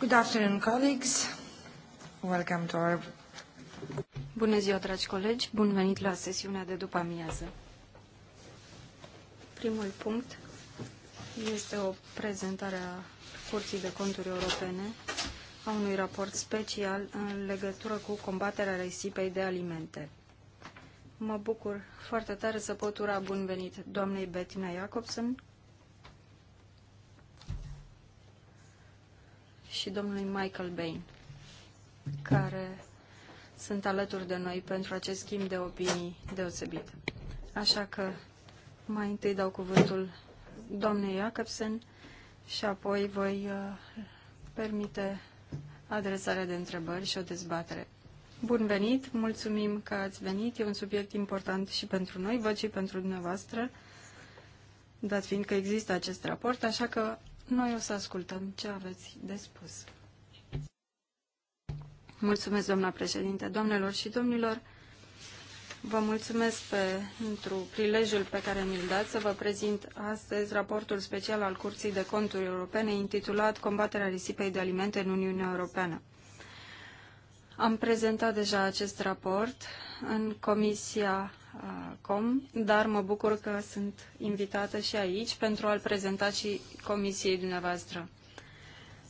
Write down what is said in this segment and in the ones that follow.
Good afternoon, colleagues. Welcome to our... Bună ziua, dragi colegi. Bun venit la sesiunea de după amiază. Primul punct este o prezentare a Curții de Conturi Europene a unui raport special în legătură cu combaterea risipei de alimente. Mă bucur foarte tare să pot ura bun venit doamnei Bettina Jacobsen, și domnului Michael Bain, care sunt alături de noi pentru acest schimb de opinii deosebit. Așa că mai întâi dau cuvântul doamnei Jacobsen și apoi voi uh, permite adresarea de întrebări și o dezbatere. Bun venit, mulțumim că ați venit, e un subiect important și pentru noi, văd și pentru dumneavoastră, dat fiind că există acest raport, așa că noi o să ascultăm ce aveți de spus. Mulțumesc, doamna președinte, doamnelor și domnilor. Vă mulțumesc pentru prilejul pe care mi-l dați să vă prezint astăzi raportul special al Curții de Conturi Europene intitulat Combaterea risipei de alimente în Uniunea Europeană. Am prezentat deja acest raport în Comisia Com, dar mă bucur că sunt invitată și aici pentru a-l prezenta și comisiei dumneavoastră.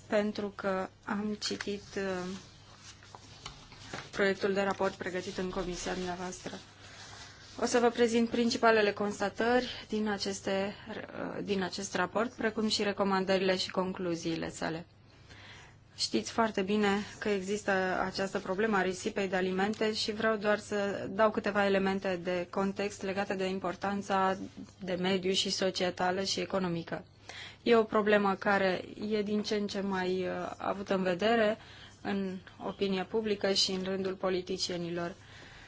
Pentru că am citit uh, proiectul de raport pregătit în comisia dumneavoastră. O să vă prezint principalele constatări din, aceste, uh, din acest raport, precum și recomandările și concluziile sale. Știți foarte bine că există această problemă a risipei de alimente și vreau doar să dau câteva elemente de context legate de importanța de mediu și societală și economică. E o problemă care e din ce în ce mai uh, avută în vedere în opinia publică și în rândul politicienilor.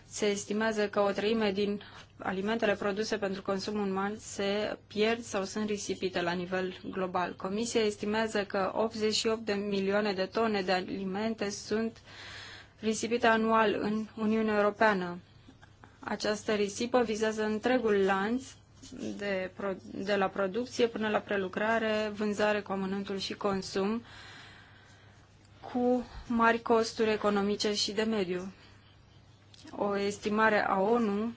Se estimează că o treime din alimentele produse pentru consum uman se pierd sau sunt risipite la nivel global. Comisia estimează că 88 de milioane de tone de alimente sunt risipite anual în Uniunea Europeană. Această risipă vizează întregul lanț de, de la producție până la prelucrare, vânzare cu amănântul și consum, cu mari costuri economice și de mediu. O estimare a ONU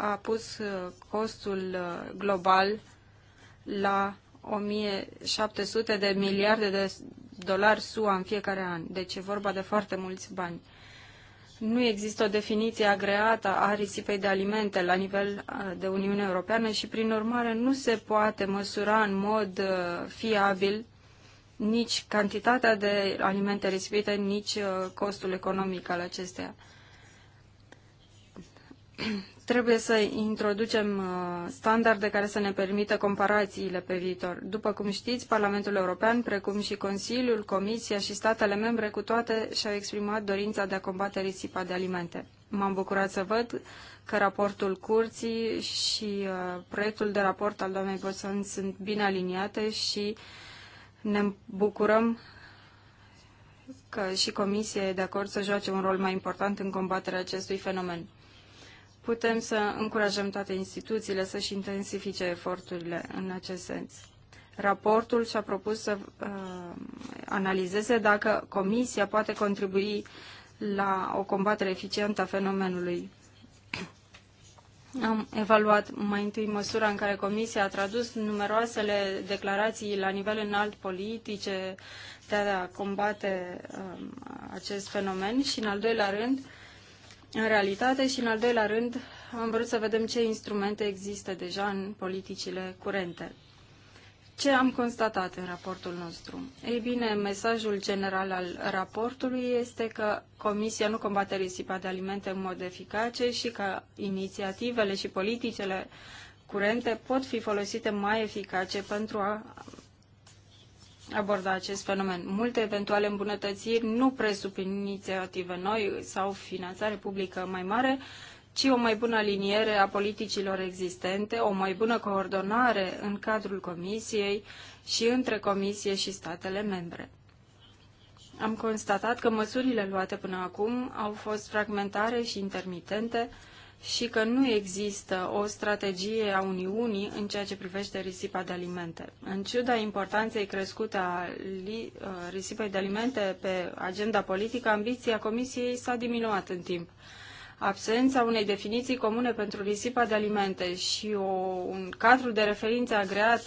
a pus uh, costul uh, global la 1700 de miliarde de dolari SUA în fiecare an. Deci e vorba de foarte mulți bani. Nu există o definiție agreată a risipei de alimente la nivel uh, de Uniune Europeană și, prin urmare, nu se poate măsura în mod fiabil nici cantitatea de alimente risipite, nici costul economic al acesteia trebuie să introducem uh, standarde care să ne permită comparațiile pe viitor. După cum știți, Parlamentul European, precum și Consiliul, Comisia și statele membre cu toate și-au exprimat dorința de a combate risipa de alimente. M-am bucurat să văd că raportul curții și uh, proiectul de raport al doamnei Bosan sunt bine aliniate și ne bucurăm că și Comisia e de acord să joace un rol mai important în combaterea acestui fenomen putem să încurajăm toate instituțiile să-și intensifice eforturile în acest sens. Raportul și-a propus să uh, analizeze dacă Comisia poate contribui la o combatere eficientă a fenomenului. Am evaluat mai întâi măsura în care Comisia a tradus numeroasele declarații la nivel înalt politice de a combate uh, acest fenomen și, în al doilea rând, uh, în realitate și, în al doilea rând, am vrut să vedem ce instrumente există deja în politicile curente. Ce am constatat în raportul nostru? Ei bine, mesajul general al raportului este că Comisia nu combate risipa de alimente în mod eficace și că inițiativele și politicele curente pot fi folosite mai eficace pentru a aborda acest fenomen. Multe eventuale îmbunătățiri nu presupun inițiative noi sau finanțare publică mai mare, ci o mai bună aliniere a politicilor existente, o mai bună coordonare în cadrul Comisiei și între Comisie și statele membre. Am constatat că măsurile luate până acum au fost fragmentare și intermitente, și că nu există o strategie a Uniunii în ceea ce privește risipa de alimente. În ciuda importanței crescute a uh, risipei de alimente pe agenda politică, ambiția Comisiei s-a diminuat în timp. Absența unei definiții comune pentru risipa de alimente și o, un cadru de referință agreat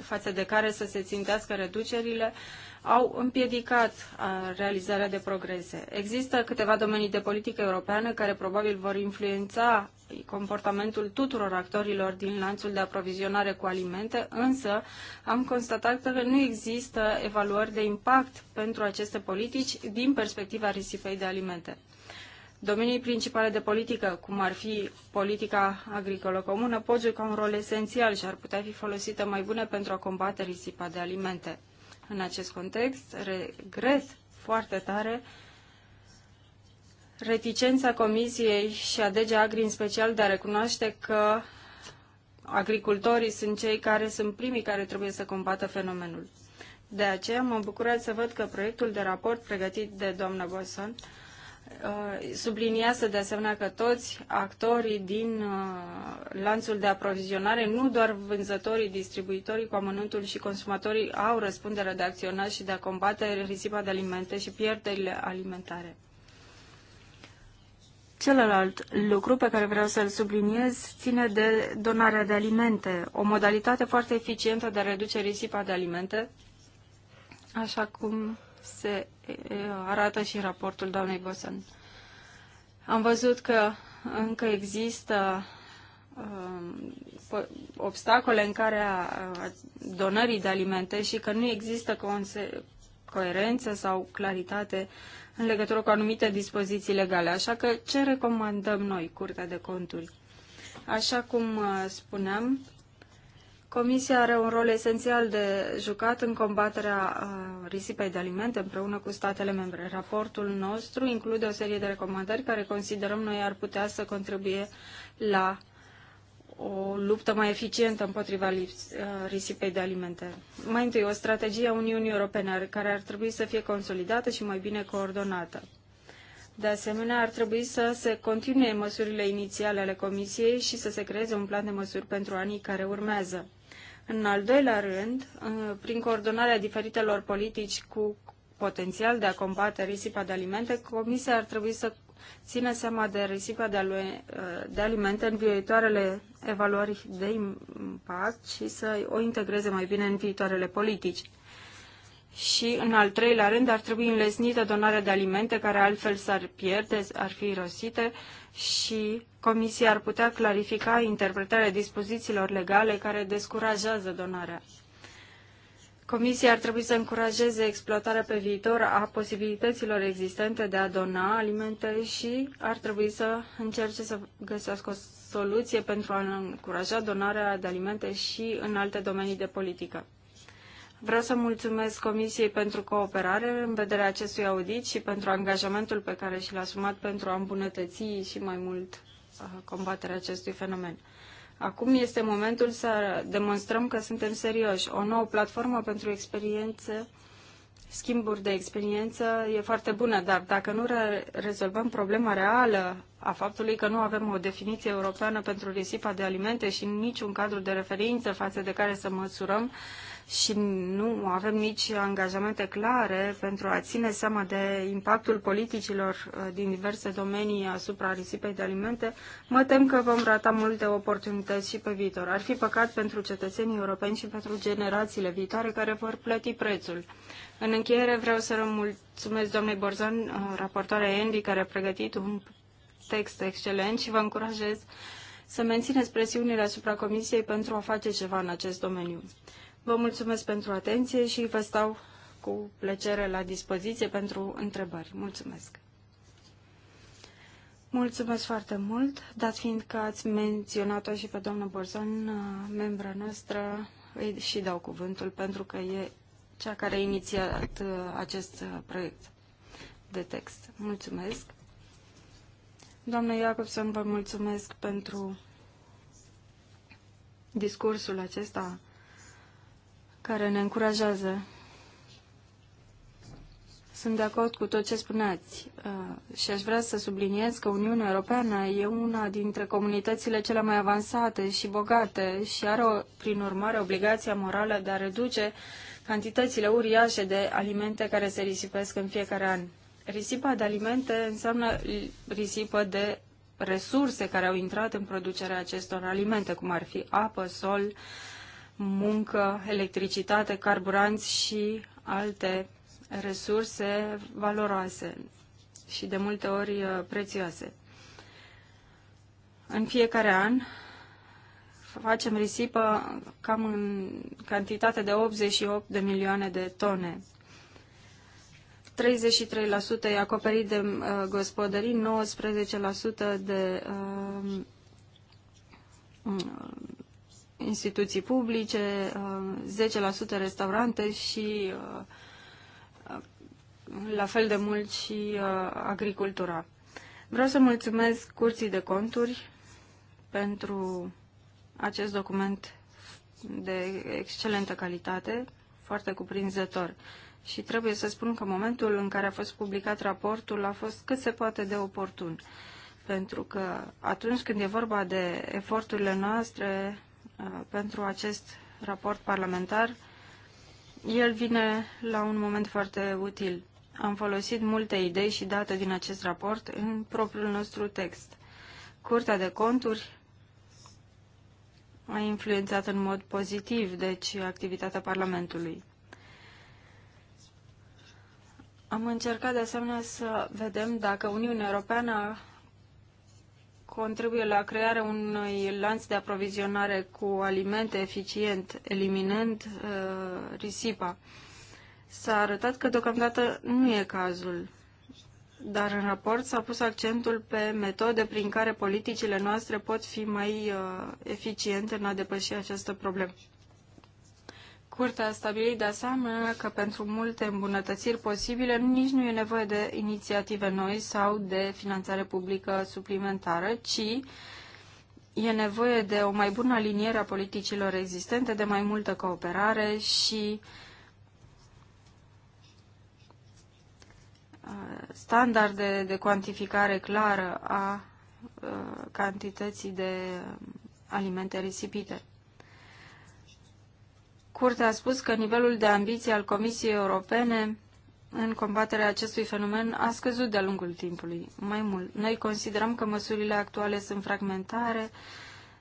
față de care să se țintească reducerile, au împiedicat realizarea de progrese. Există câteva domenii de politică europeană care probabil vor influența comportamentul tuturor actorilor din lanțul de aprovizionare cu alimente, însă am constatat că nu există evaluări de impact pentru aceste politici din perspectiva risipei de alimente. Domenii principale de politică, cum ar fi politica agricolă comună, pot juca un rol esențial și ar putea fi folosită mai bune pentru a combate risipa de alimente. În acest context, regret foarte tare reticența Comisiei și a DG Agri în special de a recunoaște că agricultorii sunt cei care sunt primii care trebuie să combată fenomenul. De aceea m-am bucurat să văd că proiectul de raport pregătit de doamna Boson Uh, subliniază de asemenea că toți actorii din uh, lanțul de aprovizionare, nu doar vânzătorii, distribuitorii cu amănuntul și consumatorii, au răspunderea de a acționa și de a combate risipa de alimente și pierderile alimentare. Celălalt lucru pe care vreau să-l subliniez ține de donarea de alimente, o modalitate foarte eficientă de a reduce risipa de alimente, așa cum se arată și în raportul doamnei Bosan. Am văzut că încă există um, obstacole în care a donării de alimente și că nu există coerență sau claritate în legătură cu anumite dispoziții legale. Așa că ce recomandăm noi, Curtea de Conturi? Așa cum uh, spuneam, Comisia are un rol esențial de jucat în combaterea uh, risipei de alimente împreună cu statele membre. Raportul nostru include o serie de recomandări care considerăm noi ar putea să contribuie la o luptă mai eficientă împotriva uh, risipei de alimente. Mai întâi, o strategie a Uniunii Europene care ar trebui să fie consolidată și mai bine coordonată. De asemenea, ar trebui să se continue măsurile inițiale ale Comisiei și să se creeze un plan de măsuri pentru anii care urmează. În al doilea rând, uh, prin coordonarea diferitelor politici cu potențial de a combate risipa de alimente, Comisia ar trebui să ține seama de risipa uh, de alimente în viitoarele evaluări de impact și să o integreze mai bine în viitoarele politici și, în al treilea rând, ar trebui înlesnită donarea de alimente care altfel s-ar pierde, ar fi irosite și Comisia ar putea clarifica interpretarea dispozițiilor legale care descurajează donarea. Comisia ar trebui să încurajeze exploatarea pe viitor a posibilităților existente de a dona alimente și ar trebui să încerce să găsească o soluție pentru a încuraja donarea de alimente și în alte domenii de politică. Vreau să mulțumesc Comisiei pentru cooperare în vederea acestui audit și pentru angajamentul pe care și l-a asumat pentru a îmbunătăți și mai mult uh, combaterea acestui fenomen. Acum este momentul să demonstrăm că suntem serioși. O nouă platformă pentru experiență, schimburi de experiență, e foarte bună, dar dacă nu re rezolvăm problema reală a faptului că nu avem o definiție europeană pentru risipa de alimente și niciun cadru de referință față de care să măsurăm, uh, și nu avem nici angajamente clare pentru a ține seama de impactul politicilor uh, din diverse domenii asupra risipei de alimente, mă tem că vom rata multe oportunități și pe viitor. Ar fi păcat pentru cetățenii europeni și pentru generațiile viitoare care vor plăti prețul. În încheiere vreau să mulțumesc doamnei Borzan, uh, raportoarea Andy, care a pregătit un text excelent și vă încurajez să mențineți presiunile asupra Comisiei pentru a face ceva în acest domeniu. Vă mulțumesc pentru atenție și vă stau cu plăcere la dispoziție pentru întrebări. Mulțumesc! Mulțumesc foarte mult, dat fiind că ați menționat-o și pe doamna Borzan, membra noastră, îi și dau cuvântul pentru că e cea care a inițiat uh, acest uh, proiect de text. Mulțumesc! Doamna Iacobson, vă mulțumesc pentru discursul acesta care ne încurajează. Sunt de acord cu tot ce spuneați uh, și aș vrea să subliniez că Uniunea Europeană e una dintre comunitățile cele mai avansate și bogate și are, prin urmare, obligația morală de a reduce cantitățile uriașe de alimente care se risipesc în fiecare an. Risipa de alimente înseamnă risipă de resurse care au intrat în producerea acestor alimente, cum ar fi apă, sol, uh, muncă, electricitate, carburanți și alte resurse valoroase și de multe ori uh, prețioase. În fiecare an facem risipă cam în cantitate de 88 de milioane de tone. 33% e acoperit de uh, gospodării, 19% de uh, instituții publice, 10% uh, restaurante și uh, la fel de mult și uh, agricultura. Vreau să mulțumesc Curții de Conturi pentru acest document de excelentă calitate, foarte cuprinzător. Și trebuie să spun că momentul în care a fost publicat raportul a fost cât se poate de oportun. Pentru că atunci când e vorba de eforturile noastre Uh, pentru acest raport parlamentar. El vine la un moment foarte util. Am folosit multe idei și date din acest raport în propriul nostru text. Curtea de conturi a influențat în mod pozitiv, deci, activitatea Parlamentului. Am încercat de asemenea să vedem dacă Uniunea Europeană contribuie la crearea unui lanț de aprovizionare cu alimente eficient, eliminând uh, risipa. S-a arătat că deocamdată nu e cazul, dar în raport s-a pus accentul pe metode prin care politicile noastre pot fi mai uh, eficiente în a depăși această problemă. Curtea a stabilit de asemenea că pentru multe îmbunătățiri posibile nici nu e nevoie de inițiative noi sau de finanțare publică suplimentară, ci e nevoie de o mai bună aliniere a politicilor existente, de mai multă cooperare și uh, standarde de cuantificare clară a uh, cantității de uh, alimente risipite. Curtea a spus că nivelul de ambiție al Comisiei Europene în combaterea acestui fenomen a scăzut de-a lungul timpului. Mai mult, noi considerăm că măsurile actuale sunt fragmentare,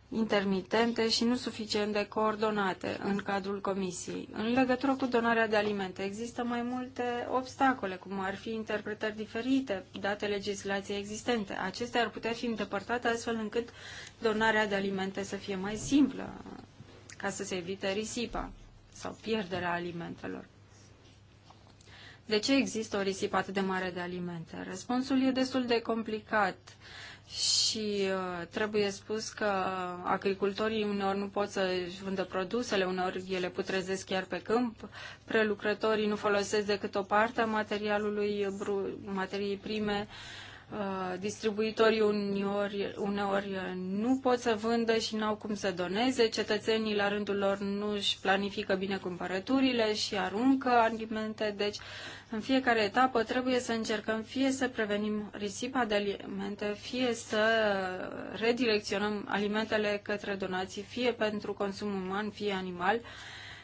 intermitente și nu suficient de coordonate în cadrul Comisiei. În legătură cu donarea de alimente, există mai multe obstacole, cum ar fi interpretări diferite date legislației existente. Acestea ar putea fi îndepărtate astfel încât donarea de alimente să fie mai simplă, ca să se evite risipa sau pierderea alimentelor. De ce există o risipă atât de mare de alimente? Răspunsul e destul de complicat și uh, trebuie spus că agricultorii uneori nu pot să-și vândă produsele, uneori ele putrezesc chiar pe câmp, prelucrătorii nu folosesc decât o parte a materialului, materiei prime, uh, Uh, distribuitorii uneori, uneori uh, nu pot să vândă și nu au cum să doneze, cetățenii la rândul lor nu își planifică bine cumpărăturile și aruncă alimente, deci în fiecare etapă trebuie să încercăm fie să prevenim risipa de alimente, fie să redirecționăm alimentele către donații, fie pentru consum uman, fie animal,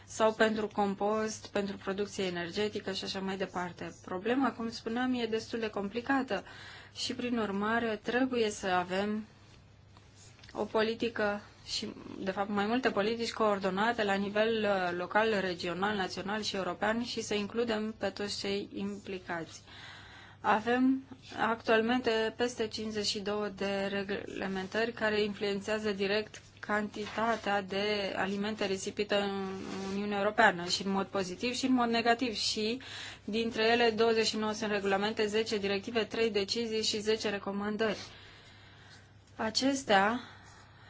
sau pentru compost, pentru producție energetică și așa mai departe. Problema, cum spuneam, e destul de complicată și, prin urmare, trebuie să avem o politică și, de fapt, mai multe politici coordonate la nivel uh, local, regional, național și european și să includem pe toți cei implicați. Avem actualmente peste 52 de reglementări care influențează direct cantitatea de alimente risipită în Uniunea Europeană și în mod pozitiv și în mod negativ și dintre ele 29 sunt regulamente, 10 directive, 3 decizii și 10 recomandări. Acestea,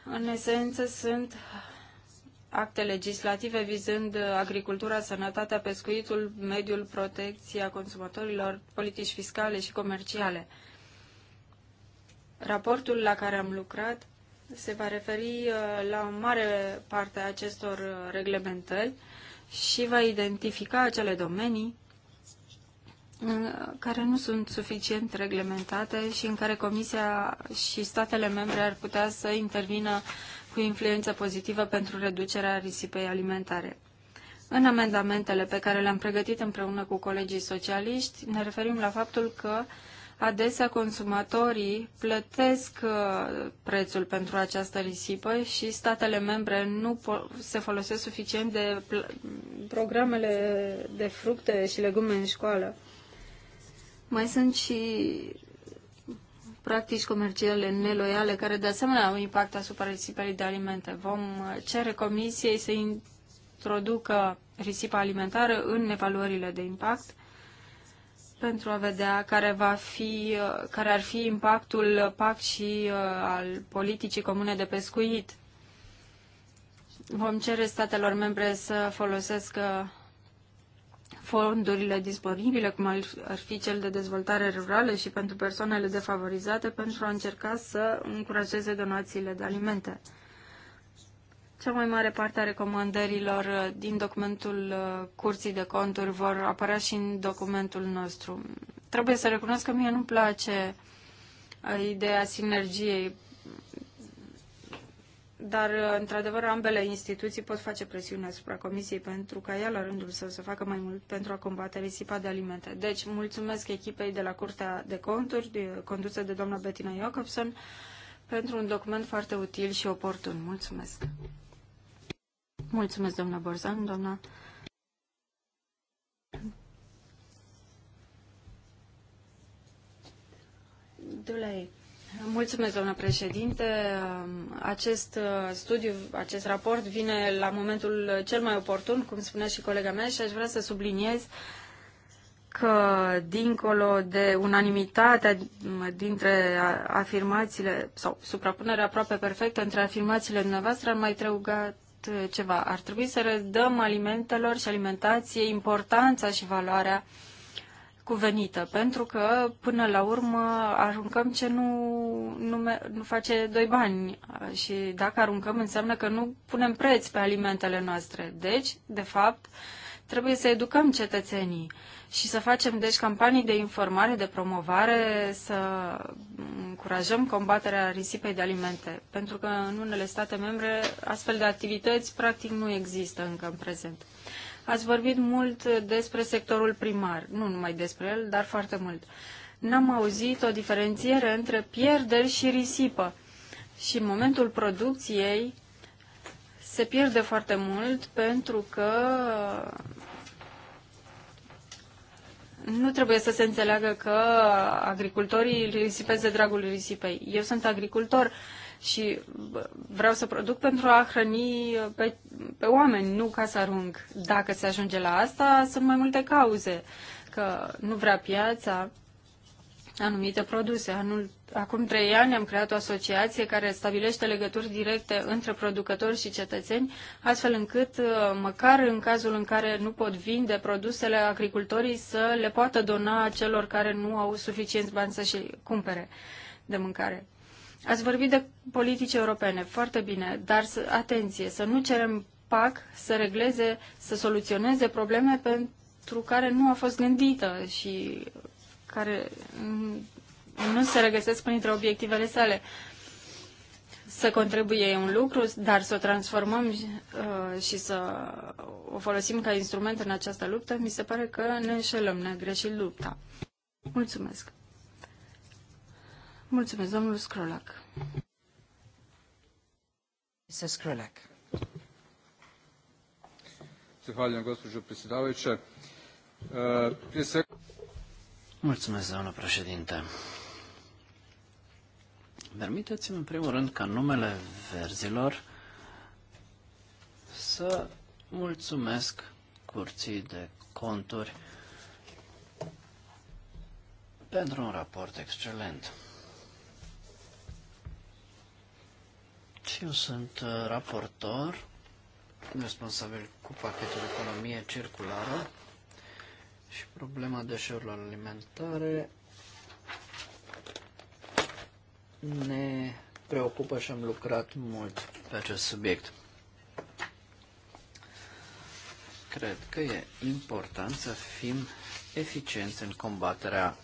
în esență, sunt acte legislative vizând agricultura, sănătatea, pescuitul, mediul, protecția consumatorilor, politici fiscale și comerciale. Raportul la care am lucrat se va referi uh, la o mare parte a acestor uh, reglementări și va identifica acele domenii uh, care nu sunt suficient reglementate și în care Comisia și statele membre ar putea să intervină cu influență pozitivă pentru reducerea risipei alimentare. În amendamentele pe care le-am pregătit împreună cu colegii socialiști, ne referim la faptul că uh, Adesea consumatorii plătesc uh, prețul pentru această risipă și statele membre nu se folosesc suficient de programele de fructe și legume în școală. Mai sunt și practici comerciale neloiale care de asemenea au impact asupra risipării de alimente. Vom cere comisiei să introducă risipa alimentară în evaluările de impact pentru a vedea care va fi, care ar fi impactul PAC și uh, al politicii comune de pescuit. Vom cere statelor membre să folosească fondurile disponibile, cum ar fi cel de dezvoltare rurală și pentru persoanele defavorizate, pentru a încerca să încurajeze donațiile de alimente. Cea mai mare parte a recomandărilor uh, din documentul uh, Curții de Conturi vor apărea și în documentul nostru. Trebuie să recunosc că mie nu-mi place uh, ideea sinergiei, dar, într-adevăr, ambele instituții pot face presiune asupra Comisiei pentru ca ea, la rândul său, să facă mai mult pentru a combate risipa de alimente. Deci, mulțumesc echipei de la Curtea de Conturi, condusă de doamna Bettina Jacobson, pentru un document foarte util și oportun. Mulțumesc! Mulțumesc, doamna Borzan, doamna... Dulei. Mulțumesc, doamnă președinte. Acest uh, studiu, acest raport vine la momentul cel mai oportun, cum spunea și colega mea, și aș vrea să subliniez că, dincolo de unanimitatea dintre afirmațiile, sau suprapunerea aproape perfectă între afirmațiile dumneavoastră, am mai trăugat Uh, ceva. Ar trebui să redăm alimentelor și alimentației importanța și valoarea cuvenită, pentru că până la urmă aruncăm ce nu, nu, nu face doi bani și dacă aruncăm înseamnă că nu punem preț pe alimentele noastre. Deci, de fapt, uh, Trebuie să educăm cetățenii și să facem, deci, campanii de informare, de promovare, să încurajăm combaterea risipei de alimente, pentru că în unele state membre astfel de activități practic nu există încă în prezent. Ați vorbit mult despre sectorul primar, nu numai despre el, dar foarte mult. N-am auzit o diferențiere între pierderi și risipă. Și în momentul producției se pierde foarte mult pentru că nu trebuie să se înțeleagă că agricultorii risipesc de dragul risipei. Eu sunt agricultor și vreau să produc pentru a hrăni pe, pe oameni, nu ca să arunc. Dacă se ajunge la asta, sunt mai multe cauze. Că nu vrea piața, anumite produse. Anul, acum trei ani am creat o asociație care stabilește legături directe între producători și cetățeni, astfel încât, uh, măcar în cazul în care nu pot vinde produsele, agricultorii să le poată dona celor care nu au suficienți bani să-și cumpere de mâncare. Ați vorbit de politici europene, foarte bine, dar să, atenție, să nu cerem PAC să regleze, să soluționeze probleme pentru care nu a fost gândită și care nu se regăsesc printre obiectivele sale. Să contribuie e un lucru, dar să o transformăm uh, și să o folosim ca instrument în această luptă, mi se pare că ne înșelăm, ne greșim lupta. Mulțumesc. Mulțumesc, domnul Scrolac. Să Scrolac. Zahvaljujem, gospođo predsjedavajuće. Uh, Mulțumesc, doamnă președinte. Permiteți-mi, în primul rând, ca numele verzilor să mulțumesc curții de conturi pentru un raport excelent. Și eu sunt uh, raportor responsabil cu pachetul economie circulară și problema deșeurilor alimentare ne preocupă și am lucrat mult pe acest subiect. Cred că e important să fim eficienți în combaterea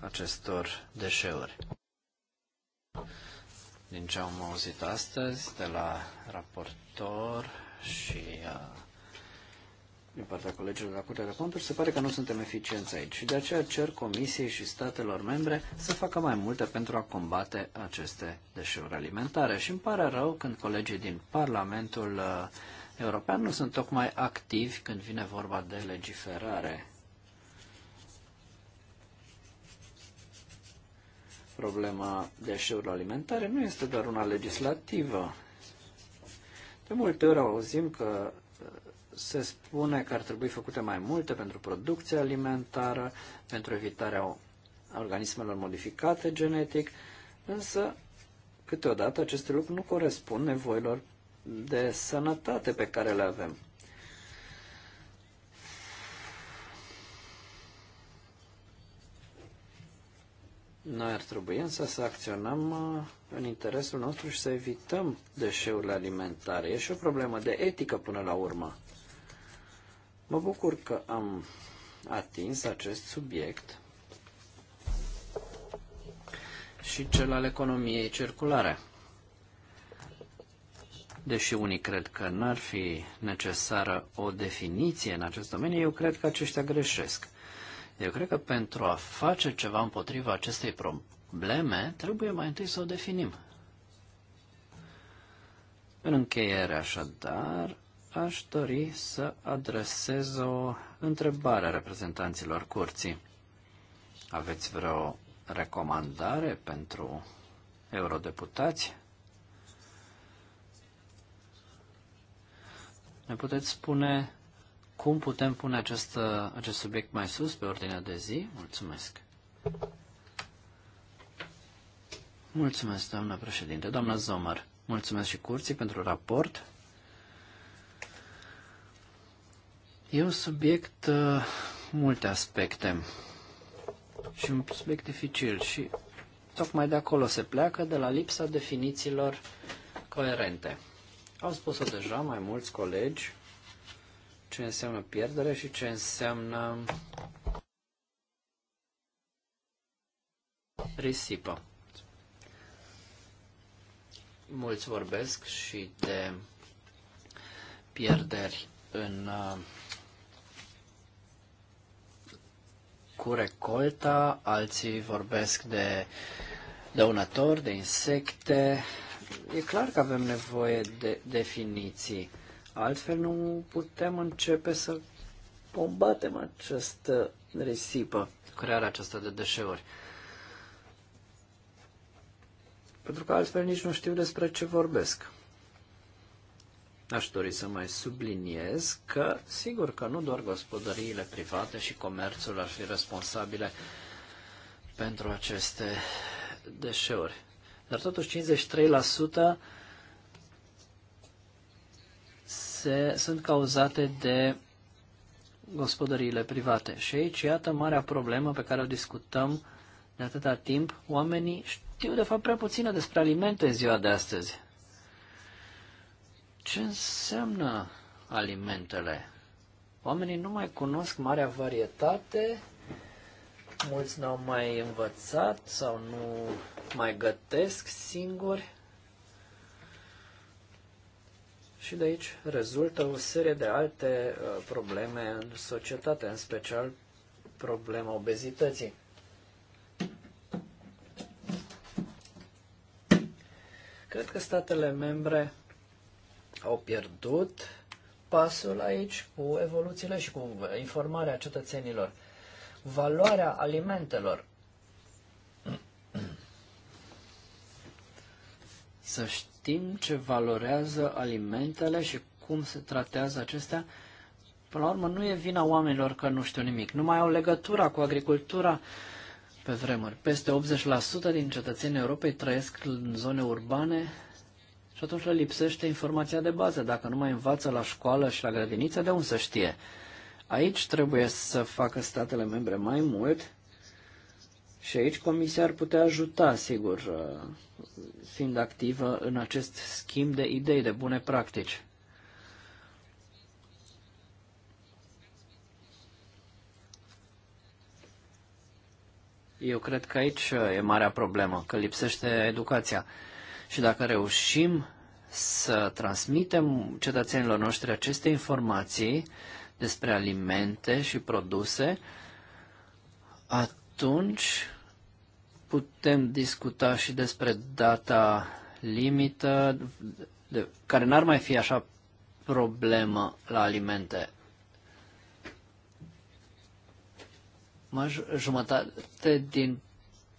acestor deșeuri. Din ce am auzit astăzi de la raportor și uh, din partea colegilor la Curtea de Conturi, se pare că nu suntem eficienți aici și de aceea cer Comisiei și statelor membre să facă mai multe pentru a combate aceste deșeuri alimentare. Și îmi pare rău când colegii din Parlamentul uh, European nu sunt tocmai activi când vine vorba de legiferare. Problema deșeurilor alimentare nu este doar una legislativă. De multe ori auzim că se spune că ar trebui făcute mai multe pentru producția alimentară, pentru evitarea organismelor modificate genetic, însă câteodată aceste lucruri nu corespund nevoilor de sănătate pe care le avem. Noi ar trebui însă să acționăm uh, în interesul nostru și să evităm deșeurile alimentare. E și o problemă de etică până la urmă. Mă bucur că am atins acest subiect și cel al economiei circulare. Deși unii cred că n-ar fi necesară o definiție în acest domeniu, eu cred că aceștia greșesc. Eu cred că pentru a face ceva împotriva acestei probleme, trebuie mai întâi să o definim. În încheiere, așadar, aș dori să adresez o întrebare a reprezentanților curții. Aveți vreo recomandare pentru eurodeputați? Ne puteți spune cum putem pune acest, acest subiect mai sus pe ordinea de zi? Mulțumesc. Mulțumesc, doamnă președinte. Doamna Zomăr, mulțumesc și curții pentru raport. E un subiect uh, multe aspecte și un subiect dificil și tocmai de acolo se pleacă, de la lipsa definițiilor coerente. Au spus-o deja mai mulți colegi ce înseamnă pierdere și ce înseamnă risipă. Mulți vorbesc și de pierderi în uh, cu recolta, alții vorbesc de dăunători, de insecte. E clar că avem nevoie de definiții. Altfel nu putem începe să combatem această risipă, crearea aceasta de deșeuri. Pentru că altfel nici nu știu despre ce vorbesc. Aș dori să mai subliniez că, sigur că nu doar gospodăriile private și comerțul ar fi responsabile pentru aceste deșeuri. Dar totuși 53% se, sunt cauzate de gospodăriile private. Și aici, iată, marea problemă pe care o discutăm de atâta timp. Oamenii știu, de fapt, prea puțină despre alimente în ziua de astăzi. Ce înseamnă alimentele? Oamenii nu mai cunosc marea varietate, mulți n-au mai învățat sau nu mai gătesc singuri. Și de aici rezultă o serie de alte uh, probleme în societate, în special problema obezității. Cred că statele membre au pierdut pasul aici cu evoluțiile și cu informarea cetățenilor. Valoarea alimentelor. Să știm ce valorează alimentele și cum se tratează acestea. Până la urmă, nu e vina oamenilor că nu știu nimic. Nu mai au legătura cu agricultura pe vremuri. Peste 80% din cetățenii Europei trăiesc în zone urbane și atunci le lipsește informația de bază. Dacă nu mai învață la școală și la grădiniță, de unde să știe? Aici trebuie să facă statele membre mai mult și aici Comisia ar putea ajuta, sigur, uh, fiind activă în acest schimb de idei, de bune practici. Eu cred că aici uh, e marea problemă, că lipsește educația. Și dacă reușim să transmitem cetățenilor noștri aceste informații despre alimente și produse, atunci putem discuta și despre data limită, de, care n-ar mai fi așa problemă la alimente. Mă, jumătate din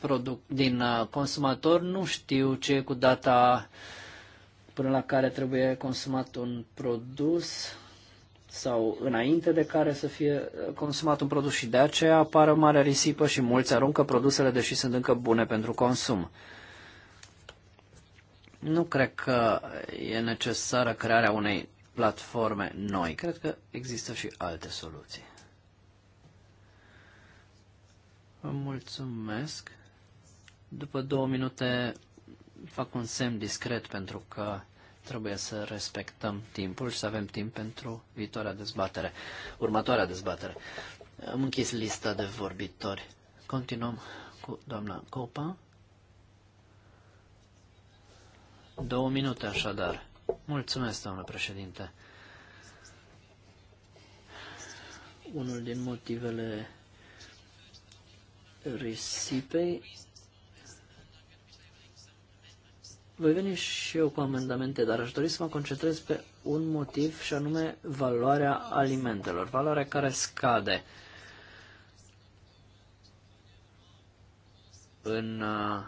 produc, din uh, consumator nu știu ce e cu data până la care trebuie consumat un produs sau înainte de care să fie uh, consumat un produs și de aceea apare o mare risipă și mulți aruncă produsele deși sunt încă bune pentru consum. Nu cred că e necesară crearea unei platforme noi. Cred că există și alte soluții. Vă mulțumesc. După două minute fac un semn discret pentru că trebuie să respectăm timpul și să avem timp pentru viitoarea dezbatere, următoarea dezbatere. Am închis lista de vorbitori. Continuăm cu doamna Copa. Două minute așadar. Mulțumesc, doamnă președinte. Unul din motivele risipei Voi veni și eu cu amendamente, dar aș dori să mă concentrez pe un motiv și anume valoarea alimentelor, valoarea care scade. În uh,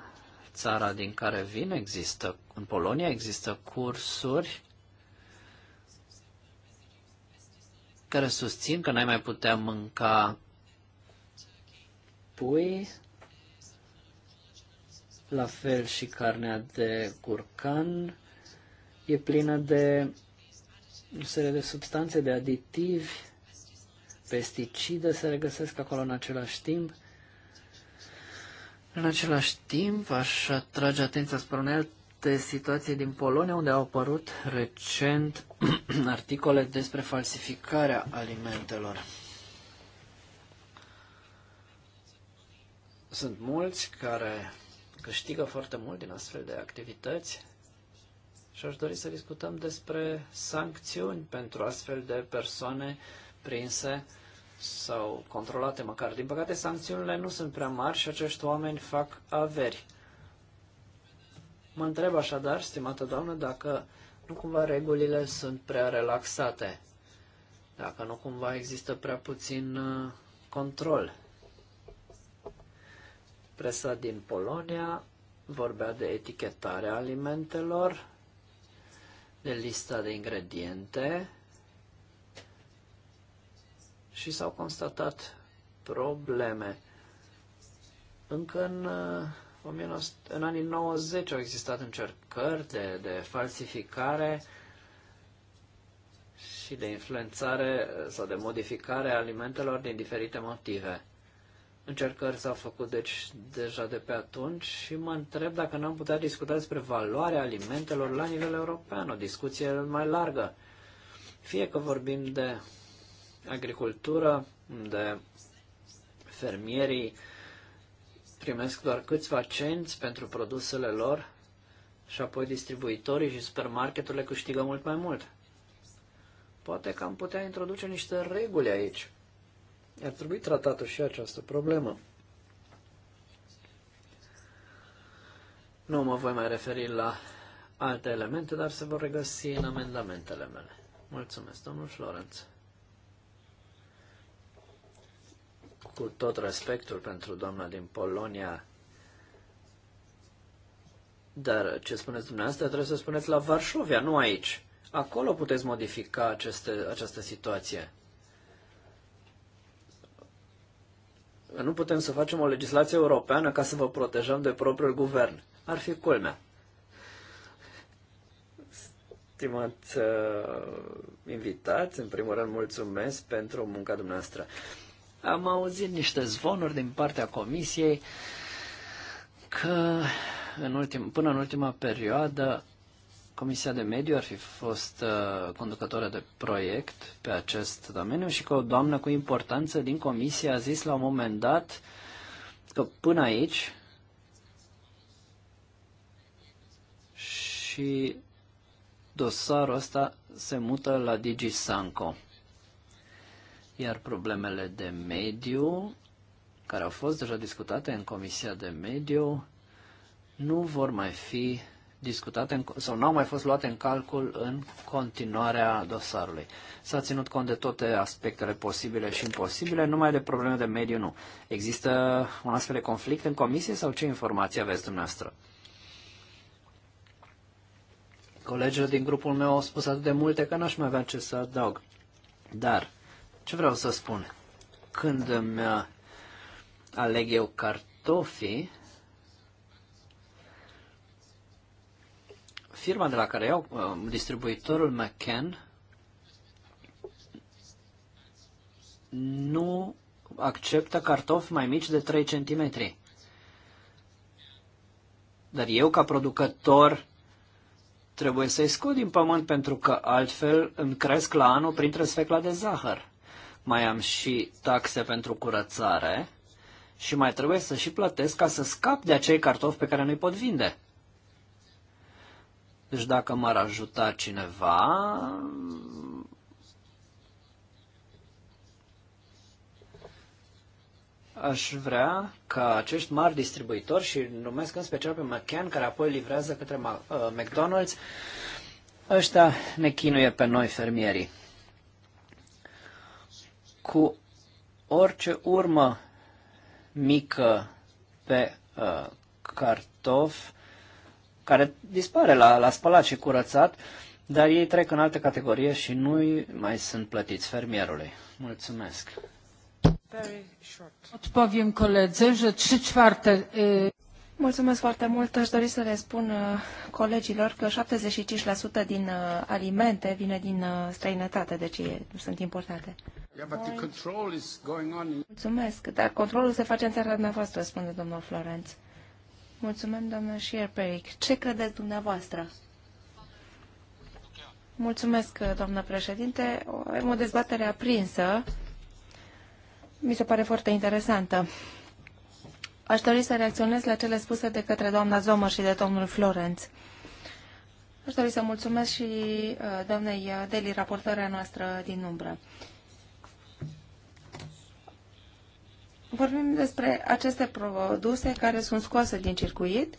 țara din care vin există, în Polonia există cursuri care susțin că n-ai mai putea mânca pui la fel și carnea de curcan e plină de o serie de substanțe, de aditivi, pesticide se regăsesc acolo în același timp. În același timp, aș atrage atenția spre unei alte situații din Polonia, unde au apărut recent articole despre falsificarea alimentelor. Sunt mulți care câștigă foarte mult din astfel de activități și aș dori să discutăm despre sancțiuni pentru astfel de persoane prinse sau controlate măcar. Din păcate, sancțiunile nu sunt prea mari și acești oameni fac averi. Mă întreb așadar, stimată doamnă, dacă nu cumva regulile sunt prea relaxate, dacă nu cumva există prea puțin uh, control. Presa din Polonia vorbea de etichetarea alimentelor, de lista de ingrediente și s-au constatat probleme. Încă în, uh, în anii 90 au existat încercări de, de falsificare și de influențare sau de modificare a alimentelor din diferite motive încercări s-au făcut deci deja de pe atunci și mă întreb dacă n-am putea discuta despre valoarea alimentelor la nivel european, o discuție mai largă. Fie că vorbim de agricultură, de fermierii primesc doar câțiva cenți pentru produsele lor și apoi distribuitorii și supermarketurile câștigă mult mai mult. Poate că am putea introduce niște reguli aici ar trebui tratată și această problemă. Nu mă voi mai referi la alte elemente, dar se vor regăsi în amendamentele mele. Mulțumesc, domnul Florenț. Cu tot respectul pentru doamna din Polonia, dar ce spuneți dumneavoastră trebuie să spuneți la Varșovia, nu aici. Acolo puteți modifica aceste, această situație. nu putem să facem o legislație europeană ca să vă protejăm de propriul guvern. Ar fi culmea. Stimați uh, invitați, în primul rând mulțumesc pentru munca dumneavoastră. Am auzit niște zvonuri din partea comisiei că în ultim, până în ultima perioadă Comisia de Mediu ar fi fost uh, conducătoare de proiect pe acest domeniu și că o doamnă cu importanță din comisie a zis la un moment dat că până aici și dosarul ăsta se mută la DigiSanco. Iar problemele de mediu, care au fost deja discutate în Comisia de Mediu, nu vor mai fi discutate în, sau n-au mai fost luate în calcul în continuarea dosarului. S-a ținut cont de toate aspectele posibile și imposibile, numai de probleme de mediu nu. Există un astfel de conflict în comisie sau ce informații aveți dumneavoastră? Colegele din grupul meu au spus atât de multe că n-aș mai avea ce să adaug. Dar, ce vreau să spun? Când îmi uh, aleg eu cartofii, firma de la care iau, um, distribuitorul McCann, nu acceptă cartofi mai mici de 3 cm. Dar eu, ca producător, trebuie să-i scot din pământ pentru că altfel îmi cresc la anul printre sfecla de zahăr. Mai am și taxe pentru curățare și mai trebuie să și plătesc ca să scap de acei cartofi pe care nu-i pot vinde. Deci dacă m-ar ajuta cineva, aș vrea ca acești mari distribuitori și numesc în special pe McCann, care apoi livrează către uh, McDonald's, ăștia ne chinuie pe noi fermierii. Cu orice urmă mică pe uh, cartof, care dispare la, la spălat și curățat, dar ei trec în altă categorie și nu mai sunt plătiți fermierului. Mulțumesc. Odpowiem koledze, że trzy czwarte... Mulțumesc foarte mult. Aș dori să le spun uh, colegilor că 75% din uh, alimente vine din uh, străinătate, deci sunt importate. Yeah, but the control is going on Mulțumesc, dar controlul se face în țara dumneavoastră, spune domnul Florenț. Mulțumim, doamnă Șierperic. Ce credeți dumneavoastră? Mulțumesc, doamnă președinte. Avem o dezbatere aprinsă. Mi se pare foarte interesantă. Aș dori să reacționez la cele spuse de către doamna Zomă și de domnul Florenț. Aș dori să mulțumesc și uh, doamnei Deli, raportarea noastră din umbră. vorbim despre aceste produse care sunt scoase din circuit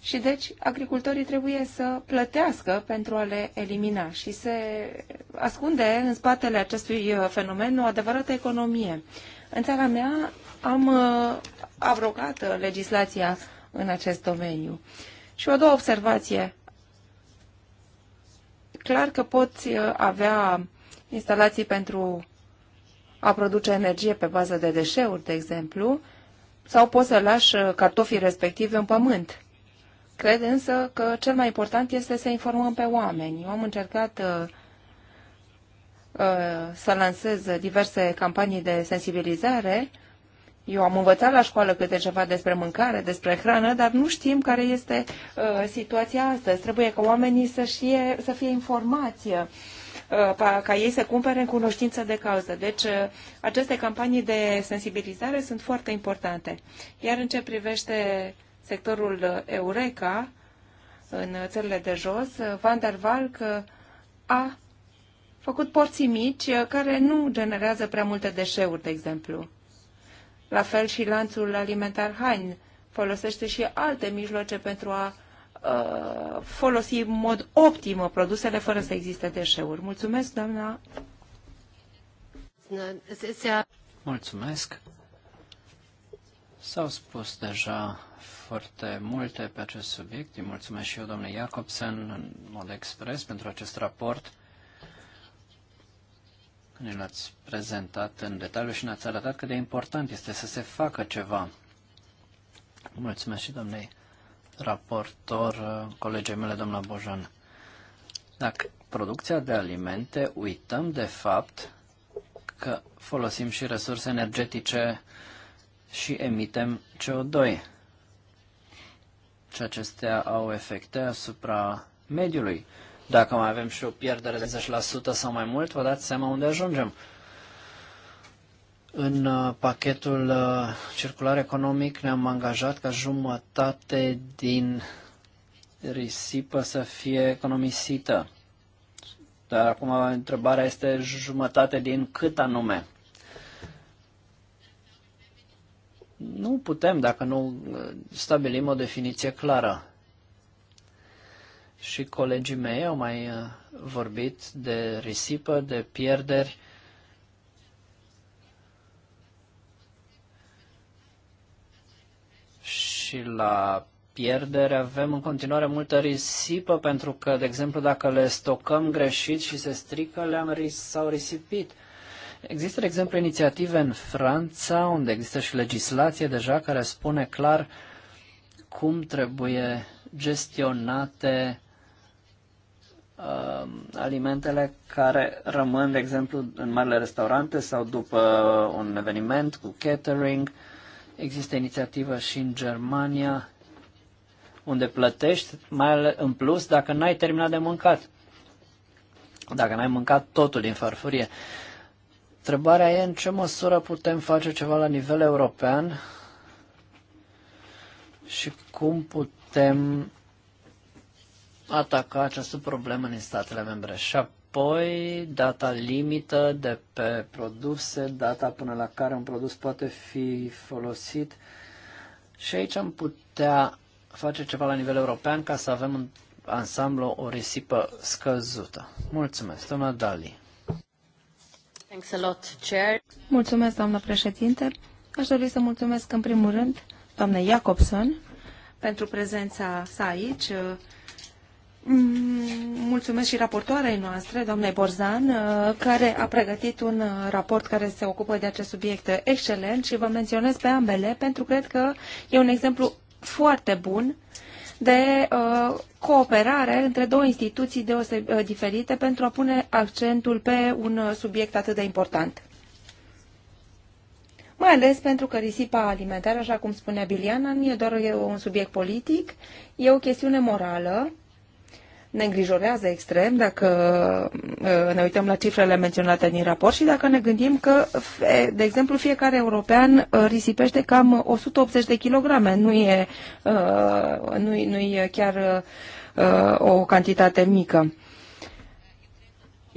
și deci agricultorii trebuie să plătească pentru a le elimina și se ascunde în spatele acestui uh, fenomen o adevărată economie. În țara mea am uh, abrogat uh, legislația în acest domeniu. Și o doua observație. Clar că poți avea instalații pentru a produce energie pe bază de deșeuri, de exemplu, sau poți să lași uh, cartofii respectivi în pământ. Cred însă că cel mai important este să informăm pe oameni. Eu am încercat uh, uh, să lansez diverse campanii de sensibilizare. Eu am învățat la școală câte ceva despre mâncare, despre hrană, dar nu știm care este uh, situația astăzi. Trebuie ca oamenii să știe, să fie informați uh, Uh, ca ei să cumpere în cunoștință de cauză. Deci, uh, aceste campanii de sensibilizare sunt foarte importante. Iar în ce privește sectorul uh, Eureka, în țările de jos, Van der Valk a făcut porții mici care nu generează prea multe deșeuri, de exemplu. La fel și lanțul alimentar Hain folosește și alte mijloace pentru a Uh, folosi în mod optim produsele fără să existe deșeuri. Mulțumesc, doamna. Mulțumesc. S-au spus deja foarte multe pe acest subiect. Îi mulțumesc și eu, domnule Jacobsen, în mod expres pentru acest raport. Ne l-ați prezentat în detaliu și ne-ați arătat cât de important este să se facă ceva. Mulțumesc și domnei raportor uh, colegii mele, doamna Bojan. Dacă producția de alimente, uităm de fapt că folosim și resurse energetice și emitem CO2. Și acestea au efecte asupra mediului. Dacă mai avem și o pierdere de 10% sau mai mult, vă dați seama unde ajungem. În uh, pachetul uh, circular economic ne-am angajat ca jumătate din risipă să fie economisită. Dar acum întrebarea este jumătate din cât anume? Nu putem dacă nu uh, stabilim o definiție clară. Și colegii mei au mai vorbit de risipă, de pierderi și la pierdere, avem în continuare multă risipă, pentru că, de exemplu, dacă le stocăm greșit și se strică, le-am ris- sau risipit. Există, de exemplu, inițiative în Franța, unde există și legislație deja care spune clar cum trebuie gestionate uh, alimentele care rămân, de exemplu, în marile restaurante sau după un eveniment cu catering. Există inițiativă și în Germania, unde plătești mai ales în plus dacă n-ai terminat de mâncat. Dacă n-ai mâncat totul din farfurie. Întrebarea e în ce măsură putem face ceva la nivel european și cum putem ataca această problemă în statele membre. Și apoi data limită de pe produse, data până la care un produs poate fi folosit. Și aici am putea face ceva la nivel european ca să avem în ansamblu o risipă scăzută. Mulțumesc, doamna Dali. Thanks a lot, Chair. Mulțumesc, doamna președinte. Aș dori să mulțumesc în primul rând doamnei Jacobson pentru prezența sa aici Mm, mulțumesc și raportoarei noastre, doamnei Borzan, uh, care a pregătit un uh, raport care se ocupă de acest subiect excelent și vă menționez pe ambele pentru că cred că e un exemplu foarte bun de uh, cooperare între două instituții deoseb- uh, diferite pentru a pune accentul pe un subiect atât de important. Mai ales pentru că risipa alimentară, așa cum spunea Biliana, nu e doar un subiect politic, e o chestiune morală ne îngrijorează extrem dacă uh, ne uităm la cifrele menționate din raport și dacă ne gândim că, de exemplu, fiecare european uh, risipește cam 180 de kilograme. Nu e, nu, nu e chiar uh, o cantitate mică.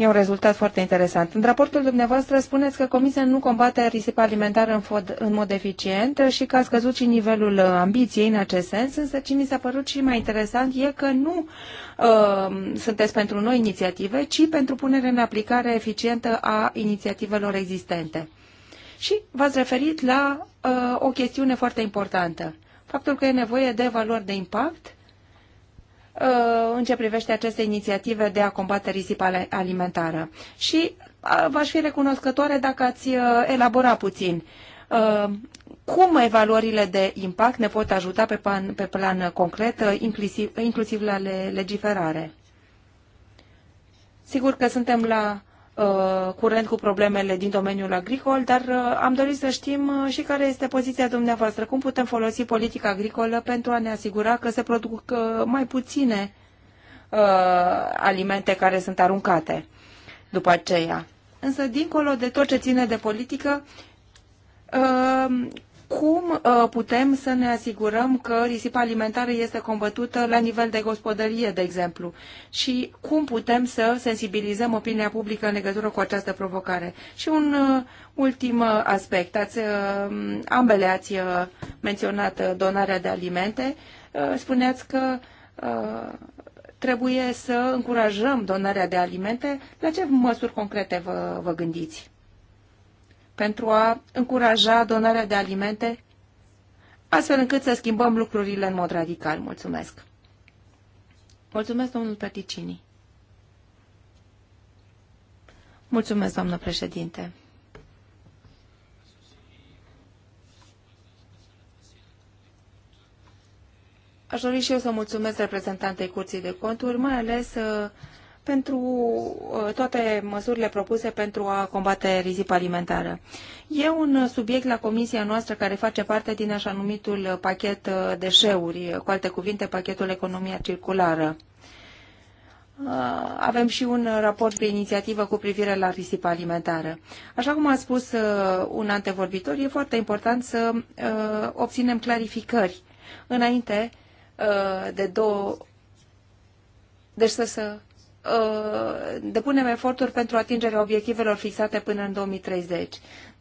E un rezultat foarte interesant. În raportul dumneavoastră spuneți că Comisia nu combate risipa alimentară în, fod, în mod eficient și că a scăzut și nivelul uh, ambiției în acest sens, însă ce mi s-a părut și mai interesant e că nu uh, sunteți pentru noi inițiative, ci pentru punere în aplicare eficientă a inițiativelor existente. Și v-ați referit la uh, o chestiune foarte importantă. Faptul că e nevoie de valori de impact Uh, în ce privește aceste inițiative de a combate risipa alimentară. Și uh, v-aș fi recunoscătoare dacă ați uh, elabora puțin cum evaluările de impact ne pot ajuta pe plan, pe plan concret, inclusiv, inclusiv la legiferare. Sigur că suntem la Uh, curent cu problemele din domeniul agricol, dar uh, am dorit să știm uh, și care este poziția dumneavoastră. Cum putem folosi politica agricolă pentru a ne asigura că se produc mai puține alimente care sunt aruncate după aceea? Însă, dincolo de tot ce ține de politică, cum uh, putem să ne asigurăm că risipa alimentară este combătută la nivel de gospodărie, de exemplu? Și cum putem să sensibilizăm opinia publică în legătură cu această provocare? Și un uh, ultim uh, aspect. Ați, ambele ați menționat donarea de alimente. Spuneați că trebuie să încurajăm donarea de alimente. La ce măsuri concrete vă, vă gândiți? pentru a încuraja donarea de alimente, astfel încât să schimbăm lucrurile în mod radical. Mulțumesc! Mulțumesc, domnul Peticini. Mulțumesc, doamnă președinte. Aș dori și eu să mulțumesc reprezentantei Curții de Conturi, mai ales uh, pentru uh, toate măsurile propuse pentru a combate risipa alimentară. E un subiect la comisia noastră care face parte din așa numitul pachet uh, deșeuri, cu alte cuvinte, pachetul economia circulară. Uh, avem și un raport pe inițiativă cu privire la risipa alimentară. Așa cum a spus un antevorbitor, e foarte important să obținem clarificări înainte de două deci să, să Uh, depunem eforturi pentru atingerea obiectivelor fixate până în 2030.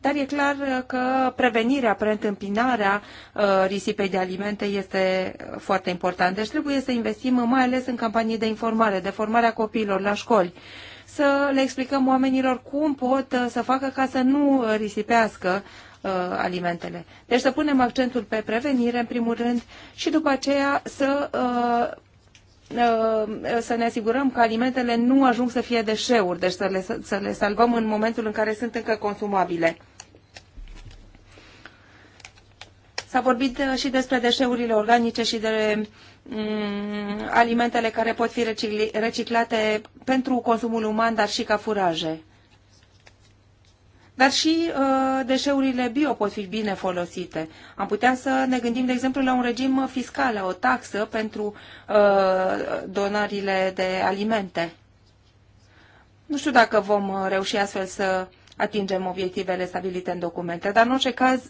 Dar e clar uh, că prevenirea, preîntâmpinarea uh, risipei de alimente este foarte importantă. Deci trebuie să investim mai ales în campanii de informare, de formare a copiilor la școli să le explicăm oamenilor cum pot să facă ca să nu risipească alimentele. Deci să punem accentul pe prevenire, în primul rând, și după aceea să uh, Uh, să ne asigurăm că alimentele nu ajung să fie deșeuri, deci să le, să le salvăm în momentul în care sunt încă consumabile. S-a vorbit uh, și despre deșeurile organice și de mm, alimentele care pot fi reciclate pentru consumul uman, dar și ca furaje. Dar și uh, deșeurile bio pot fi bine folosite. Am putea să ne gândim, de exemplu, la un regim fiscal, la o taxă pentru uh, donările de alimente. Nu știu dacă vom uh, reuși astfel să atingem obiectivele stabilite în documente, dar în orice caz,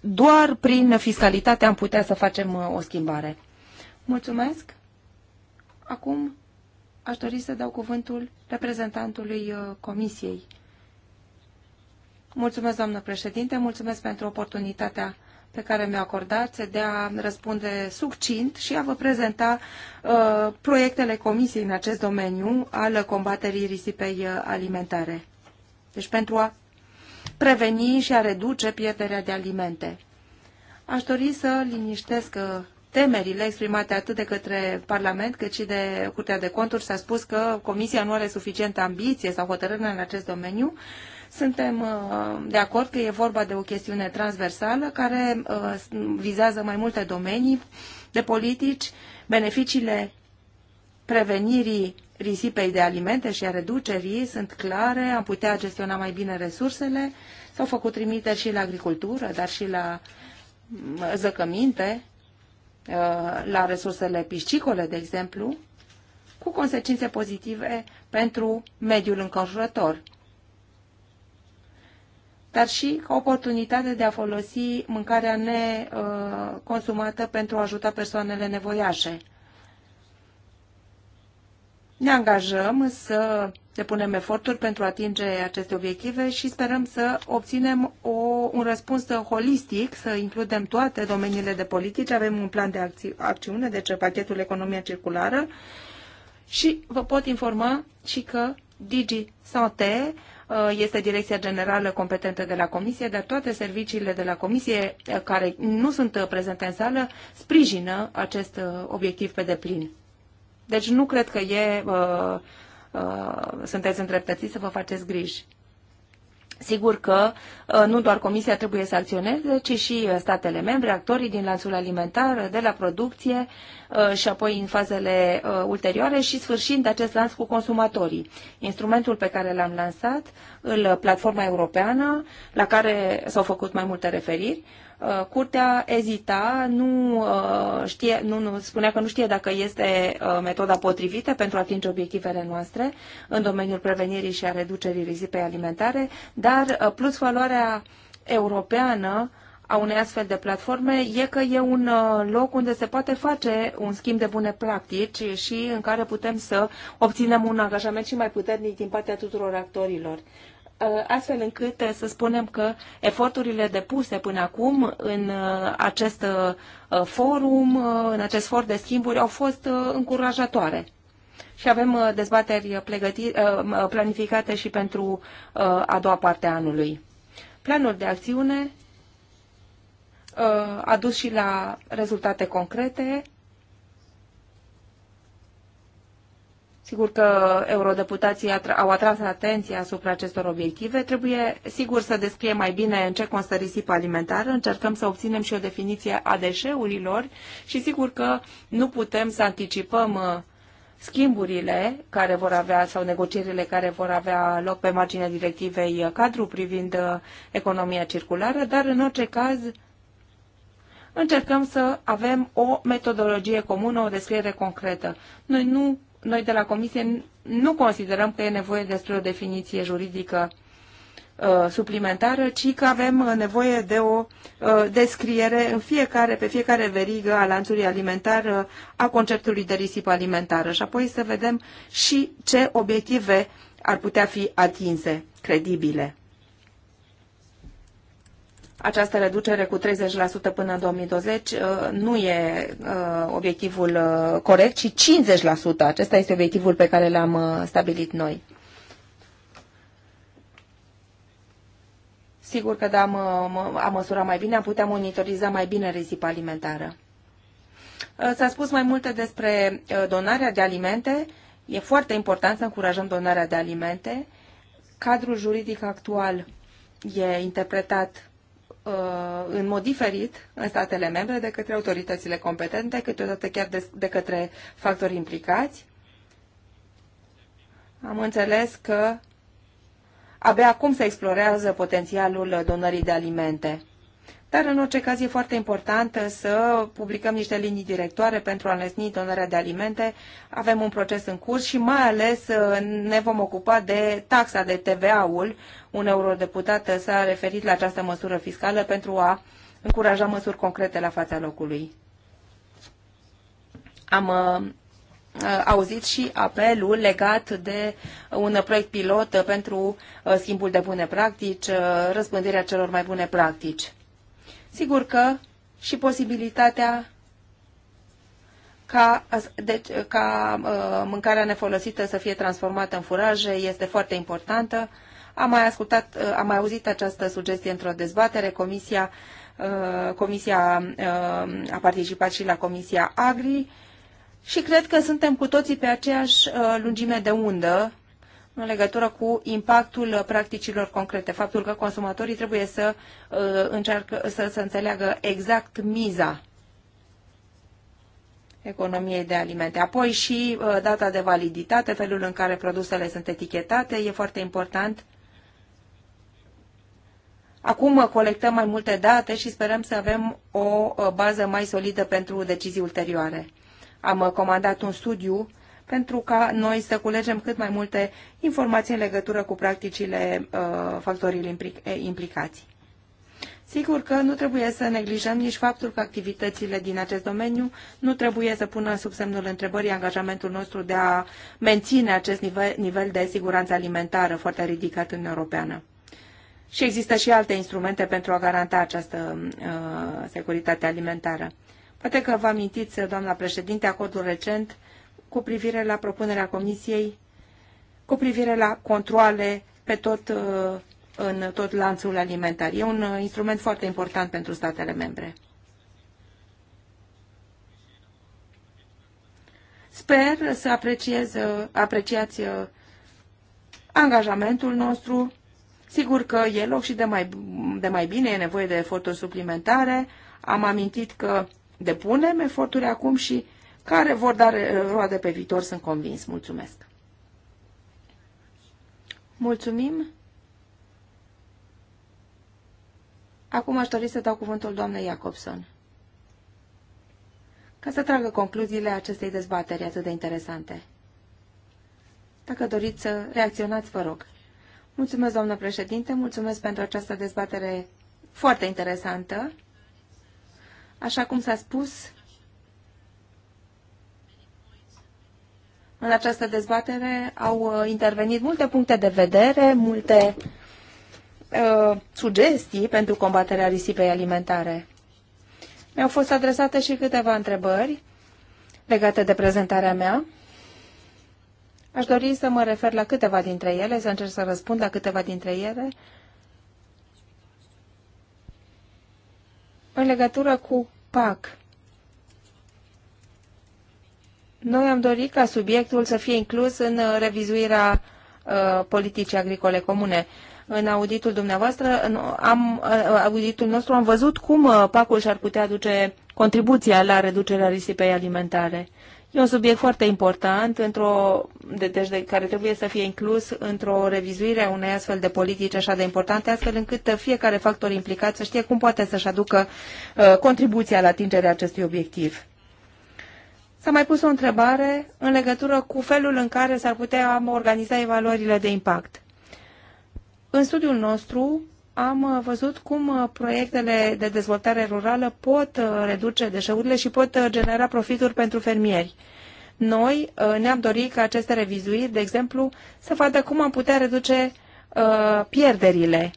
doar prin fiscalitate am putea să facem uh, o schimbare. Mulțumesc! Acum aș dori să dau cuvântul reprezentantului uh, Comisiei Mulțumesc, doamnă președinte, mulțumesc pentru oportunitatea pe care mi-o acordați de a răspunde succint și a vă prezenta uh, proiectele Comisiei în acest domeniu al combaterii risipei uh, alimentare. Deci pentru a preveni și a reduce pierderea de alimente. Aș dori să liniștesc uh, temerile exprimate atât de către Parlament cât și de Curtea de Conturi. S-a spus că Comisia nu are suficientă ambiție sau hotărâre în acest domeniu. Uh, suntem uh, de acord că e vorba de o chestiune transversală care uh, vizează mai multe domenii de politici, beneficiile prevenirii risipei de alimente și a reducerii sunt clare, am putea gestiona mai bine resursele, s-au făcut trimite și la agricultură, dar și la mm, zăcăminte, uh, la resursele piscicole, de exemplu, cu consecințe pozitive pentru mediul înconjurător dar și ca oportunitate de a folosi mâncarea neconsumată pentru a ajuta persoanele nevoiașe. Ne angajăm să depunem eforturi pentru a atinge aceste obiective și sperăm să obținem o, un răspuns holistic, să includem toate domeniile de politici. Avem un plan de acți- acțiune, deci pachetul economia circulară și vă pot informa și că Digi Santé Uh, este direcția generală competentă de la Comisie, dar toate serviciile de la Comisie uh, care nu sunt uh, prezente în sală sprijină acest obiectiv pe deplin. Deci nu cred că e, uh, uh, sunteți îndreptățiți să vă faceți griji. Sigur că uh, nu doar Comisia trebuie să acționeze, ci și uh, statele membre, actorii din lanțul alimentar, uh, de la producție și apoi în fazele ulterioare și sfârșind acest lanț cu consumatorii. Instrumentul pe care l-am lansat, platforma europeană, la care s-au făcut mai multe referiri, Uh, curtea ezita, nu, uh, știe, nu, nu spunea că nu știe dacă este uh, metoda potrivită pentru a atinge obiectivele noastre în domeniul prevenirii și a reducerii risipei alimentare, dar plus valoarea europeană a unei astfel de platforme e că e un loc unde se poate face un schimb de bune practici și în care putem să obținem un angajament și mai puternic din partea tuturor actorilor. Uh, astfel încât uh, să spunem că eforturile depuse până acum în uh, acest forum, în acest for de schimburi, au fost încurajatoare. Și avem dezbateri planificate și pentru a doua parte a anului. Planul de acțiune a dus și la rezultate concrete Sigur că eurodeputații au atras atenția asupra acestor obiective. Trebuie, sigur, să descrie mai bine în ce constă risipa alimentară. Încercăm să obținem și o definiție a deșeurilor și, sigur, că nu putem să anticipăm uh, schimburile care vor avea sau negocierile care vor avea loc pe marginea directivei uh, cadru privind uh, economia circulară, dar, în orice caz, încercăm să avem o metodologie comună, o descriere concretă. Noi nu noi de la Comisie nu considerăm că e nevoie despre o definiție juridică uh, suplimentară, ci că avem uh, nevoie de o uh, descriere în fiecare, pe fiecare verigă a lanțului alimentar a conceptului de risipă alimentară și apoi să vedem și ce obiective ar putea fi atinse, credibile această reducere cu 30% până în 2020 uh, nu e uh, obiectivul uh, corect, ci 50%. Acesta este obiectivul pe care l-am stabilit noi. Sigur că da, am, am măsurat mai bine, am putea monitoriza mai bine risipa alimentară. S-a spus mai multe despre donarea de alimente. E foarte important să încurajăm donarea de alimente. Cadrul juridic actual e interpretat Uh, în mod diferit în statele membre de către autoritățile competente, câteodată chiar de, de către factori implicați. Am înțeles că abia acum se explorează potențialul donării de alimente dar, în orice caz, e foarte important să publicăm niște linii directoare pentru a înlesni donarea de alimente. Avem un proces în curs și mai ales uh, ne vom ocupa de taxa de TVA-ul. Un eurodeputat s-a referit la această măsură fiscală pentru a încuraja măsuri concrete la fața locului. Am uh, uh, auzit și apelul legat de un proiect pilot pentru schimbul de bune practici, răspândirea celor mai bune practici. Sigur că și posibilitatea ca, deci, ca uh, mâncarea nefolosită să fie transformată în furaje este foarte importantă. Am mai, ascultat, uh, am mai auzit această sugestie într-o dezbatere. Comisia, uh, comisia uh, a participat și la Comisia Agri și cred că suntem cu toții pe aceeași uh, lungime de undă în legătură cu impactul practicilor concrete, faptul că consumatorii trebuie să uh, încearcă să, să înțeleagă exact miza economiei de alimente. Apoi și uh, data de validitate, felul în care produsele sunt etichetate, e foarte important. Acum colectăm mai multe date și sperăm să avem o uh, bază mai solidă pentru decizii ulterioare. Am uh, comandat un studiu pentru ca noi să culegem cât mai multe informații în legătură cu practicile uh, factorilor eh, implicați. Sigur că nu trebuie să neglijăm nici faptul că activitățile din acest domeniu nu trebuie să pună sub semnul întrebării angajamentul nostru de a menține acest nivel, nivel de siguranță alimentară foarte ridicat în Europeană. Și există și alte instrumente pentru a garanta această uh, securitate alimentară. Poate că vă amintiți, doamna președinte, acordul recent cu privire la propunerea Comisiei, cu privire la controle pe tot, uh, în tot lanțul alimentar. E un uh, instrument foarte important pentru statele membre. Sper să apreciez, uh, apreciați angajamentul nostru. Sigur că e loc și de mai, de mai bine, e nevoie de eforturi suplimentare. Am amintit că depunem eforturi acum și care vor da roade pe viitor, sunt convins. Mulțumesc! Mulțumim! Acum aș dori să dau cuvântul doamnei Jacobson ca să tragă concluziile acestei dezbateri atât de interesante. Dacă doriți să reacționați, vă rog. Mulțumesc, doamnă președinte, mulțumesc pentru această dezbatere foarte interesantă. Așa cum s-a spus, În această dezbatere au uh, intervenit multe puncte de vedere, multe uh, sugestii pentru combaterea risipei alimentare. Mi-au fost adresate și câteva întrebări legate de prezentarea mea. Aș dori să mă refer la câteva dintre ele, să încerc să răspund la câteva dintre ele. În legătură cu PAC, noi am dorit ca subiectul să fie inclus în uh, revizuirea uh, politicii agricole comune. În auditul dumneavoastră, în, am, uh, uh, auditul nostru, am văzut cum uh, pacul și-ar putea aduce contribuția la reducerea risipei alimentare. E un subiect foarte important, într-o, de, deci de, care trebuie să fie inclus într-o revizuire a unei astfel de politici așa de importante, astfel încât uh, fiecare factor implicat să știe cum poate să-și aducă uh, contribuția la atingerea acestui obiectiv. S-a mai pus o întrebare în legătură cu felul în care s-ar putea organiza evaluările de impact. În studiul nostru am văzut cum proiectele de dezvoltare rurală pot uh, reduce deșeurile și pot uh, genera profituri pentru fermieri. Noi uh, ne-am dorit ca aceste revizuiri, de exemplu, să vadă cum am putea reduce pierderile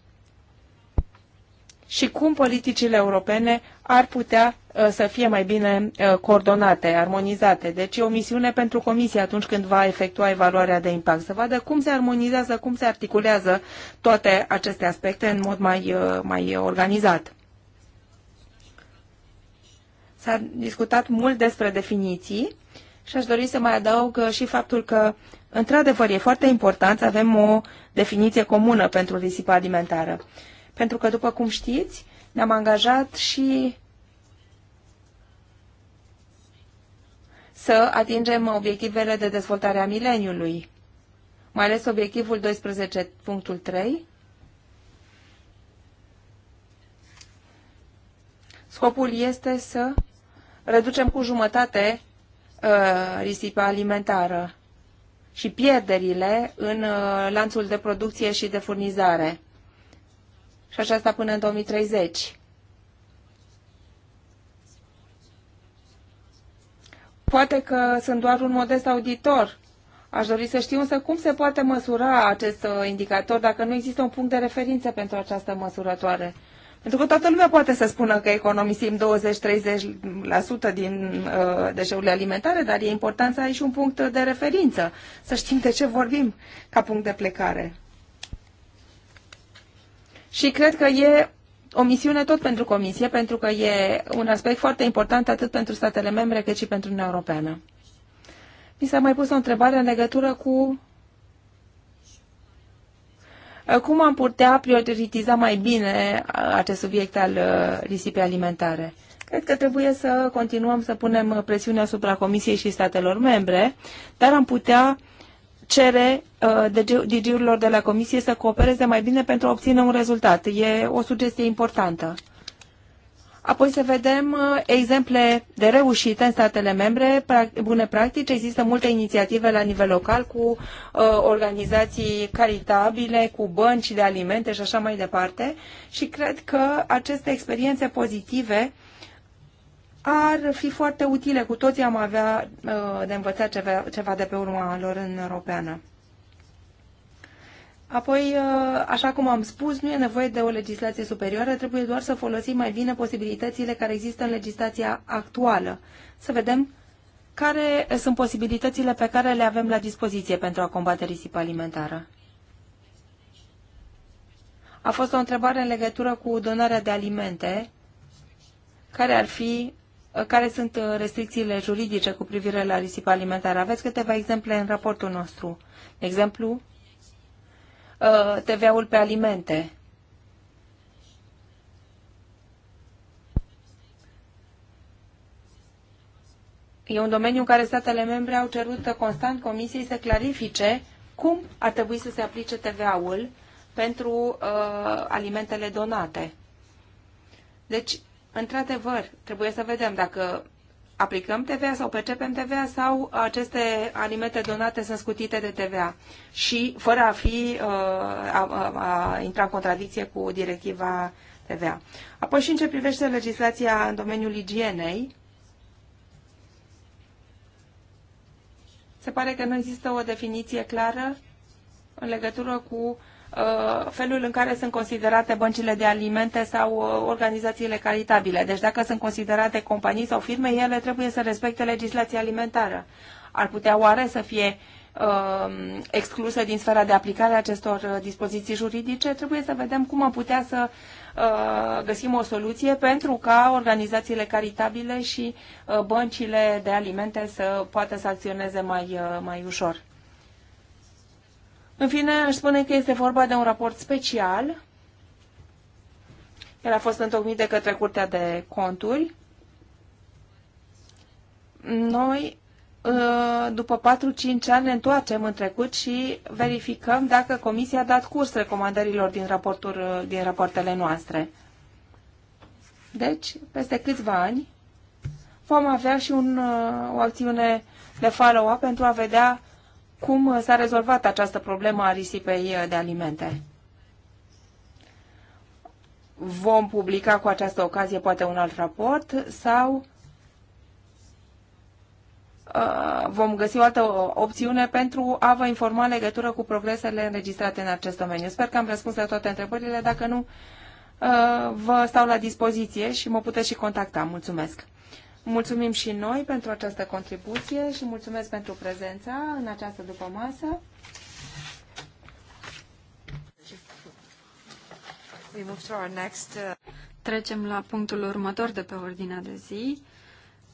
și cum politicile europene ar putea Uh, să fie mai bine uh, coordonate, armonizate. Deci e o misiune pentru comisie atunci când va efectua evaluarea de impact, să vadă cum se armonizează, cum se articulează toate aceste aspecte în mod mai, uh, mai organizat. S-a discutat mult despre definiții și aș dori să mai adaug și faptul că, într-adevăr, e foarte important să avem o definiție comună pentru risipa alimentară. Pentru că, după cum știți, ne-am angajat și să atingem obiectivele de dezvoltare a mileniului, mai ales obiectivul 12.3, Scopul este să reducem cu jumătate uh, risipa alimentară și pierderile în uh, lanțul de producție și de furnizare. Și așa până în 2030. Poate că sunt doar un modest auditor. Aș dori să știu însă cum se poate măsura acest uh, indicator dacă nu există un punct de referință pentru această măsurătoare. Pentru că toată lumea poate să spună că economisim 20-30% din uh, deșeurile alimentare, dar e important să ai și un punct de referință, să știm de ce vorbim ca punct de plecare. Și cred că e o misiune tot pentru Comisie, pentru că e un aspect foarte important atât pentru statele membre cât și pentru Uniunea Europeană. Mi s-a mai pus o întrebare în legătură cu uh, cum am putea prioritiza mai bine uh, acest subiect al uh, risipei alimentare. Cred că trebuie să continuăm să punem presiune asupra Comisiei și statelor membre, dar am putea cere uh, DG-urilor de la Comisie să coopereze mai bine pentru a obține un rezultat. E o sugestie importantă. Apoi să vedem uh, exemple de reușite în statele membre, bune practici. Există multe inițiative la nivel local cu uh, organizații caritabile, cu bănci de alimente și așa mai departe. Și cred că aceste experiențe pozitive uh, ar fi foarte utile. Cu toții am avea uh, de învățat ceva, ceva de pe urma lor în europeană. Apoi, uh, așa cum am spus, nu e nevoie de o legislație superioară, trebuie doar să folosim mai bine posibilitățile care există în legislația actuală. Să vedem care sunt posibilitățile pe care le avem la dispoziție pentru a combate risipa alimentară. A fost o întrebare în legătură cu donarea de alimente, care ar fi care sunt uh, restricțiile juridice cu privire la risipa alimentară. Aveți câteva exemple în raportul nostru. exemplu, uh, TVA-ul pe alimente. E un domeniu în care statele membre au cerut constant Comisiei să clarifice cum ar trebui să se aplice TVA-ul pentru uh, alimentele donate. Deci, într-adevăr, trebuie să vedem dacă aplicăm TVA sau percepem TVA sau aceste alimente donate sunt scutite de TVA și fără a fi uh, a, a, a intra în contradicție cu directiva TVA. Apoi și în ce privește legislația în domeniul igienei, se pare că nu există o definiție clară în legătură cu uh, Uh, felul în care sunt considerate băncile de alimente sau uh, organizațiile caritabile. Deci dacă sunt considerate companii sau firme, ele trebuie să respecte legislația alimentară. Ar putea oare să fie um, excluse din sfera de aplicare a acestor uh, dispoziții juridice? Trebuie să vedem cum am putea să găsim o soluție pentru ca organizațiile caritabile și băncile de alimente să poată să acționeze mai, mai ușor. În fine, aș spune că este vorba de un raport special. El a fost întocmit de către Curtea de Conturi. Noi, ă, după 4-5 ani, ne întoarcem în trecut și verificăm dacă Comisia a dat curs recomandărilor din, raporturi, ă, din rapoartele noastre. Deci, peste câțiva ani, vom avea și un, ă, o acțiune de follow-up pentru a vedea cum s-a rezolvat această problemă a risipei uh, de alimente. Vom publica cu această ocazie poate un alt raport sau uh, vom găsi o altă opțiune pentru a vă informa legătură cu progresele înregistrate în acest domeniu. Sper că am răspuns la toate întrebările. Dacă nu, uh, vă stau la dispoziție și mă puteți și contacta. Mulțumesc! Mulțumim și noi pentru această contribuție și mulțumesc pentru prezența în această dupămasă. Uh, Trecem la punctul următor de pe ordinea de zi.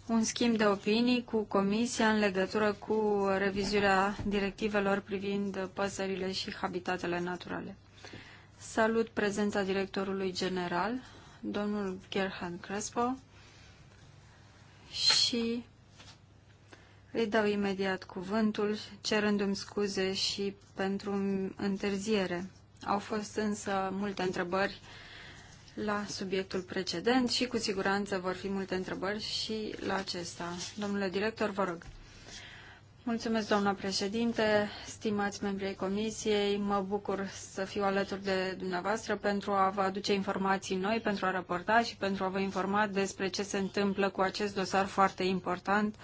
Un schimb de opinii cu Comisia în legătură cu revizuirea directivelor privind păsările și habitatele naturale. Salut prezența directorului general, domnul Gerhard Crespo, și îi dau imediat cuvântul, cerându-mi scuze și pentru întârziere. Au fost însă multe întrebări la subiectul precedent și cu siguranță vor fi multe întrebări și la acesta. Domnule director, vă rog. Mulțumesc, doamna președinte, stimați membrii comisiei, mă bucur să fiu alături de dumneavoastră pentru a vă aduce informații noi, pentru a raporta și pentru a vă informa despre ce se întâmplă cu acest dosar foarte important,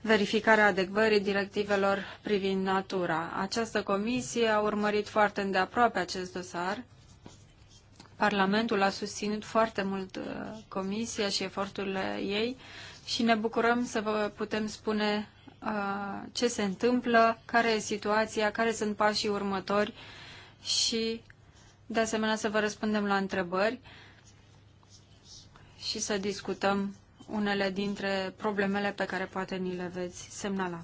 verificarea adecvării directivelor privind natura. Această comisie a urmărit foarte îndeaproape acest dosar. Parlamentul a susținut foarte mult uh, comisia și eforturile ei și ne bucurăm să vă putem spune Uh, ce se întâmplă, care e situația, care sunt pașii următori și, de asemenea, să vă răspundem la întrebări și să discutăm unele dintre problemele pe care poate ni le veți semnala.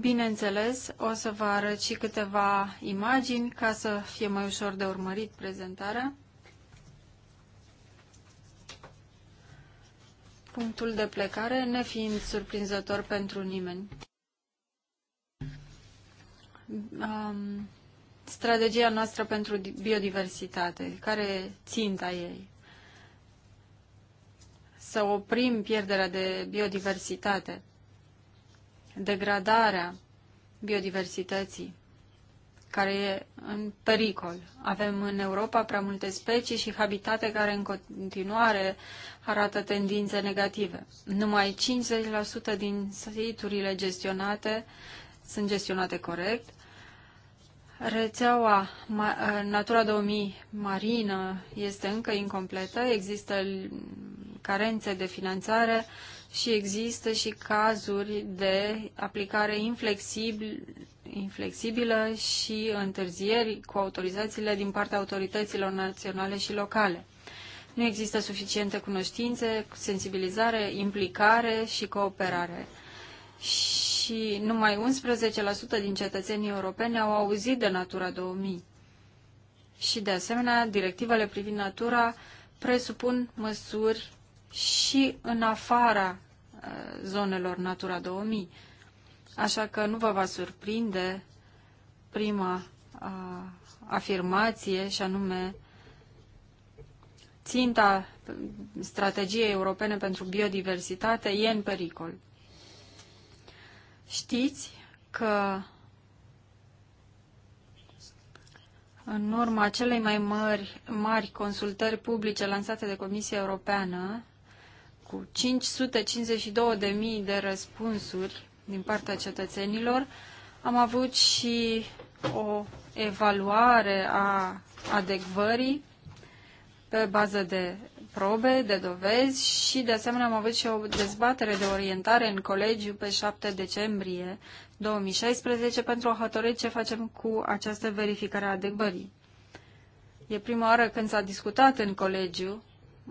Bineînțeles, o să vă arăt și câteva imagini ca să fie mai ușor de urmărit prezentarea. punctul de plecare, nefiind surprinzător pentru nimeni. Um, strategia noastră pentru biodiversitate, care ținta ei? Să oprim pierderea de biodiversitate, degradarea biodiversității care e în pericol. Avem în Europa prea multe specii și habitate care în continuare arată tendințe negative. Numai 50% din siturile gestionate sunt gestionate corect. Rețeaua eh, Natura 2000 marină este încă incompletă, există carențe de finanțare și există și cazuri de aplicare inflexibil, inflexibilă și întârzieri cu autorizațiile din partea autorităților naționale și locale. Nu există suficiente cunoștințe, sensibilizare, implicare și cooperare. Și numai 11% din cetățenii europeni au auzit de Natura 2000. Și de asemenea, directivele privind natura presupun măsuri și în afara uh, zonelor Natura 2000. Așa că nu vă va surprinde prima uh, afirmație și anume ținta strategiei europene pentru biodiversitate e în pericol. Știți că în urma celei mai mari, mari consultări publice lansate de Comisia Europeană cu 552.000 de răspunsuri din partea cetățenilor, am avut și o evaluare a adecvării pe bază de probe, de dovezi și de asemenea am avut și o dezbatere de orientare în colegiu pe 7 decembrie 2016 pentru a hotărâi ce facem cu această verificare a adecvării. E prima oară când s-a discutat în colegiu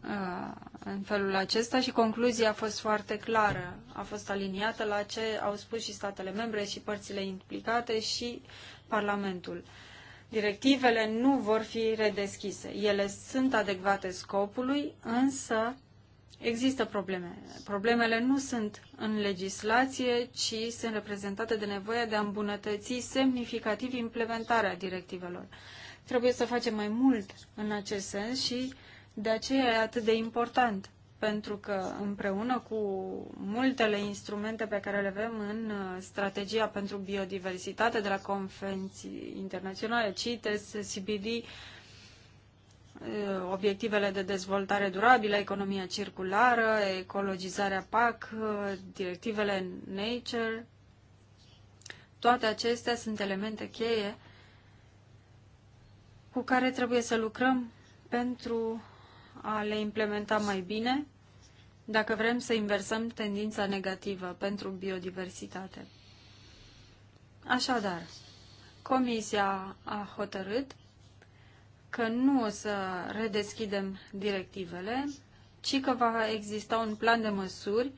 Uh, în felul acesta și concluzia a fost foarte clară. A fost aliniată la ce au spus și statele membre și părțile implicate și Parlamentul. Directivele nu vor fi redeschise. Ele sunt adecvate scopului, însă există probleme. Problemele nu sunt în legislație, ci sunt reprezentate de nevoia de a îmbunătăți semnificativ implementarea directivelor. Trebuie să facem mai mult în acest sens și uh, de aceea e atât de important, pentru că împreună cu multele instrumente pe care le avem în uh, strategia pentru biodiversitate de la conferinții internaționale, CITES, CBD, uh, obiectivele de dezvoltare durabilă, economia circulară, ecologizarea PAC, uh, directivele Nature, toate acestea sunt elemente cheie cu care trebuie să lucrăm pentru a le implementa mai bine dacă vrem să inversăm tendința negativă pentru biodiversitate. Așadar, Comisia a hotărât că nu o să redeschidem directivele, ci că va exista un plan de măsuri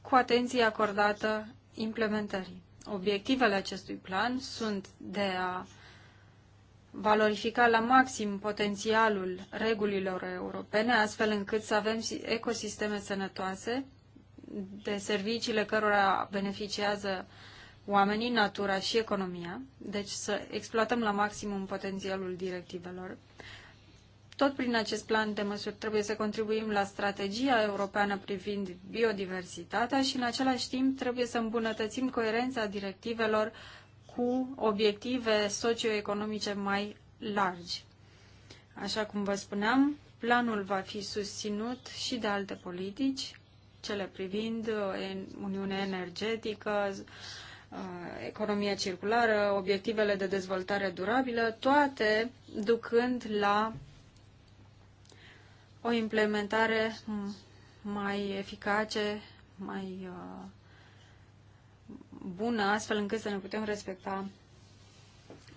cu atenție acordată implementării. Obiectivele acestui plan sunt de a valorifica la maxim potențialul regulilor europene, astfel încât să avem ecosisteme sănătoase de serviciile cărora beneficiază oamenii, natura și economia, deci să exploatăm la maximum potențialul directivelor. Tot prin acest plan de măsuri trebuie să contribuim la strategia europeană privind biodiversitatea și în același timp trebuie să îmbunătățim coerența directivelor uh, cu obiective socioeconomice mai largi. Așa cum vă spuneam, planul va fi susținut și de alte politici, cele privind uh, Uniunea Energetică, uh, economia circulară, obiectivele de dezvoltare durabilă, toate ducând la o implementare mai eficace, mai uh, bună, astfel încât să ne putem respecta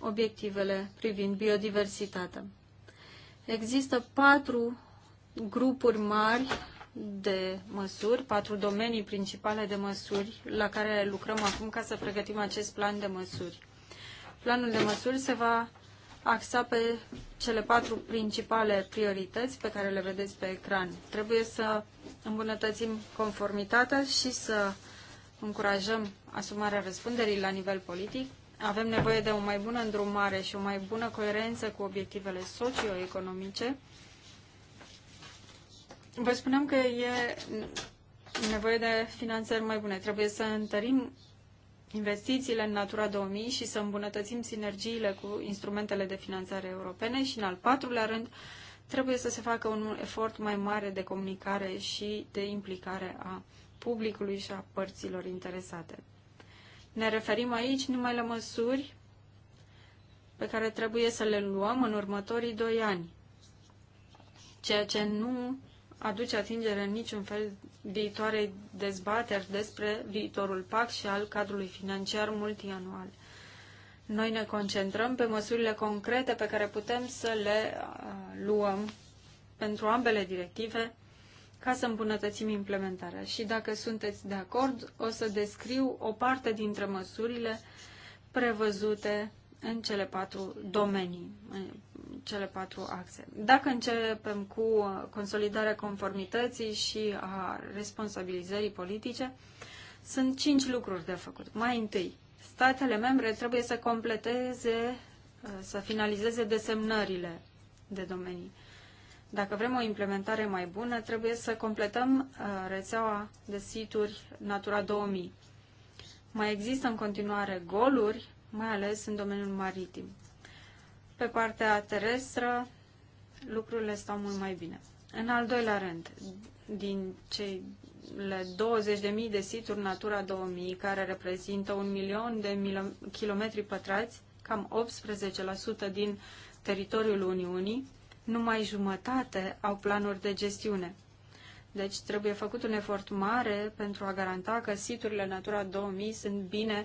obiectivele privind biodiversitatea. Există patru grupuri mari de măsuri, patru domenii principale de măsuri la care lucrăm acum ca să pregătim acest plan de măsuri. Planul de măsuri se va axa pe cele patru principale priorități pe care le vedeți pe ecran. Trebuie să îmbunătățim conformitatea și să încurajăm asumarea răspunderii la nivel politic, avem nevoie de o mai bună îndrumare și o mai bună coerență cu obiectivele socioeconomice. Vă spunem că e nevoie de finanțări mai bune. Trebuie să întărim investițiile în Natura 2000 și să îmbunătățim sinergiile cu instrumentele de finanțare europene și, în al patrulea rând, trebuie să se facă un efort mai mare de comunicare și de implicare a publicului și a părților interesate. Ne referim aici numai la măsuri pe care trebuie să le luăm în următorii doi ani, ceea ce nu aduce atingere în niciun fel viitoarei dezbateri despre viitorul PAC și al cadrului financiar multianual. Noi ne concentrăm pe măsurile concrete pe care putem să le uh, luăm pentru ambele directive ca să îmbunătățim implementarea. Și dacă sunteți de acord, o să descriu o parte dintre măsurile prevăzute în cele patru domenii, în cele patru axe. Dacă începem cu consolidarea conformității și a responsabilizării politice, sunt cinci lucruri de făcut. Mai întâi, statele membre trebuie să completeze, să finalizeze desemnările de domenii. Dacă vrem o implementare mai bună, trebuie să completăm uh, rețeaua de situri Natura 2000. Mai există în continuare goluri, mai ales în domeniul maritim. Pe partea terestră, lucrurile stau mult mai bine. În al doilea rând, din cele 20.000 de situri Natura 2000, care reprezintă un milion de kilometri pătrați, cam 18% din teritoriul Uniunii, numai jumătate au planuri de gestiune. Deci trebuie făcut un efort mare pentru a garanta că siturile Natura 2000 sunt bine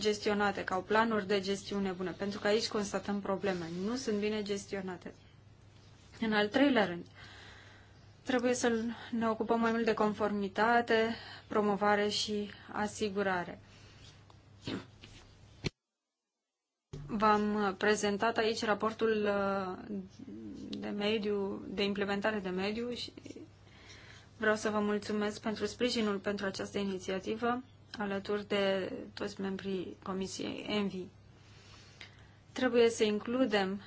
gestionate, că au planuri de gestiune bune, pentru că aici constatăm probleme. Nu sunt bine gestionate. În al treilea rând, trebuie să ne ocupăm mai mult de conformitate, promovare și asigurare. V-am prezentat aici raportul uh, de mediu, de implementare de mediu și vreau să vă mulțumesc pentru sprijinul pentru această inițiativă alături de toți membrii Comisiei ENVI. Trebuie să includem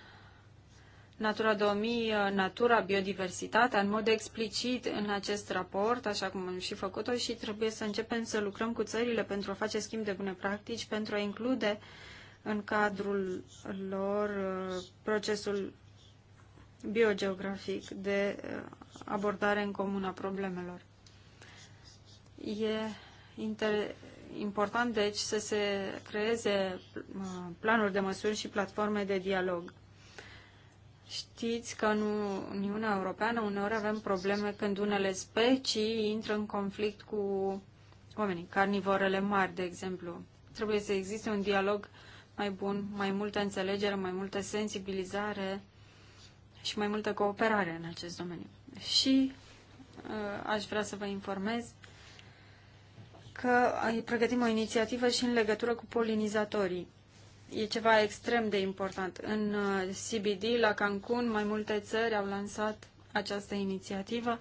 Natura 2000, natura, biodiversitatea în mod explicit în acest raport, așa cum am și făcut-o și trebuie să începem să lucrăm cu țările pentru a face schimb de bune practici, pentru a include în cadrul lor uh, procesul biogeografic de uh, abordare în comun a problemelor. E inter- important, deci, să se creeze uh, planuri de măsuri și platforme de dialog. Știți că în Uniunea Europeană uneori avem probleme când unele specii intră în conflict cu oamenii, carnivorele mari, de exemplu. Trebuie să existe un dialog mai bun, mai multă înțelegere, mai multă sensibilizare și mai multă cooperare în acest domeniu. Și uh, aș vrea să vă informez că pregătim o inițiativă și în legătură cu polinizatorii. E ceva extrem de important. În uh, CBD, la Cancun, mai multe țări au lansat această inițiativă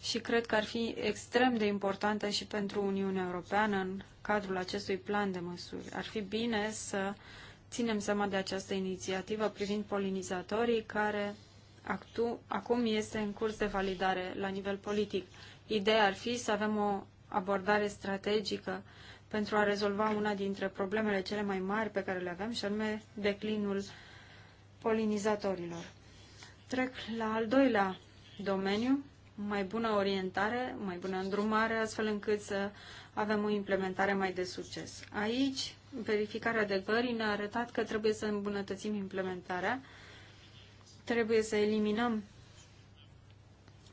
și cred că ar fi extrem de importantă și pentru Uniunea Europeană în cadrul acestui plan de măsuri. Ar fi bine să ținem seama de această inițiativă privind polinizatorii care actu, acum este în curs de validare la nivel politic. Ideea ar fi să avem o abordare strategică pentru a rezolva una dintre problemele cele mai mari pe care le avem, și anume declinul polinizatorilor. Trec la al doilea domeniu, mai bună orientare, mai bună îndrumare, astfel încât să avem o implementare mai de succes. Aici, verificarea adecvării ne-a arătat că trebuie să îmbunătățim implementarea, Trebuie să eliminăm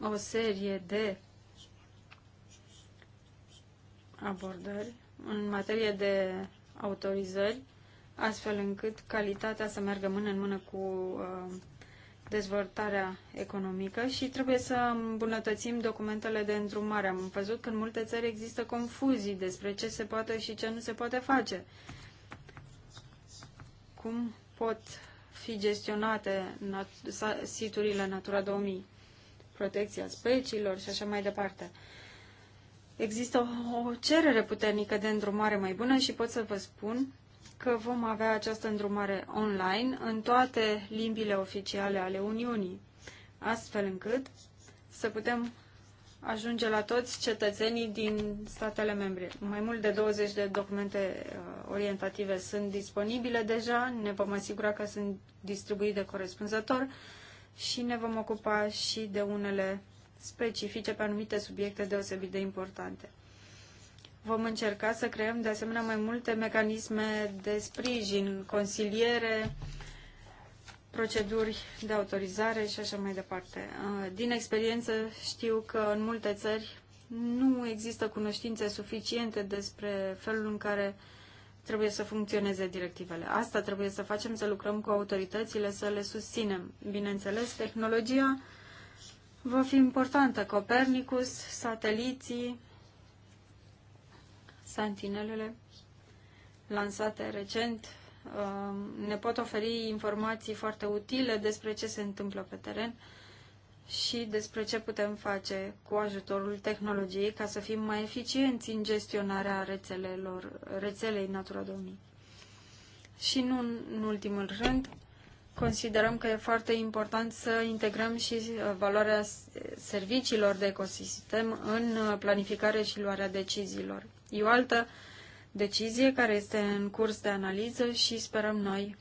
o serie de abordări în materie de autorizări, astfel încât calitatea să meargă mână în mână cu uh, dezvoltarea economică și trebuie să îmbunătățim documentele de îndrumare. Am văzut că în multe țări există confuzii despre ce se poate și ce nu se poate face. Cum pot fi gestionate nat- siturile Natura 2000, protecția speciilor și așa mai departe. Există o cerere puternică de îndrumare mai bună și pot să vă spun că vom avea această îndrumare online în toate limbile oficiale ale Uniunii, astfel încât să putem ajunge la toți cetățenii din statele membre. Mai mult de 20 de documente uh, orientative sunt disponibile deja, ne vom asigura că sunt distribuite corespunzător și ne vom ocupa și de unele specifice pe anumite subiecte deosebit de importante. Vom încerca să creăm de asemenea mai multe mecanisme de sprijin, consiliere, proceduri de autorizare și așa mai departe. Din experiență știu că în multe țări nu există cunoștințe suficiente despre felul în care trebuie să funcționeze directivele. Asta trebuie să facem, să lucrăm cu autoritățile, să le susținem. Bineînțeles, tehnologia va fi importantă. Copernicus, sateliții, santinelele lansate recent Um, ne pot oferi informații foarte utile despre ce se întâmplă pe teren și despre ce putem face cu ajutorul tehnologiei ca să fim mai eficienți în gestionarea rețelelor, rețelei Natura 2000. Și nu în ultimul rând, considerăm că e foarte important să integrăm și uh, valoarea serviciilor de ecosistem în uh, planificare și luarea deciziilor. E o altă decizie care este în curs de analiză și sperăm noi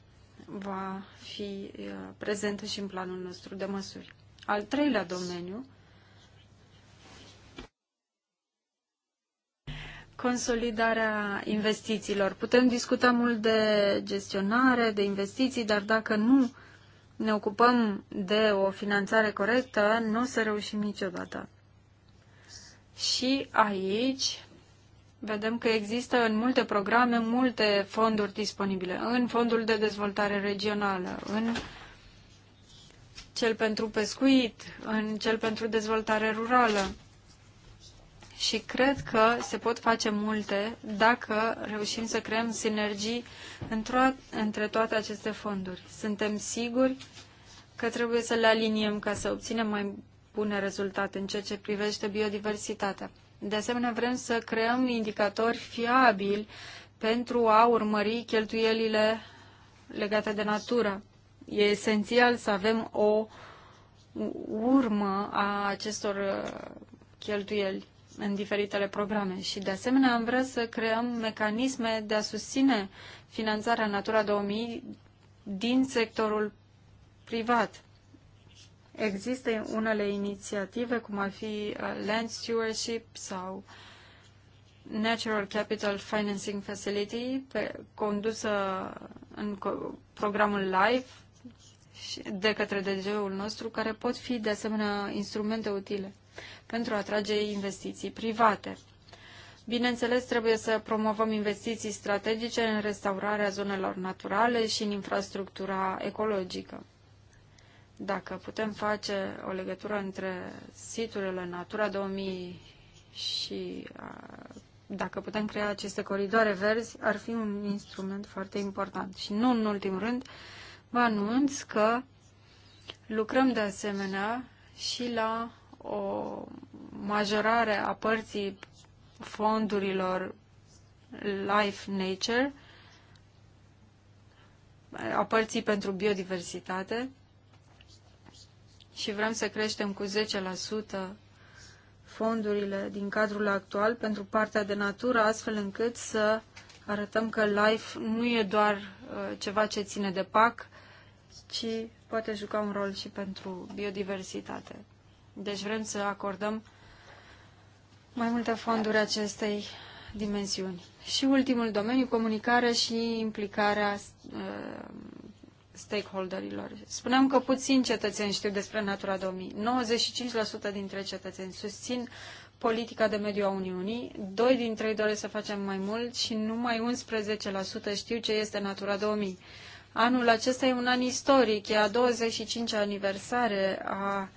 va fi uh, prezentă și în planul nostru de măsuri. Al treilea domeniu, consolidarea investițiilor. Putem discuta mult de gestionare, de investiții, dar dacă nu ne ocupăm de o finanțare corectă, nu o să reușim niciodată. Și aici vedem că există în multe programe multe fonduri disponibile. În fondul de dezvoltare regională, în cel pentru pescuit, în cel pentru dezvoltare rurală. Și cred că se pot face multe dacă reușim să creăm sinergii între toate aceste fonduri. Suntem siguri că trebuie să le aliniem ca să obținem mai bune rezultate în ceea ce privește biodiversitatea. De asemenea, vrem să creăm indicatori fiabili pentru a urmări cheltuielile legate de natură. E esențial să avem o urmă a acestor uh, cheltuieli în diferitele programe și, de asemenea, am vrea să creăm mecanisme de a susține finanțarea Natura 2000 din sectorul privat. Există unele inițiative, cum ar fi uh, Land Stewardship sau Natural Capital Financing Facility, pe, condusă în programul LIFE de către DG-ul nostru, care pot fi de asemenea instrumente utile pentru a atrage investiții private. Bineînțeles, trebuie să promovăm investiții strategice în restaurarea zonelor naturale și în infrastructura ecologică. Dacă putem face o legătură între siturile Natura 2000 și dacă putem crea aceste coridoare verzi, ar fi un instrument foarte important. Și nu în ultimul rând, vă anunț că lucrăm de asemenea și la o majorare a părții fondurilor Life Nature, a părții pentru biodiversitate, și vrem să creștem cu 10% fondurile din cadrul actual pentru partea de natură, astfel încât să arătăm că LIFE nu e doar uh, ceva ce ține de PAC, ci poate juca un rol și pentru biodiversitate. Deci vrem să acordăm mai multe fonduri acestei dimensiuni. Și ultimul domeniu, comunicarea și implicarea uh, stakeholderilor. Spuneam că puțin cetățeni știu despre Natura 2000. 95% dintre cetățeni susțin politica de mediu a Uniunii, doi din trei doresc să facem mai mult și numai 11% știu ce este Natura 2000. Anul acesta e un an istoric, e a 25-a aniversare a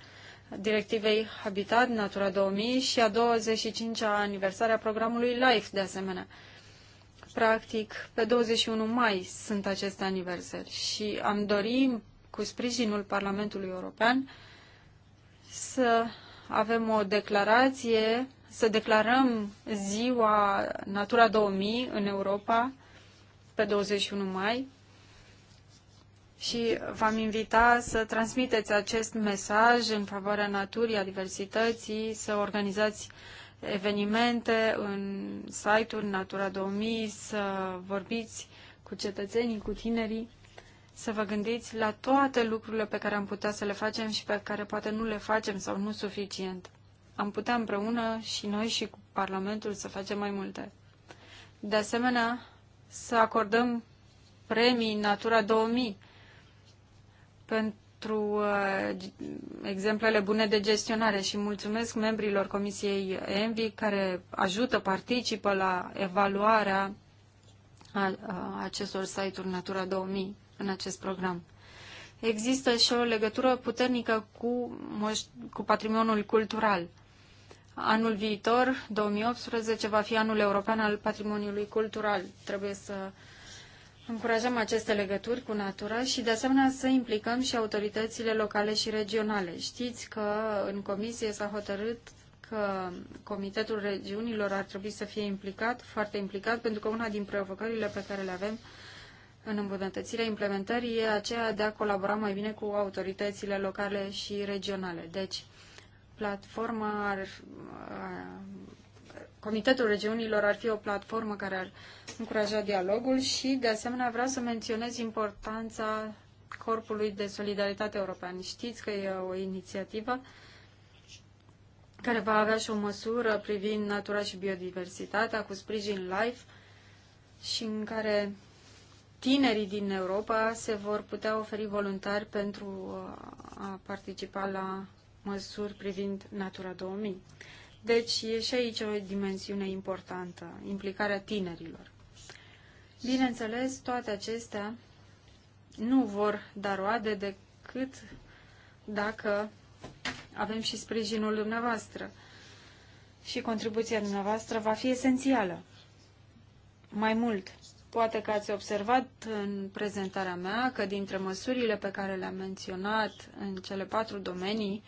directivei Habitat Natura 2000 și a 25-a aniversare a programului LIFE de asemenea practic, pe 21 mai sunt aceste aniversări și am dorit, cu sprijinul Parlamentului European, să avem o declarație, să declarăm ziua Natura 2000 în Europa pe 21 mai și v-am invita să transmiteți acest mesaj în favoarea naturii, a diversității, să organizați uh, evenimente în site-ul Natura 2000, să vorbiți cu cetățenii, cu tinerii, să vă gândiți la toate lucrurile pe care am putea să le facem și pe care poate nu le facem sau nu suficient. Am putea împreună și noi și cu Parlamentul să facem mai multe. De asemenea, să acordăm premii Natura 2000 pentru pentru uh, exemplele bune de gestionare și mulțumesc membrilor Comisiei ENVI care ajută, participă la evaluarea acestor site-uri Natura 2000 în acest program. Există și o legătură puternică cu, cu patrimoniul cultural. Anul viitor, 2018, va fi anul european al patrimoniului cultural. Trebuie să uh, încurajăm aceste legături cu natura și, de asemenea, să implicăm și autoritățile locale și regionale. Știți că în comisie s-a hotărât că Comitetul Regiunilor ar trebui să fie implicat, foarte implicat, pentru că una din provocările pe care le avem în îmbunătățirea implementării e aceea de a colabora mai bine cu autoritățile locale și regionale. Deci, platforma ar, Comitetul Regiunilor ar fi o platformă care ar încuraja dialogul și, de asemenea, vreau să menționez importanța Corpului de Solidaritate European. Știți că e o inițiativă care va avea și o măsură privind natura și biodiversitatea cu sprijin LIFE și în care tinerii din Europa se vor putea oferi voluntari pentru uh, a participa la măsuri privind Natura 2000. Deci e și aici o dimensiune importantă, implicarea tinerilor. Bineînțeles, toate acestea nu vor da roade decât dacă avem și sprijinul dumneavoastră. Și contribuția dumneavoastră va fi esențială. Mai mult, poate că ați observat în prezentarea mea că dintre măsurile pe care le-am menționat în cele patru domenii,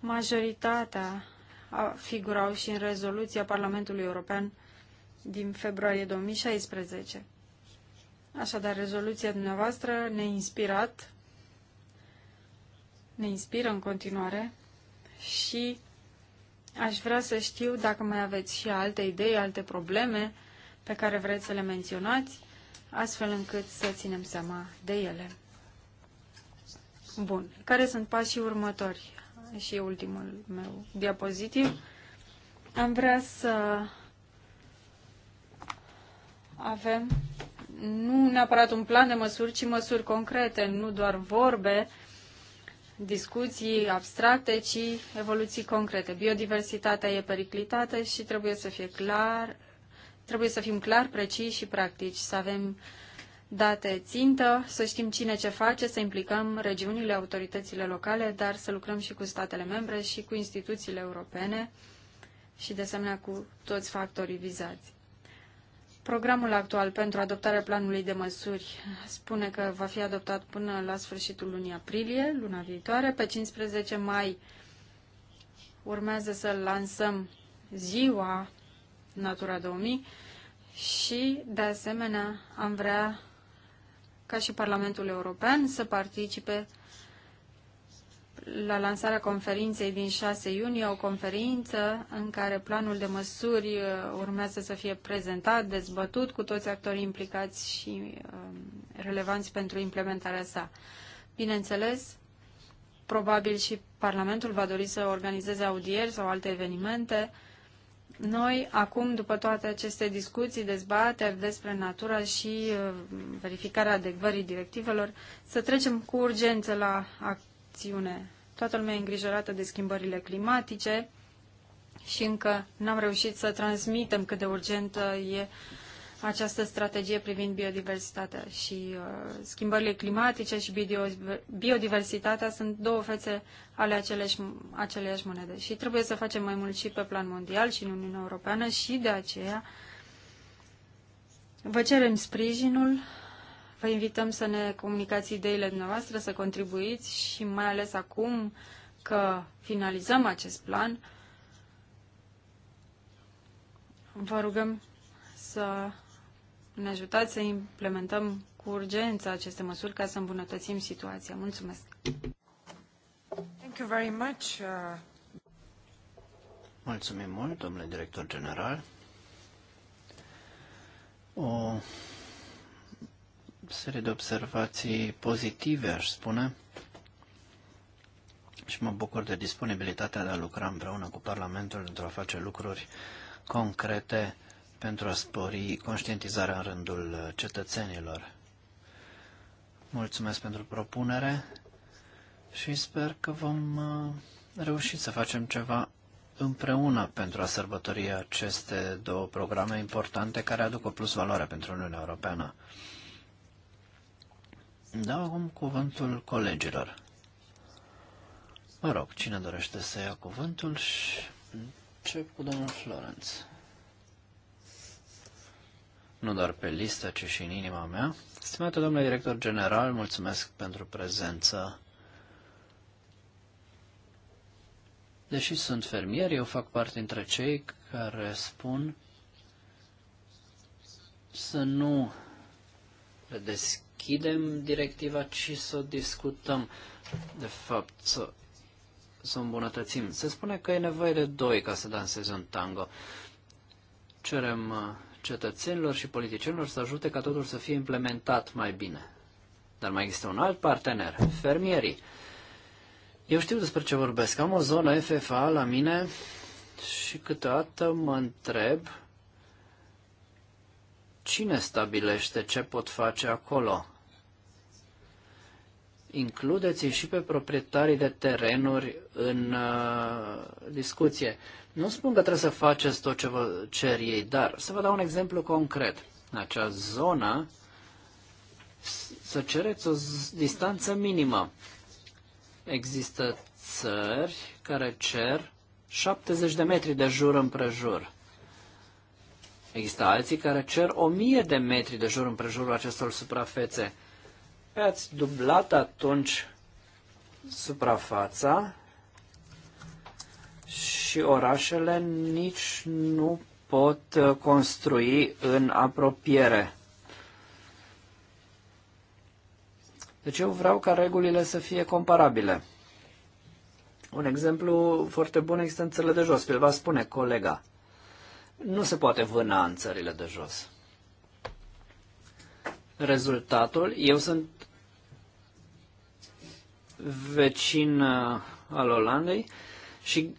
majoritatea figurau și în rezoluția Parlamentului European din februarie 2016. Așadar, rezoluția dumneavoastră ne inspirat, ne inspiră în continuare și aș vrea să știu dacă mai aveți și alte idei, alte probleme pe care vreți să le menționați, astfel încât să ținem seama de ele. Bun. Care sunt pașii următori? și ultimul meu diapozitiv, am vrea să avem nu neapărat un plan de măsuri, ci măsuri concrete, nu doar vorbe, discuții abstracte, ci evoluții concrete. Biodiversitatea e periclitată și trebuie să fie clar, trebuie să fim clar, precis și practici, să avem uh, date țintă, să știm cine ce face, să implicăm regiunile, autoritățile locale, dar să lucrăm și cu statele membre și cu instituțiile europene și de asemenea cu toți factorii vizați. Programul actual pentru adoptarea planului de măsuri spune că va fi adoptat până la sfârșitul lunii aprilie, luna viitoare. Pe 15 mai urmează să lansăm ziua Natura 2000 și, de asemenea, am vrea ca și Parlamentul European, să participe la lansarea conferinței din 6 iunie, o conferință în care planul de măsuri uh, urmează să fie prezentat, dezbătut cu toți actorii implicați și um, relevanți pentru implementarea sa. Bineînțeles, probabil și Parlamentul va dori să organizeze audieri sau alte evenimente noi, acum, după toate aceste discuții, dezbateri despre natura și uh, verificarea adecvării directivelor, să trecem cu urgență la acțiune. Toată lumea e îngrijorată de schimbările climatice și încă n-am reușit să transmitem cât de urgentă e uh, această strategie privind biodiversitatea și uh, schimbările climatice și biodiversitatea sunt două fețe ale aceleși, aceleiași monede și trebuie să facem mai mult și pe plan mondial și în Uniunea Europeană și de aceea vă cerem sprijinul, vă invităm să ne comunicați ideile dumneavoastră, să contribuiți și mai ales acum că finalizăm acest plan, vă rugăm să ne ajutați să implementăm cu urgență aceste măsuri ca să îmbunătățim situația. Mulțumesc! Thank you very much. Uh, Mulțumim mult, domnule director general. O serie de observații pozitive, aș spune, și mă bucur de disponibilitatea de a lucra împreună cu Parlamentul pentru a face lucruri concrete pentru a spori conștientizarea în rândul uh, cetățenilor. Mulțumesc pentru propunere și sper că vom uh, reuși să facem ceva împreună pentru a sărbători aceste două programe importante care aduc o plus valoare pentru Uniunea Europeană. Dau acum cuvântul colegilor. Mă rog, cine dorește să ia cuvântul și încep cu domnul Florence nu doar pe listă, ci și în inima mea. Stimate domnule director general, mulțumesc pentru prezență. Deși sunt fermier, eu fac parte dintre cei care spun să nu le deschidem directiva, ci să o discutăm, de fapt, să, să o îmbunătățim. Se spune că e nevoie de doi ca să dansezi un tango. Cerem uh, cetățenilor și politicienilor să ajute ca totul să fie implementat mai bine. Dar mai există un alt partener, fermierii. Eu știu despre ce vorbesc. Am o zonă FFA la mine și câteodată mă întreb cine stabilește ce pot face acolo includeți și pe proprietarii de terenuri în uh, discuție. Nu spun că trebuie să faceți tot ce vă cer ei, dar să vă dau un exemplu concret. În acea zonă să cereți o distanță minimă. Există țări care cer 70 de metri de jur împrejur. Există alții care cer 1000 de metri de jur împrejurul acestor suprafețe ați dublat atunci suprafața și orașele nici nu pot uh, construi în apropiere. Deci eu vreau ca regulile să fie comparabile. Un exemplu foarte bun există în țările de jos. Îl va spune colega. Nu se poate vâna în țările de jos. Rezultatul, eu sunt vecin al Olandei și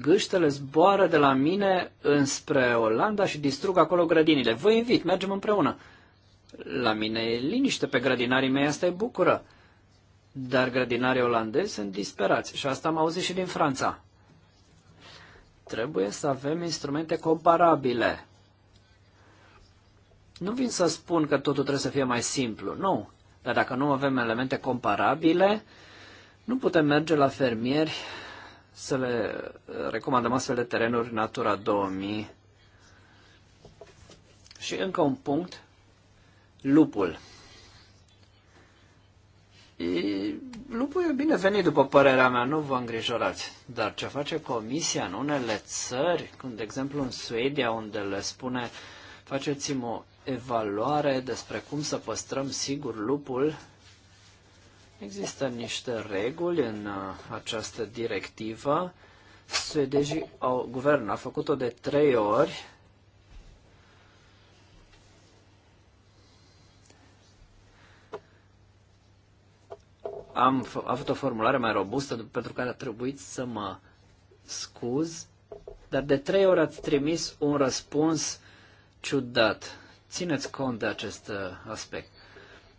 gâștele zboară de la mine înspre Olanda și distrug acolo grădinile. Vă invit, mergem împreună. La mine e liniște, pe grădinarii mei asta e bucură. Dar grădinarii olandezi sunt disperați și asta am auzit și din Franța. Trebuie să avem instrumente comparabile. Nu vin să spun că totul trebuie să fie mai simplu, nu. Dar dacă nu avem elemente comparabile, nu putem merge la fermieri să le recomandăm astfel de terenuri Natura 2000. Și încă un punct, lupul. E, lupul e bine venit, după părerea mea, nu vă îngrijorați. Dar ce face comisia în unele țări, cum de exemplu în Suedia, unde le spune faceți-mi o evaluare despre cum să păstrăm sigur lupul. Există niște reguli în uh, această directivă. Suedezii au, guvernul a făcut-o de trei ori. Am avut o formulare mai robustă pentru care a trebuit să mă scuz, dar de trei ori ați trimis un răspuns ciudat țineți cont de acest uh, aspect.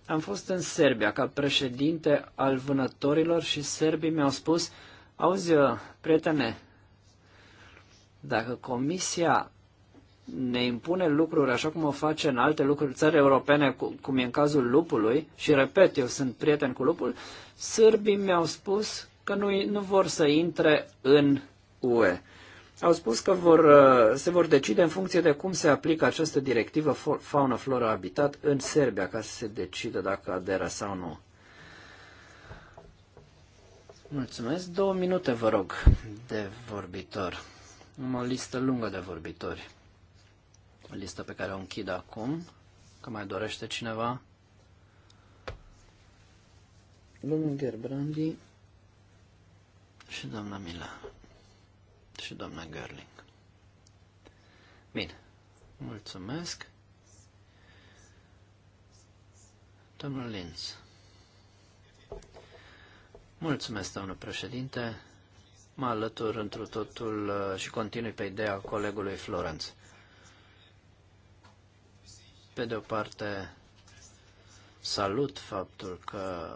Am fost în Serbia ca președinte al vânătorilor și serbii mi-au spus, auzi, uh, prietene, dacă Comisia ne impune lucruri așa cum o face în alte lucruri, țări europene, cum e în cazul lupului, și repet, eu sunt prieten cu lupul, sârbii mi-au spus că nu, nu vor să intre în UE au spus că vor, uh, se vor decide în funcție de cum se aplică această directivă fauna flora habitat în Serbia, ca să se decidă dacă aderă sau nu. Mulțumesc. Două minute, vă rog, de vorbitor. Am o listă lungă de vorbitori. O listă pe care o închid acum. Că mai dorește cineva? Domnul Gerbrandi și doamna Mila și doamna Gerling. Bine, mulțumesc. Domnul Linz. Mulțumesc, domnul președinte. Mă alătur întru totul uh, și continui pe ideea colegului Florence. Pe de o parte, salut faptul că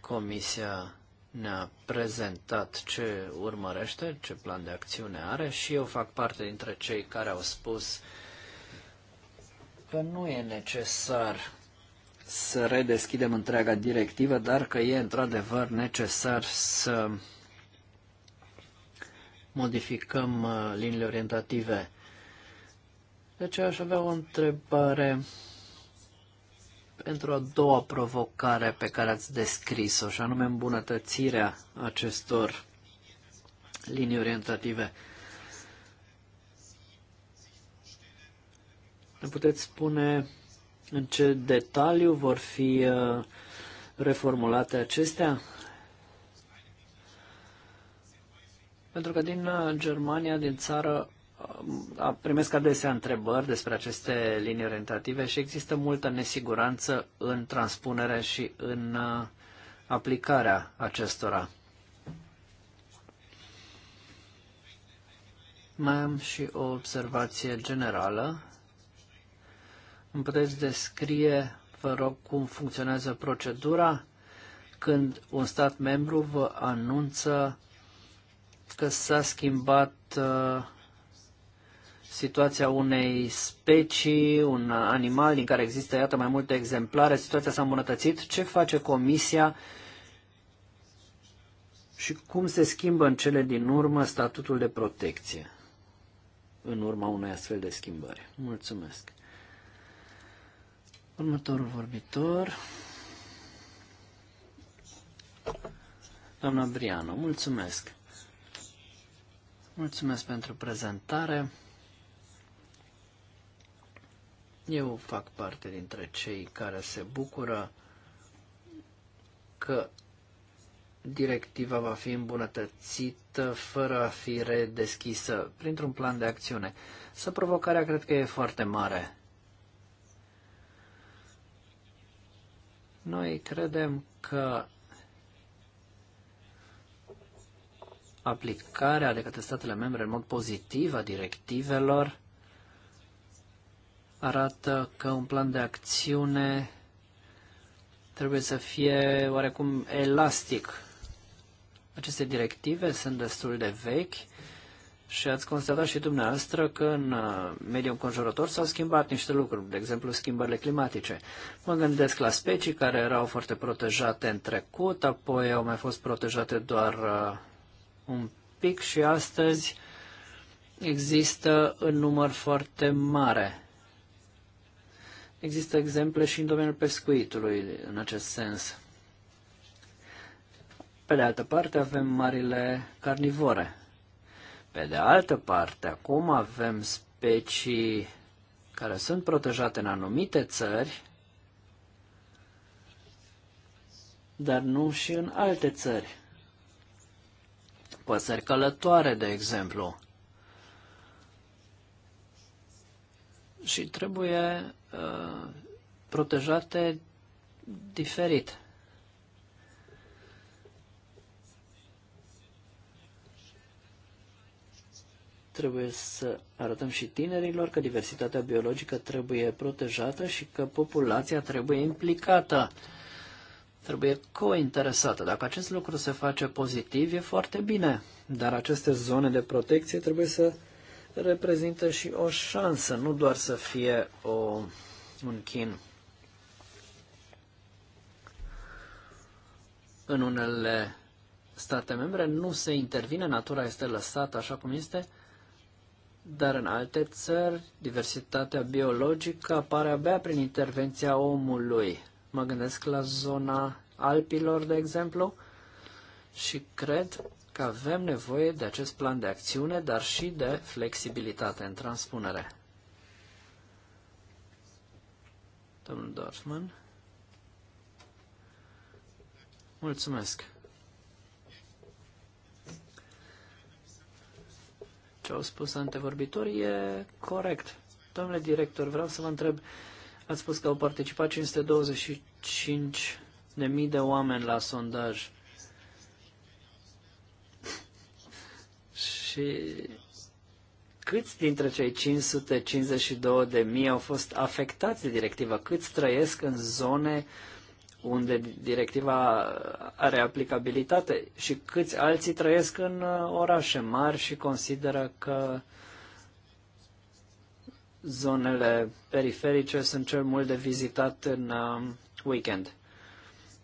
Comisia ne-a prezentat ce urmărește, ce plan de acțiune are și eu fac parte dintre cei care au spus că nu e necesar să redeschidem întreaga directivă, dar că e într-adevăr necesar să modificăm uh, liniile orientative. Deci aș avea o întrebare pentru a doua provocare pe care ați descris-o, și anume îmbunătățirea acestor linii orientative. Ne puteți spune în ce detaliu vor fi uh, reformulate acestea? Pentru că din uh, Germania, din țară, primesc adesea întrebări despre aceste linii orientative și există multă nesiguranță în transpunere și în uh, aplicarea acestora. Mai am și o observație generală. Îmi puteți descrie, vă rog, cum funcționează procedura când un stat membru vă anunță că s-a schimbat uh, situația unei specii, un animal din care există, iată, mai multe exemplare, situația s-a îmbunătățit, ce face comisia și cum se schimbă în cele din urmă statutul de protecție în urma unei astfel de schimbări. Mulțumesc. Următorul vorbitor. Doamna Briano, mulțumesc. Mulțumesc pentru prezentare. Eu fac parte dintre cei care se bucură că directiva va fi îmbunătățită fără a fi redeschisă printr-un plan de acțiune. Să provocarea cred că e foarte mare. Noi credem că aplicarea de către statele membre în mod pozitiv a directivelor arată că un plan de acțiune trebuie să fie oarecum elastic. Aceste directive sunt destul de vechi și ați constatat și dumneavoastră că în uh, mediul înconjurător s-au schimbat niște lucruri, de exemplu schimbările climatice. Mă gândesc la specii care erau foarte protejate în trecut, apoi au mai fost protejate doar uh, un pic și astăzi există în număr foarte mare. Există exemple și în domeniul pescuitului în acest sens. Pe de altă parte avem marile carnivore. Pe de altă parte, acum avem specii care sunt protejate în anumite țări, dar nu și în alte țări. Păsări călătoare, de exemplu. și trebuie uh, protejate diferit. Trebuie să arătăm și tinerilor că diversitatea biologică trebuie protejată și că populația trebuie implicată, trebuie cointeresată. Dacă acest lucru se face pozitiv, e foarte bine, dar aceste zone de protecție trebuie să reprezintă și o șansă, nu doar să fie o, un chin. În unele state membre nu se intervine, natura este lăsată așa cum este, dar în alte țări diversitatea biologică apare abia prin intervenția omului. Mă gândesc la zona Alpilor, de exemplu, și cred că avem nevoie de acest plan de acțiune, dar și de flexibilitate în transpunere. Domnul Dorfman. Mulțumesc. Ce au spus antevorbitorii e corect. Domnule director, vreau să vă întreb, ați spus că au participat 525.000 de mii de oameni la sondaj. Și câți dintre cei 552 de mii au fost afectați de directiva? Câți trăiesc în zone unde directiva are aplicabilitate și câți alții trăiesc în uh, orașe mari și consideră că zonele periferice sunt cel mult de vizitat în uh, weekend.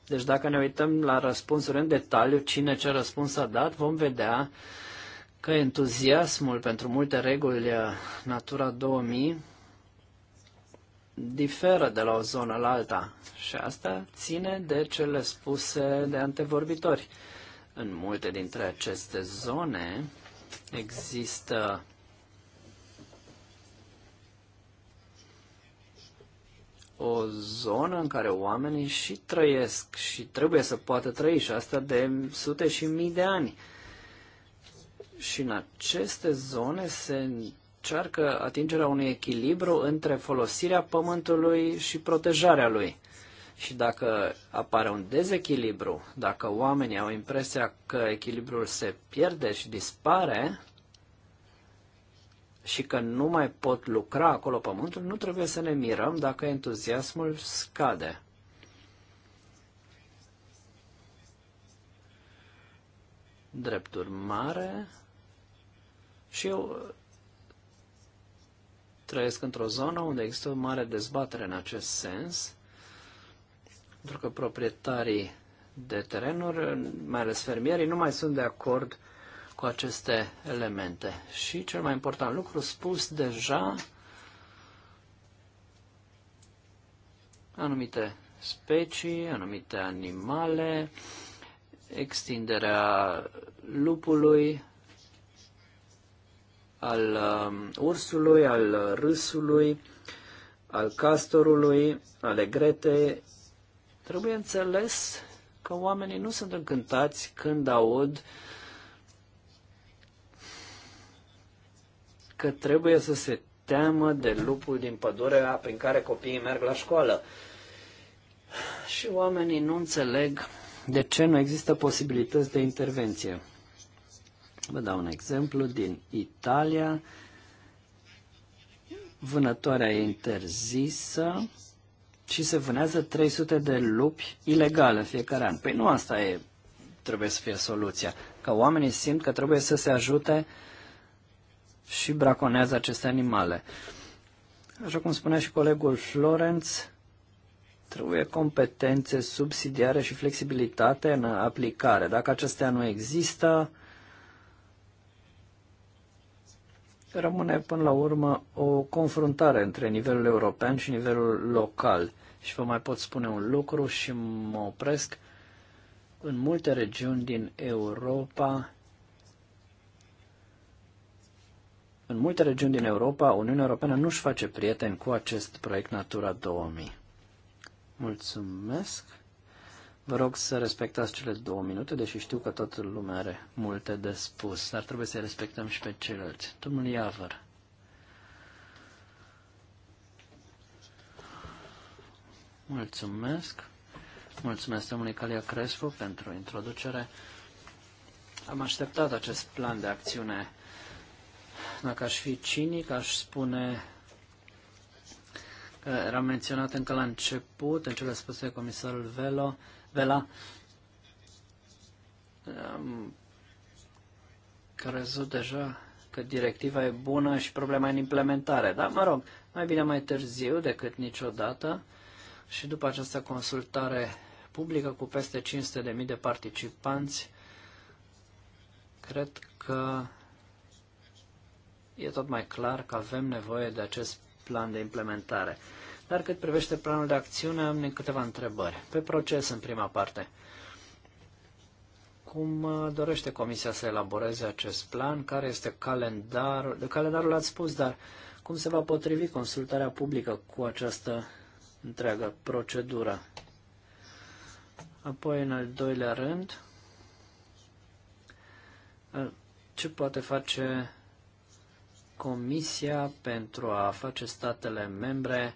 Deci dacă ne uităm la răspunsuri în detaliu, cine ce răspuns a dat, vom vedea uh, că entuziasmul pentru multe reguli eh, Natura 2000 diferă de la o zonă la alta și asta ține de cele spuse de antevorbitori. În multe dintre aceste zone există o zonă în care oamenii și trăiesc și trebuie să poată trăi și asta de sute și mii de ani. Și în aceste zone se încearcă atingerea unui echilibru între folosirea pământului și protejarea lui. Și dacă apare un dezechilibru, dacă oamenii au impresia că echilibrul se pierde și dispare și că nu mai pot lucra acolo pământul, nu trebuie să ne mirăm dacă entuziasmul scade. Drept urmare, și eu uh, trăiesc într-o zonă unde există o mare dezbatere în acest sens, pentru că proprietarii de terenuri, mai ales fermierii, nu mai sunt de acord cu aceste elemente. Și cel mai important lucru spus deja, anumite specii, anumite animale, extinderea lupului, al um, ursului, al râsului, al castorului, al egretei. Trebuie înțeles că oamenii nu sunt încântați când aud că trebuie să se teamă de lupul din pădurea prin care copiii merg la școală. Și oamenii nu înțeleg de ce nu există posibilități de intervenție. Vă dau un exemplu din Italia. Vânătoarea e interzisă și se vânează 300 de lupi ilegale fiecare an. Păi nu asta e, trebuie să fie soluția. Că oamenii simt că trebuie să se ajute și braconează aceste animale. Așa cum spunea și colegul Florenț, trebuie competențe subsidiare și flexibilitate în aplicare. Dacă acestea nu există, rămâne până la urmă o confruntare între nivelul european și nivelul local. Și vă mai pot spune un lucru și mă opresc. În multe regiuni din Europa, în multe regiuni din Europa, Uniunea Europeană nu-și face prieteni cu acest proiect Natura 2000. Mulțumesc! Vă rog să respectați cele două minute, deși știu că toată lumea are multe de spus, dar trebuie să respectăm și pe ceilalți. Domnul Iavăr. Mulțumesc. Mulțumesc domnului Calia Crespo pentru introducere. Am așteptat acest plan de acțiune. Dacă aș fi cinic, aș spune că era menționat încă la început, în cele spuse de comisarul Velo, Vela, am crezut deja că directiva e bună și problema e în implementare. Dar, mă rog, mai bine mai târziu decât niciodată și după această consultare publică cu peste 500.000 de participanți, cred că e tot mai clar că avem nevoie de acest plan de implementare. Dar cât privește planul de acțiune, am câteva întrebări. Pe proces, în prima parte. Cum uh, dorește Comisia să elaboreze acest plan? Care este calendarul? De calendarul l-ați spus, dar cum se va potrivi consultarea publică cu această întreagă procedură? Apoi, în al doilea rând, uh, ce poate face Comisia pentru a face statele membre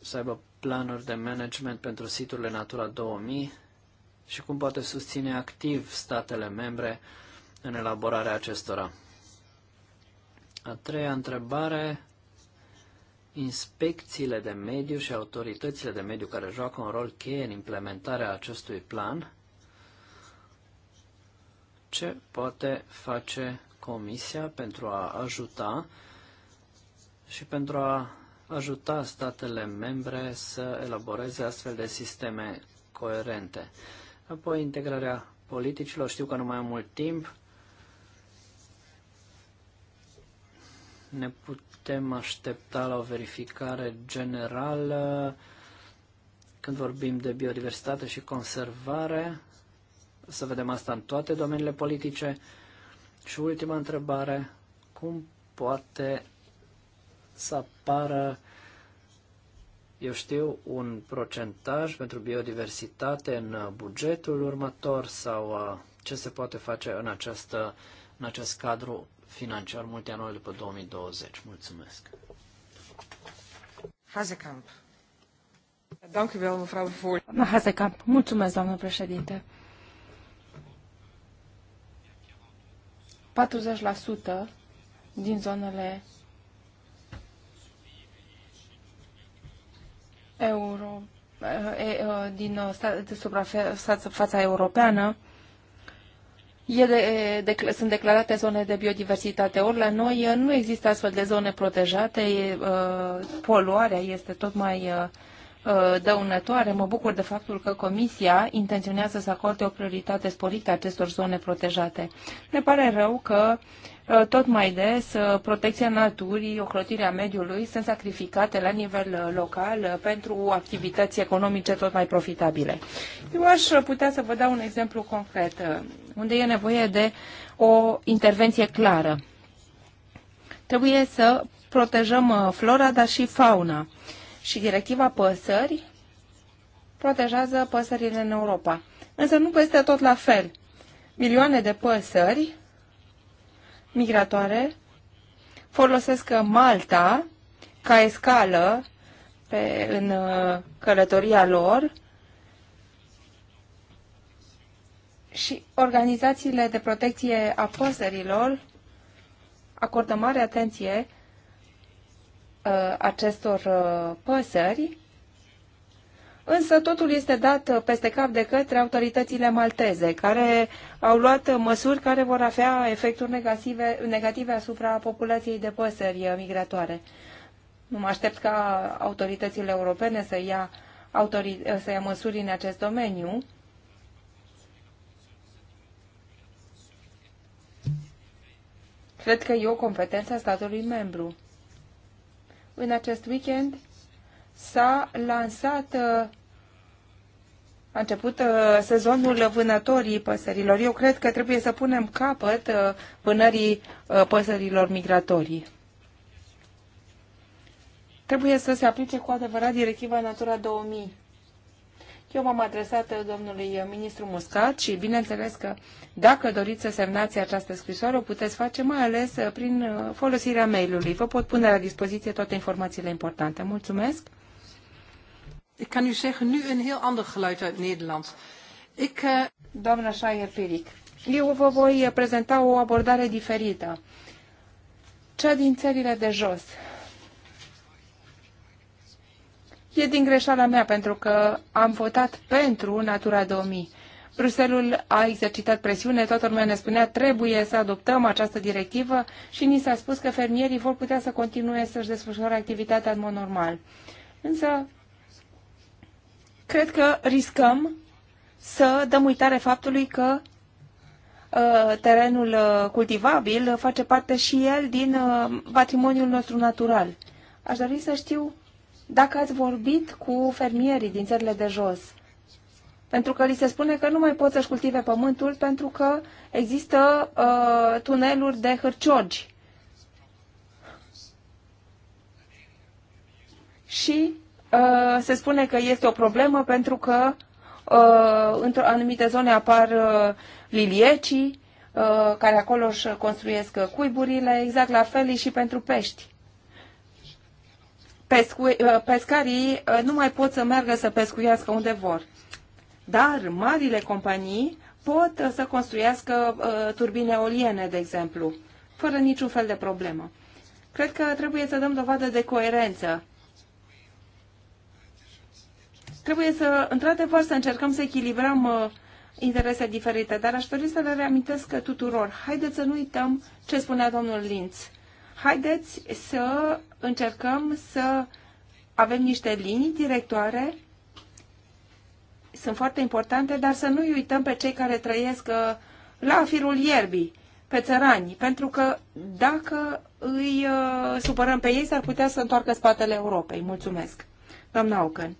să aibă planuri de management pentru siturile Natura 2000 și cum poate susține activ statele membre în elaborarea acestora. A treia întrebare, inspecțiile de mediu și autoritățile de mediu care joacă un rol cheie în implementarea acestui plan, ce poate face Comisia pentru a ajuta și pentru a ajuta statele membre să elaboreze astfel de sisteme coerente. Apoi integrarea politicilor, știu că nu mai am mult timp, ne putem aștepta la o verificare generală când vorbim de biodiversitate și conservare, să vedem asta în toate domeniile politice. Și ultima întrebare, cum poate să apară, eu știu, un procentaj pentru biodiversitate în bugetul următor sau uh, ce se poate face în, această, în acest cadru financiar multianual după 2020. Mulțumesc. Hazekamp. Hazekamp, mulțumesc, doamnă președinte. 40% din zonele euro, eh, eh, din eh, suprafața europeană, e de, de, sunt declarate zone de biodiversitate, ori la noi nu există astfel de zone protejate, e, poluarea este tot mai Uh, dăunătoare. Mă bucur de faptul că Comisia intenționează să acorde o prioritate sporită acestor zone protejate. Ne pare rău că uh, tot mai des uh, protecția naturii, ocrotirea mediului sunt sacrificate la nivel local pentru activități economice tot mai profitabile. Eu aș putea să vă dau un exemplu concret unde e nevoie de o intervenție clară. Trebuie să protejăm flora, dar și fauna. Uh, și directiva păsări protejează păsările în Europa. Însă nu peste tot la fel. Milioane de păsări migratoare folosesc Malta ca escală pe, în uh, călătoria lor și organizațiile de protecție a păsărilor acordă mare atenție Uh, acestor uh, păsări, însă totul este dat uh, peste cap de către autoritățile malteze, care au luat măsuri care vor avea efecturi negative, negative asupra populației de păsări migratoare. Nu mă aștept ca autoritățile europene să ia, autori, să ia măsuri în acest domeniu. Cred că e o competență a statului membru în acest weekend s-a lansat, uh, a început uh, sezonul vânătorii păsărilor. Eu cred că trebuie să punem capăt uh, vânării păsărilor migratorii. Trebuie să se aplice cu adevărat directiva Natura 2000 eu m-am adresat uh, domnului uh, ministru Muscat și bineînțeles că dacă doriți să semnați această scrisoare, o puteți face mai ales uh, prin folosirea mail-ului. Vă pot pune la dispoziție toate informațiile importante. Mulțumesc! Ik kan u zeggen, nu een heel ander geluid uit Nederland. Ik, uh... Doamna Shire-Piric, eu vă voi prezenta o abordare diferită. Cea din țările de jos, E din greșeala mea, pentru că am votat pentru Natura 2000. Bruselul a exercitat presiune, toată lumea ne spunea trebuie să adoptăm această directivă și ni s-a spus că fermierii vor putea să continue să-și desfășoare activitatea în mod normal. Însă, cred că riscăm să dăm uitare faptului că uh, terenul uh, cultivabil face parte și el din uh, patrimoniul nostru natural. Aș dori să știu dacă ați vorbit cu fermierii din țările de jos, pentru că li se spune că nu mai pot să-și cultive pământul pentru că există uh, tuneluri de hârciogi. Și uh, se spune că este o problemă pentru că uh, într-o anumite zone apar uh, liliecii, uh, care acolo își construiesc cuiburile, exact la fel și pentru pești pescu- uh, pescarii uh, nu mai pot să meargă să pescuiască unde vor. Dar marile companii pot uh, să construiască turbine oliene, de exemplu, fără niciun fel de problemă. Cred că trebuie să dăm dovadă de coerență. Trebuie să, într-adevăr, să încercăm să echilibrăm interese diferite, dar aș dori să le reamintesc tuturor. Haideți să nu uităm ce spunea domnul Linț. Haideți să încercăm să avem niște linii directoare, sunt foarte importante, dar să nu uităm pe cei care trăiesc uh, la firul ierbii, pe țărani, pentru că dacă îi uh, supărăm pe ei, s-ar putea să întoarcă spatele Europei. Mulțumesc. Doamna Ocan.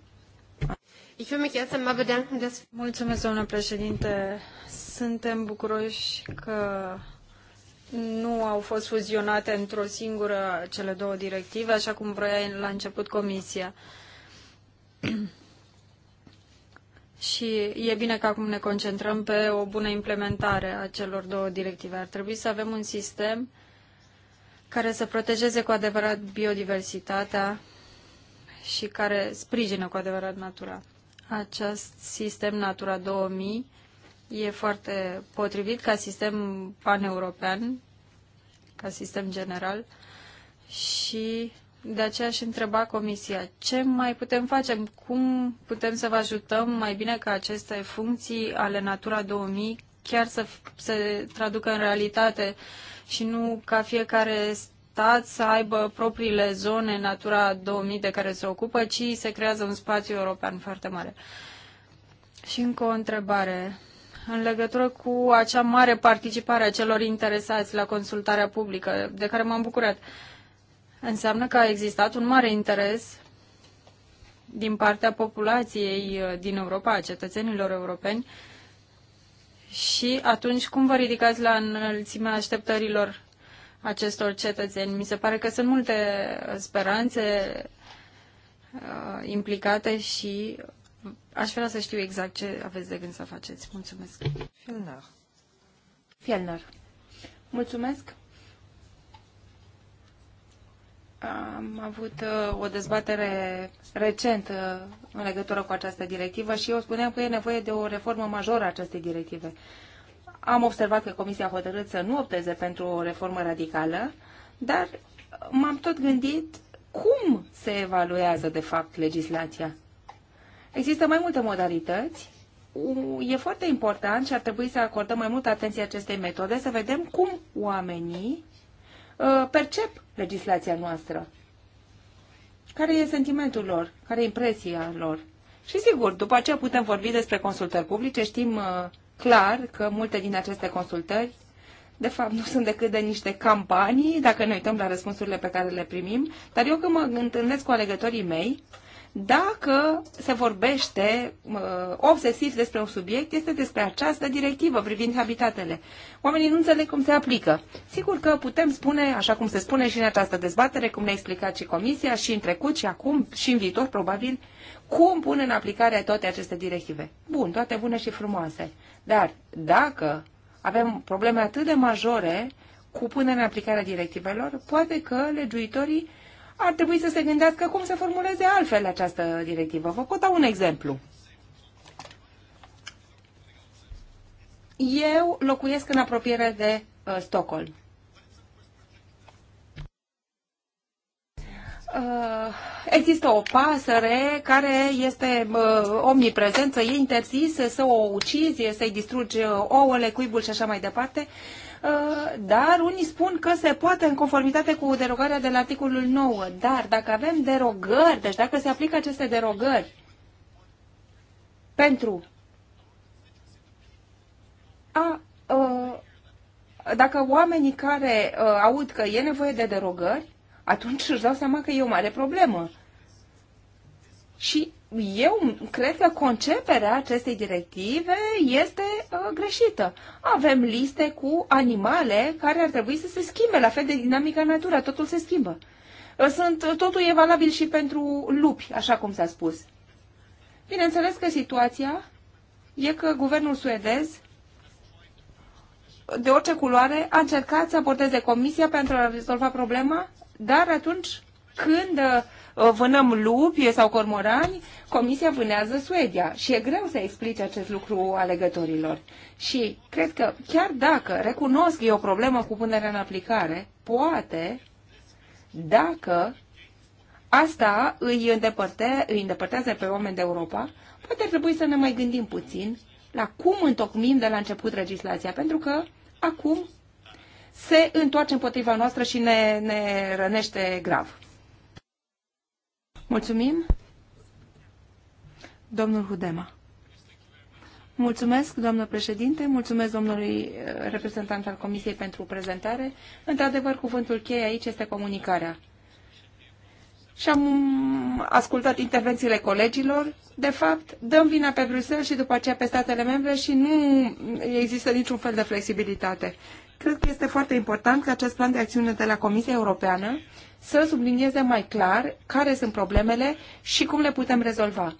Mulțumesc, doamnă președinte. Suntem bucuroși că nu au fost fuzionate într-o singură cele două directive, așa cum vroia la început Comisia. Și e bine că acum ne concentrăm pe o bună implementare a celor două directive. Ar trebui să avem un sistem care să protejeze cu adevărat biodiversitatea și care sprijină cu adevărat natura. Acest sistem Natura 2000 e foarte potrivit ca sistem paneuropean, ca sistem general și de aceea și întreba Comisia, ce mai putem face? Cum putem să vă ajutăm mai bine ca aceste funcții ale Natura 2000 chiar să se traducă în realitate și nu ca fiecare stat să aibă propriile zone Natura 2000 de care se ocupă, ci se creează un spațiu european foarte mare. Și încă o întrebare în legătură cu acea mare participare a celor interesați la consultarea publică, de care m-am bucurat. Înseamnă că a existat un mare interes din partea populației uh, din Europa, a cetățenilor europeni, și atunci cum vă ridicați la înălțimea așteptărilor acestor cetățeni? Mi se pare că sunt multe speranțe uh, implicate și Aș vrea să știu exact ce aveți de gând să faceți. Mulțumesc. Fielner. Fielner. Mulțumesc. Am avut uh, o dezbatere recentă în legătură cu această directivă și eu spuneam că e nevoie de o reformă majoră a acestei directive. Am observat că Comisia a hotărât să nu opteze pentru o reformă radicală, dar m-am tot gândit cum se evaluează, de fapt, legislația. Există mai multe modalități. E foarte important și ar trebui să acordăm mai multă atenție acestei metode, să vedem cum oamenii uh, percep legislația noastră. Care e sentimentul lor? Care e impresia lor? Și sigur, după aceea putem vorbi despre consultări publice. Știm uh, clar că multe din aceste consultări de fapt nu sunt decât de niște campanii, dacă ne uităm la răspunsurile pe care le primim, dar eu când mă întâlnesc cu alegătorii mei, dacă se vorbește uh, obsesiv despre un subiect, este despre această directivă privind habitatele. Oamenii nu înțeleg cum se aplică. Sigur că putem spune, așa cum se spune și în această dezbatere, cum ne-a explicat și Comisia, și în trecut, și acum, și în viitor, probabil, cum pune în aplicare toate aceste directive. Bun, toate bune și frumoase. Dar dacă avem probleme atât de majore cu punerea în aplicare a directivelor, poate că legiuitorii ar trebui să se gândească cum să formuleze altfel această directivă. Vă pot da un exemplu. Eu locuiesc în apropiere de uh, Stockholm. Uh, există o pasăre care este uh, omniprezentă, e interzis să o ucizi, să-i distrugi uh, ouăle, cuibul și așa mai departe. Uh, dar unii spun că se poate în conformitate cu derogarea de la articolul 9. Dar dacă avem derogări, deci dacă se aplică aceste derogări pentru a, Uh, dacă oamenii care uh, aud că e nevoie de derogări, atunci își dau seama că e o mare problemă. Și eu cred că conceperea acestei directive este uh, greșită. Avem liste cu animale care ar trebui să se schimbe, la fel de dinamică natura, totul se schimbă. Uh, sunt, uh, totul e valabil și pentru lupi, așa cum s-a spus. Bineînțeles că situația e că guvernul suedez de orice culoare a încercat să aporteze comisia pentru a rezolva problema, dar atunci când uh, Ă, vânăm lupi sau cormorani, Comisia vânează Suedia și e greu să explice acest lucru alegătorilor. Și cred că chiar dacă recunosc că e o problemă cu punerea în aplicare, poate dacă asta îi, îndepărte, îi îndepărtează pe oameni de Europa, poate ar trebui să ne mai gândim puțin la cum întocmim de la început legislația, pentru că acum se întoarce împotriva noastră și ne, ne rănește grav. Mulțumim. Domnul Hudema. Mulțumesc, doamnă președinte, mulțumesc domnului uh, reprezentant al Comisiei pentru prezentare. Într-adevăr, cuvântul cheie aici este comunicarea. Și am um, ascultat intervențiile colegilor. De fapt, dăm vina pe Bruxelles și după aceea pe statele membre și nu există niciun fel de flexibilitate. Cred că este foarte important ca acest plan de acțiune de la Comisia Europeană să sublinieze mai clar care sunt problemele și cum le putem rezolva.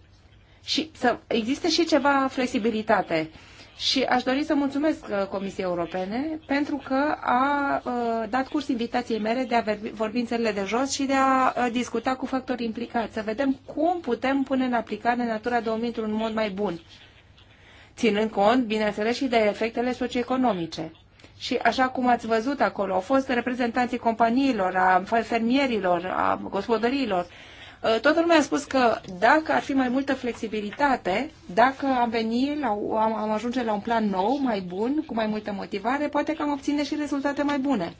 Și să existe și ceva flexibilitate. Și aș dori să mulțumesc uh, Comisiei Europene pentru că a uh, dat curs invitației mele de a vorbi în țările de jos și de a uh, discuta cu factorii implicați, să vedem cum putem pune în aplicare Natura 2000 într-un mod mai bun, ținând cont, bineînțeles, și de efectele socioeconomice. Și așa cum ați văzut acolo, au fost reprezentanții companiilor, a fermierilor, a gospodăriilor. Uh, toată lumea a spus că dacă ar fi mai multă flexibilitate, dacă am venit, la, am, am ajunge la un plan nou, mai bun, cu mai multă motivare, poate că am obține și rezultate mai bune.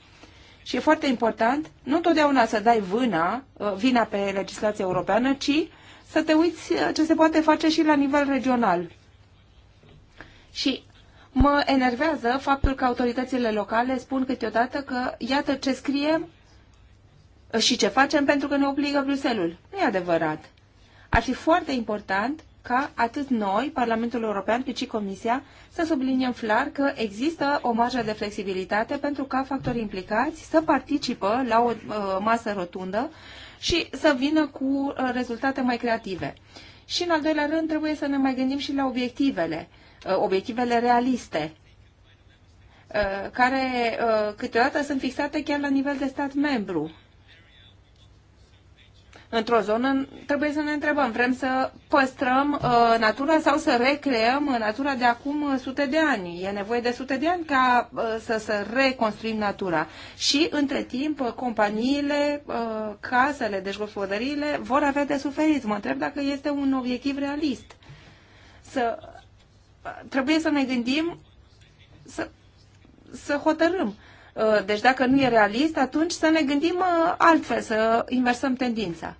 Și e foarte important, nu totdeauna să dai vâna, uh, vina pe legislația europeană, ci să te uiți uh, ce se poate face și la nivel regional. Și Mă enervează faptul că autoritățile locale spun câteodată că iată ce scriem și ce facem pentru că ne obligă Bruselul. Nu e adevărat. Ar fi foarte important ca atât noi, Parlamentul European, cât și Comisia, să subliniem clar că există o marjă de flexibilitate pentru ca factorii implicați să participă la o uh, masă rotundă și să vină cu uh, rezultate mai creative. Și, în al doilea rând, trebuie să ne mai gândim și la obiectivele Uh, obiectivele realiste, uh, care uh, câteodată sunt fixate chiar la nivel de stat membru. Într-o zonă trebuie să ne întrebăm, vrem să păstrăm uh, natura sau să recreăm natura de acum sute de ani? E nevoie de sute de ani ca uh, să, să reconstruim natura. Și, între timp, companiile, uh, casele, deci gospodăriile vor avea de suferit. Mă întreb dacă este un obiectiv realist să trebuie să ne gândim să, să hotărâm. Uh, deci dacă nu e realist, atunci să ne gândim uh, altfel, să inversăm tendința.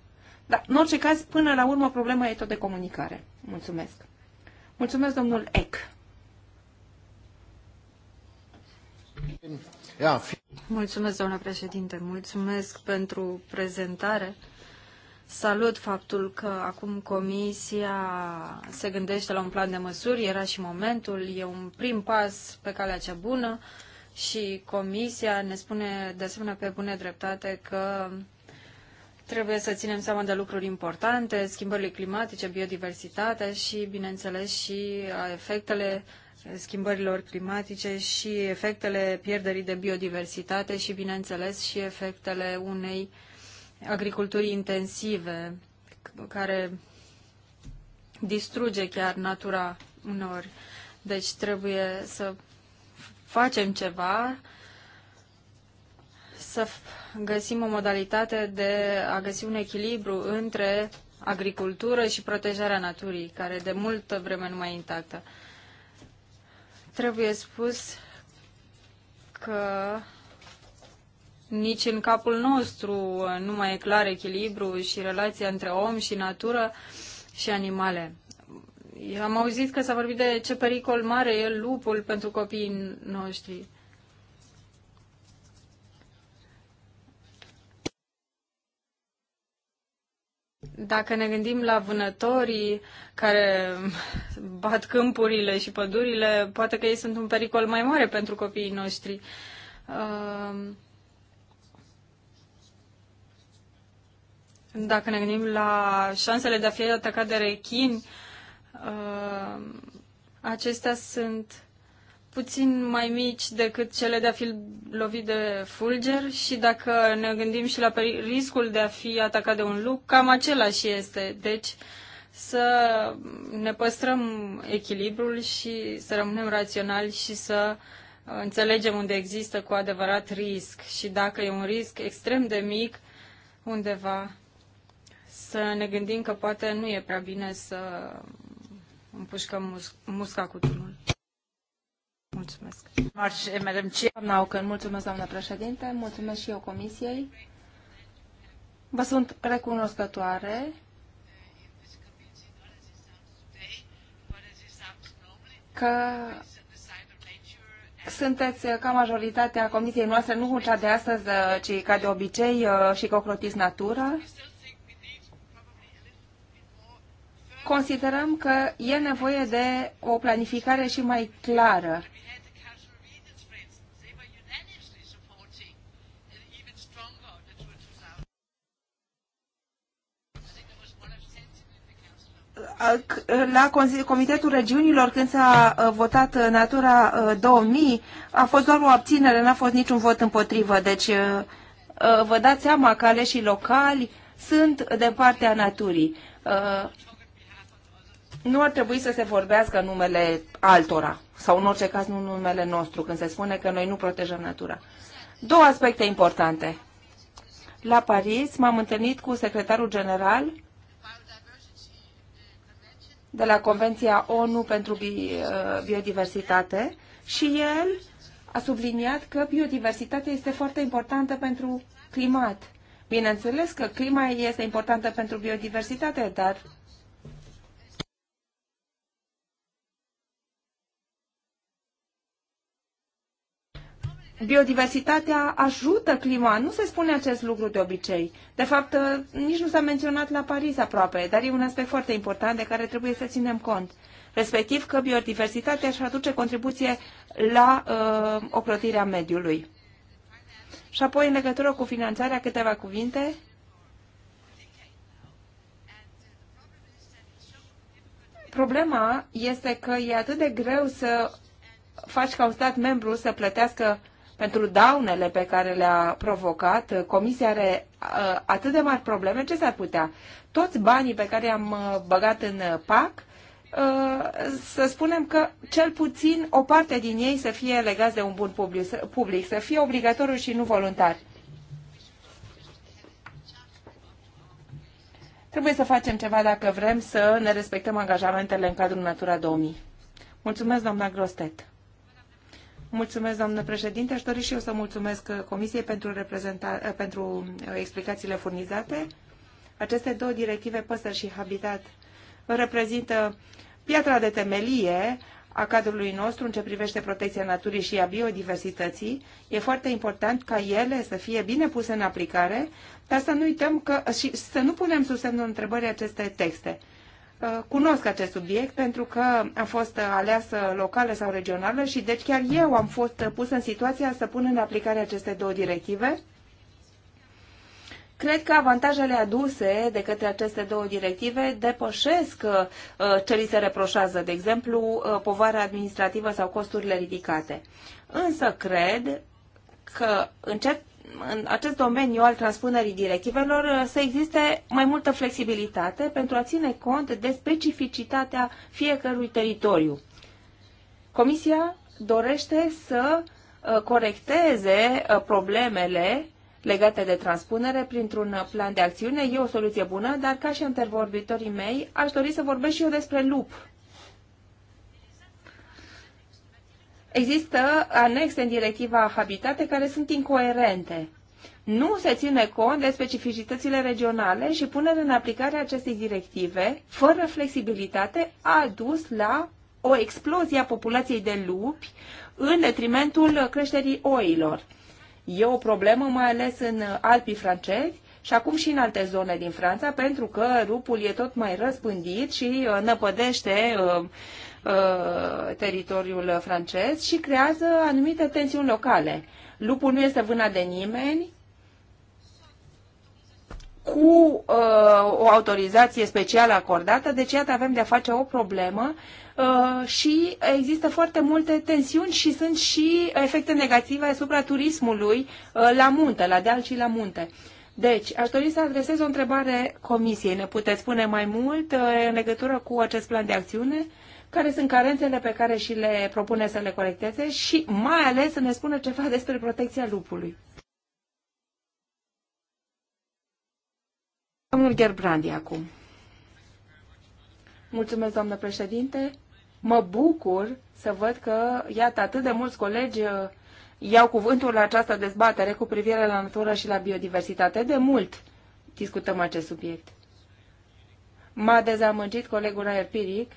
Dar, în orice caz, până la urmă, problema e tot de comunicare. Mulțumesc. Mulțumesc, domnul Eck. Mulțumesc, domnule președinte. Mulțumesc pentru prezentare. Salut faptul că acum Comisia se gândește la un plan de măsuri, era și momentul, e un prim pas pe calea cea bună și Comisia ne spune de asemenea pe bune dreptate că trebuie să ținem seama de lucruri importante, schimbările climatice, biodiversitatea și, bineînțeles, și efectele schimbărilor climatice și efectele pierderii de biodiversitate și, bineînțeles, și efectele unei uh, agriculturii intensive, care distruge chiar natura unor. Deci trebuie să facem ceva, să găsim o modalitate de a găsi un echilibru între agricultură și protejarea naturii, care de multă vreme nu mai e intactă. Trebuie spus că nici în capul nostru nu mai e clar echilibru și relația între om și natură și animale. Am auzit că s-a vorbit de ce pericol mare e lupul pentru copiii noștri. Dacă ne gândim la vânătorii care bat câmpurile și pădurile, poate că ei sunt un pericol mai mare pentru copiii noștri. Uh Dacă ne gândim la șansele de a fi atacat de rechini, uh, acestea sunt puțin mai mici decât cele de a fi lovit de fulger și dacă ne gândim și la riscul de a fi atacat de un lup, cam același este. Deci să ne păstrăm echilibrul și să rămânem raționali și să uh, înțelegem unde există cu adevărat risc și dacă e un risc extrem de mic, undeva să ne gândim că poate nu e prea bine să împușcăm mus- musca cu tunul. Mulțumesc. Eh, doamna Aucăn, mulțumesc, doamna președinte, mulțumesc și eu comisiei. Vă sunt recunoscătoare că sunteți ca majoritatea comisiei noastre, nu cea de astăzi, ci ca de obicei eh, și cocrotiți natura. considerăm că e nevoie de o planificare și mai clară. la Comitetul Regiunilor, când s-a uh, votat uh, Natura 2000, uh, a fost doar o abținere, n-a fost niciun vot împotrivă. Deci vă dați seama că aleșii locali sunt de partea naturii nu ar trebui să se vorbească numele altora, sau în orice caz nu numele nostru, când se spune că noi nu protejăm natura. Două aspecte importante. La Paris m-am întâlnit cu secretarul general de la Convenția ONU pentru uh, Biodiversitate și el a subliniat că biodiversitatea este foarte importantă pentru climat. Bineînțeles că clima este importantă pentru biodiversitate, dar biodiversitatea ajută clima. Nu se spune acest lucru de obicei. De fapt, uh, nici nu s-a menționat la Paris aproape, dar e un aspect foarte important de care trebuie să ținem cont. Respectiv că biodiversitatea își aduce contribuție la uh, ocrotirea mediului. Și apoi, în legătură cu finanțarea, câteva cuvinte. Problema este că e atât de greu să faci ca un stat membru să plătească pentru daunele pe care le-a provocat. Uh, comisia are uh, atât de mari probleme, ce s-ar putea? Toți banii pe care i-am uh, băgat în PAC, să spunem că cel puțin o parte din ei să fie legați de un bun public, să fie obligatoriu și nu voluntar. Trebuie să facem ceva dacă vrem să ne respectăm angajamentele în cadrul Natura 2000. Mulțumesc, doamna Grostet. Mulțumesc, doamnă președinte. Aș dori și eu să mulțumesc uh, Comisiei pentru, uh, pentru uh, explicațiile furnizate. Aceste două directive, păsări și habitat, reprezintă piatra de temelie a cadrului nostru în ce privește protecția naturii și a biodiversității. E foarte important ca ele să fie bine puse în aplicare, dar să nu uităm că, și să nu punem sub semnul întrebării aceste texte. Uh, cunosc acest subiect pentru că am fost aleasă locală sau regională și deci chiar eu am fost pusă în situația să pun în aplicare aceste două directive. Cred că avantajele aduse de către aceste două directive depășesc uh, ce li se reproșează, de exemplu, uh, povara administrativă sau costurile ridicate. Însă cred că în ceea în acest domeniu al transpunerii directivelor uh, să existe mai multă flexibilitate pentru a ține cont de specificitatea fiecărui teritoriu. Comisia dorește să uh, corecteze uh, problemele legate de transpunere printr-un plan de acțiune. E o soluție bună, dar ca și antervorbitorii mei, aș dori să vorbesc și eu despre lup Există anexe în directiva Habitate care sunt incoerente. Nu se ține cont de specificitățile regionale și punerea în aplicare a acestei directive, fără flexibilitate, a dus la o explozie a populației de lupi în detrimentul creșterii oilor. E o problemă mai ales în Alpii francezi, și acum și în alte zone din Franța, pentru că rupul e tot mai răspândit și uh, năpădește uh, uh, teritoriul francez și creează anumite tensiuni locale. Lupul nu este vânat de nimeni, cu uh, o autorizație specială acordată, deci iată avem de-a face o problemă uh, și există foarte multe tensiuni și sunt și efecte negative asupra turismului uh, la munte, la deal și la munte. Uh, deci, aș dori să adresez o întrebare Comisiei. Ne puteți spune mai mult uh, în legătură cu acest plan de acțiune? Care sunt carențele pe care și le propune să le corecteze și mai ales să ne spună ceva despre protecția lupului? Domnul Gerbrandi acum. Mulțumesc, doamnă președinte. Mă bucur să văd că, iată, atât de mulți colegi uh, iau cuvântul la această dezbatere cu privire la natură și la biodiversitate. De mult discutăm acest subiect. M-a dezamăgit colegul Aer Piric.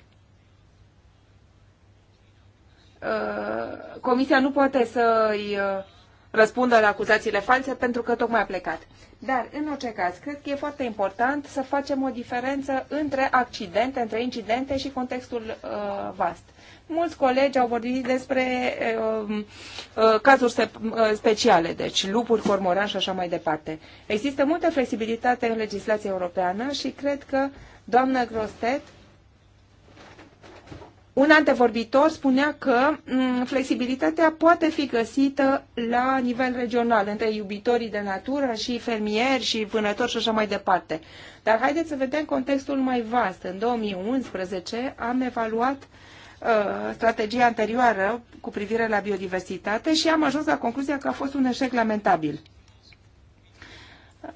Uh, comisia nu poate să-i uh, răspundă la acuzațiile false pentru că tocmai a plecat. Dar, în orice caz, cred că e foarte important să facem o diferență între accidente, între incidente și contextul uh, vast. Mulți colegi au vorbit despre uh, uh, cazuri uh, speciale, deci lupuri, cormoran și așa mai departe. Există multă flexibilitate în legislația europeană și cred că doamna Grostet un antevorbitor spunea că mm, flexibilitatea poate fi găsită la nivel regional, între iubitorii de natură și fermieri și vânători și așa mai departe. Dar haideți să vedem contextul mai vast. În 2011 am evaluat uh, Uh, strategia anterioară cu privire la biodiversitate și am ajuns la concluzia că a fost un eșec lamentabil, uh,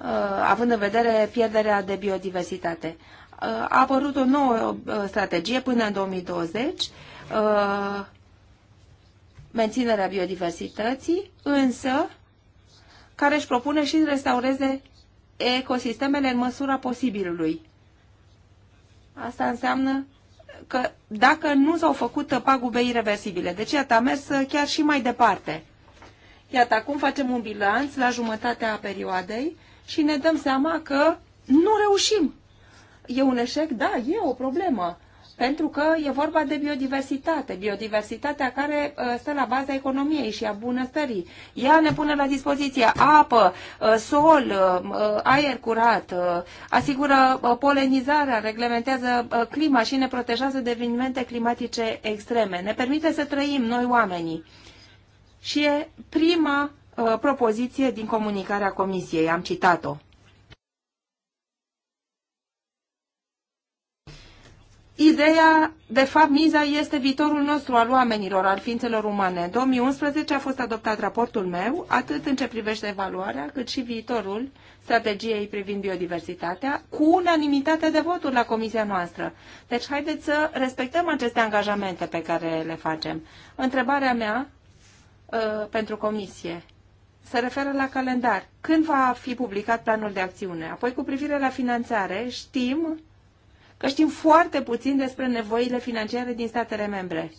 având în vedere pierderea de biodiversitate. Uh, a apărut o nouă strategie până în 2020, menținerea biodiversității, însă care își propune și restaureze ecosistemele în măsura posibilului. Asta înseamnă că dacă nu s-au făcut pagube irreversibile. Deci, iată, a mers chiar și mai departe. Iată, acum facem un bilanț la jumătatea perioadei și ne dăm seama că nu reușim. E un eșec? Da, e o problemă pentru că e vorba de biodiversitate, biodiversitatea care uh, stă la baza economiei și a bunăstării. Ea ne pune la dispoziție apă, uh, sol, uh, aer curat, asigură polenizarea, reglementează clima și ne protejează de evenimente climatice extreme. Ne permite să trăim noi oamenii. Și e prima propoziție din comunicarea Comisiei, am citat-o. Ideea, de fapt, miza este viitorul nostru al oamenilor, al ființelor umane. În 2011 a fost adoptat raportul meu, atât în ce privește evaluarea, cât și viitorul strategiei privind biodiversitatea, cu unanimitate de voturi la comisia noastră. Deci haideți să respectăm aceste angajamente pe care le facem. Întrebarea mea uh, pentru comisie se referă la calendar. Când va fi publicat planul de acțiune? Apoi, cu privire la finanțare, știm că știm foarte puțin despre nevoile financiare din statele membre.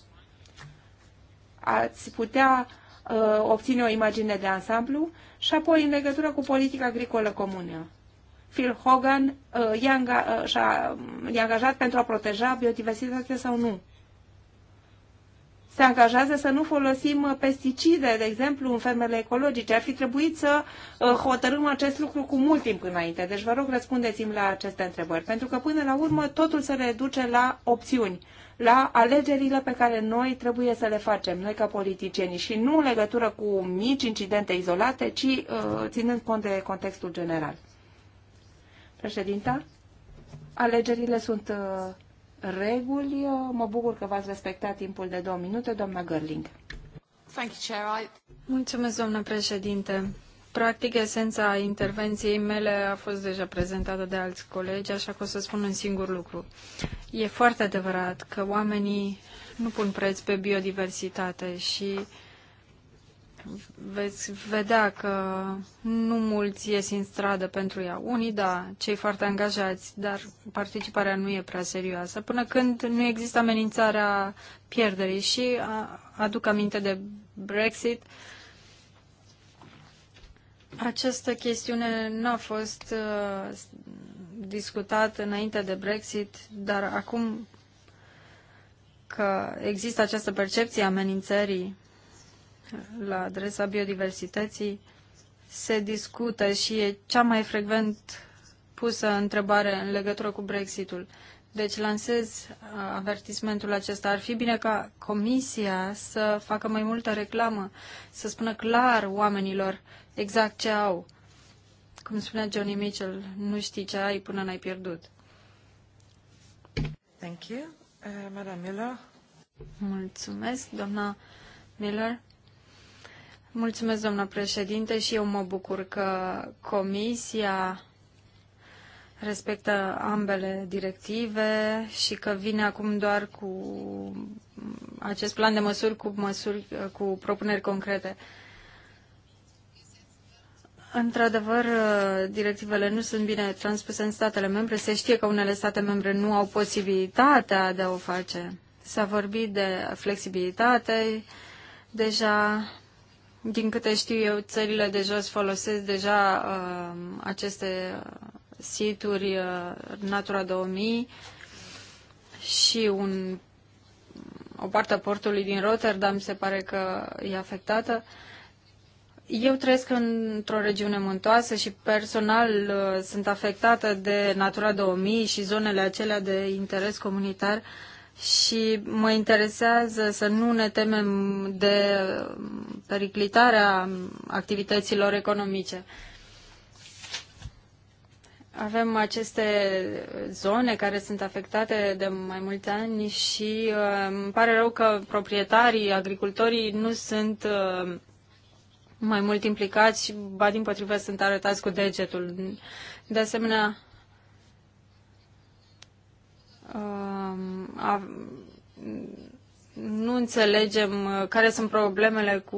Ați putea uh, obține o imagine de ansamblu și apoi în legătură cu politica agricolă comună. Phil Hogan uh, i-a, uh, angajat pentru a proteja biodiversitatea sau nu? se angajează să nu folosim uh, pesticide, de exemplu, în fermele ecologice. Ar fi trebuit să uh, hotărâm acest lucru cu mult timp înainte. Deci vă rog răspundeți-mi la aceste întrebări, pentru că până la urmă totul se reduce la opțiuni, la alegerile pe care noi trebuie să le facem, noi ca politicieni, și nu în legătură cu mici incidente izolate, ci uh, ținând cont de contextul general. Președinta, alegerile sunt reguli. Mă bucur că v-ați respectat timpul de două minute, doamna Gărling. Thank you, Chair. Mulțumesc, doamnă președinte. Practic, esența intervenției mele a fost deja prezentată de alți colegi, așa că o să spun un singur lucru. E foarte adevărat că oamenii nu pun preț pe biodiversitate și uh, veți vedea că nu mulți ies în stradă pentru ea. Unii, da, cei foarte angajați, dar participarea nu e prea serioasă, până când nu există amenințarea pierderii. Și aduc aminte de Brexit. Această chestiune nu a fost uh, discutat înainte de Brexit, dar acum că există această percepție a amenințării la adresa biodiversității se discută și e cea mai frecvent pusă întrebare în legătură cu Brexitul. Deci lansez uh, avertismentul acesta. Ar fi bine ca Comisia să facă mai multă reclamă, să spună clar oamenilor exact ce au. Cum spunea Johnny Mitchell, nu știi ce ai până n-ai pierdut. Thank you. Uh, Madame Miller. Mulțumesc, doamna Miller. Mulțumesc, doamnă președinte, și eu mă bucur că Comisia respectă ambele directive și că vine acum doar cu acest plan de măsuri cu, măsuri, cu propuneri concrete. Într-adevăr, directivele nu sunt bine transpuse în statele membre. Se știe că unele state membre nu au posibilitatea de a o face. S-a vorbit de flexibilitate deja din câte știu eu, țările de jos folosesc deja uh, aceste situri uh, Natura 2000 și un, o parte a portului din Rotterdam se pare că e afectată. Eu trăiesc într-o regiune muntoasă și personal uh, sunt afectată de Natura 2000 și zonele acelea de interes comunitar uh, și mă interesează să nu ne temem de periclitarea activităților economice. Avem aceste zone care sunt afectate de mai mulți ani și uh, îmi pare rău că proprietarii, agricultorii nu sunt uh, mai mult implicați, ba din potrivă sunt arătați cu degetul. De asemenea, Um, a, nu înțelegem uh, care sunt problemele cu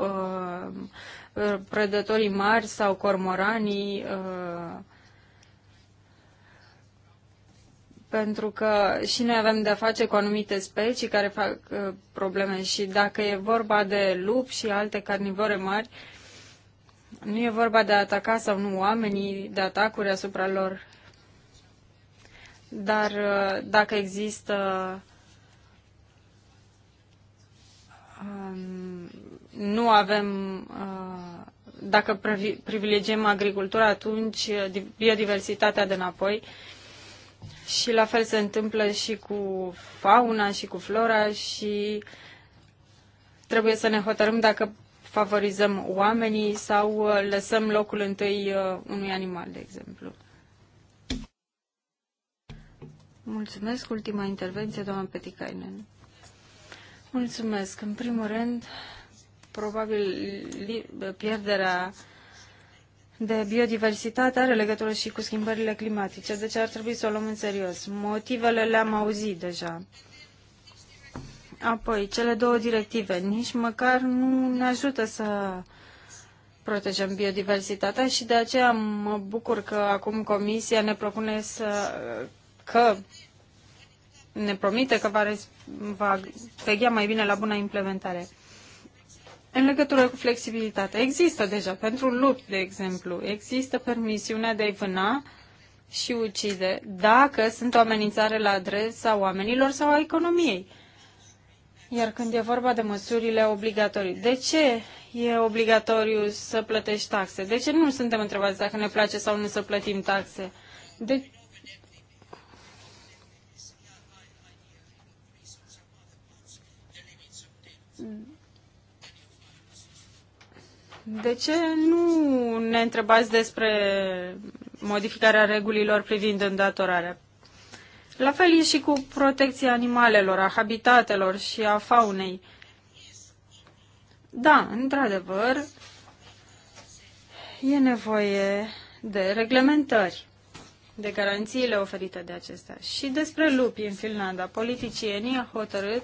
uh, prădătorii mari sau cormoranii, uh, pentru că și noi avem de-a face cu anumite specii care fac uh, probleme și dacă e vorba de lup și alte carnivore mari, nu e vorba de a ataca sau nu oamenii, de atacuri asupra lor, dar uh, dacă există um, nu avem uh, dacă privilegiem agricultura, atunci uh, biodiversitatea de înapoi și la fel se întâmplă și cu fauna și cu flora și trebuie să ne hotărâm dacă favorizăm oamenii sau lăsăm locul întâi unui animal, de exemplu. Mulțumesc. Ultima intervenție, doamna Petikainen. Mulțumesc. În primul rând, probabil pierderea de biodiversitate are legătură și cu schimbările climatice, deci ar trebui să o luăm în serios. Motivele le-am auzit deja. Apoi, cele două directive nici măcar nu ne ajută să protejăm biodiversitatea și de aceea mă bucur că acum Comisia ne propune să, că ne promite că va, va veghea mai bine la buna implementare. În legătură cu flexibilitatea, există deja, pentru lupt, de exemplu, există permisiunea de a-i vâna și ucide dacă sunt o amenințare la adresa oamenilor sau a economiei. Iar când e vorba de măsurile obligatorii, de ce e obligatoriu să plătești taxe? De ce nu suntem întrebați dacă ne place sau nu să plătim taxe? De De ce nu ne întrebați despre modificarea regulilor privind îndatorarea? La fel e și cu protecția animalelor, a habitatelor și a faunei. Da, într-adevăr, e nevoie de reglementări, de garanțiile oferite de acestea. Și despre lupi în Finlanda, politicienii au hotărât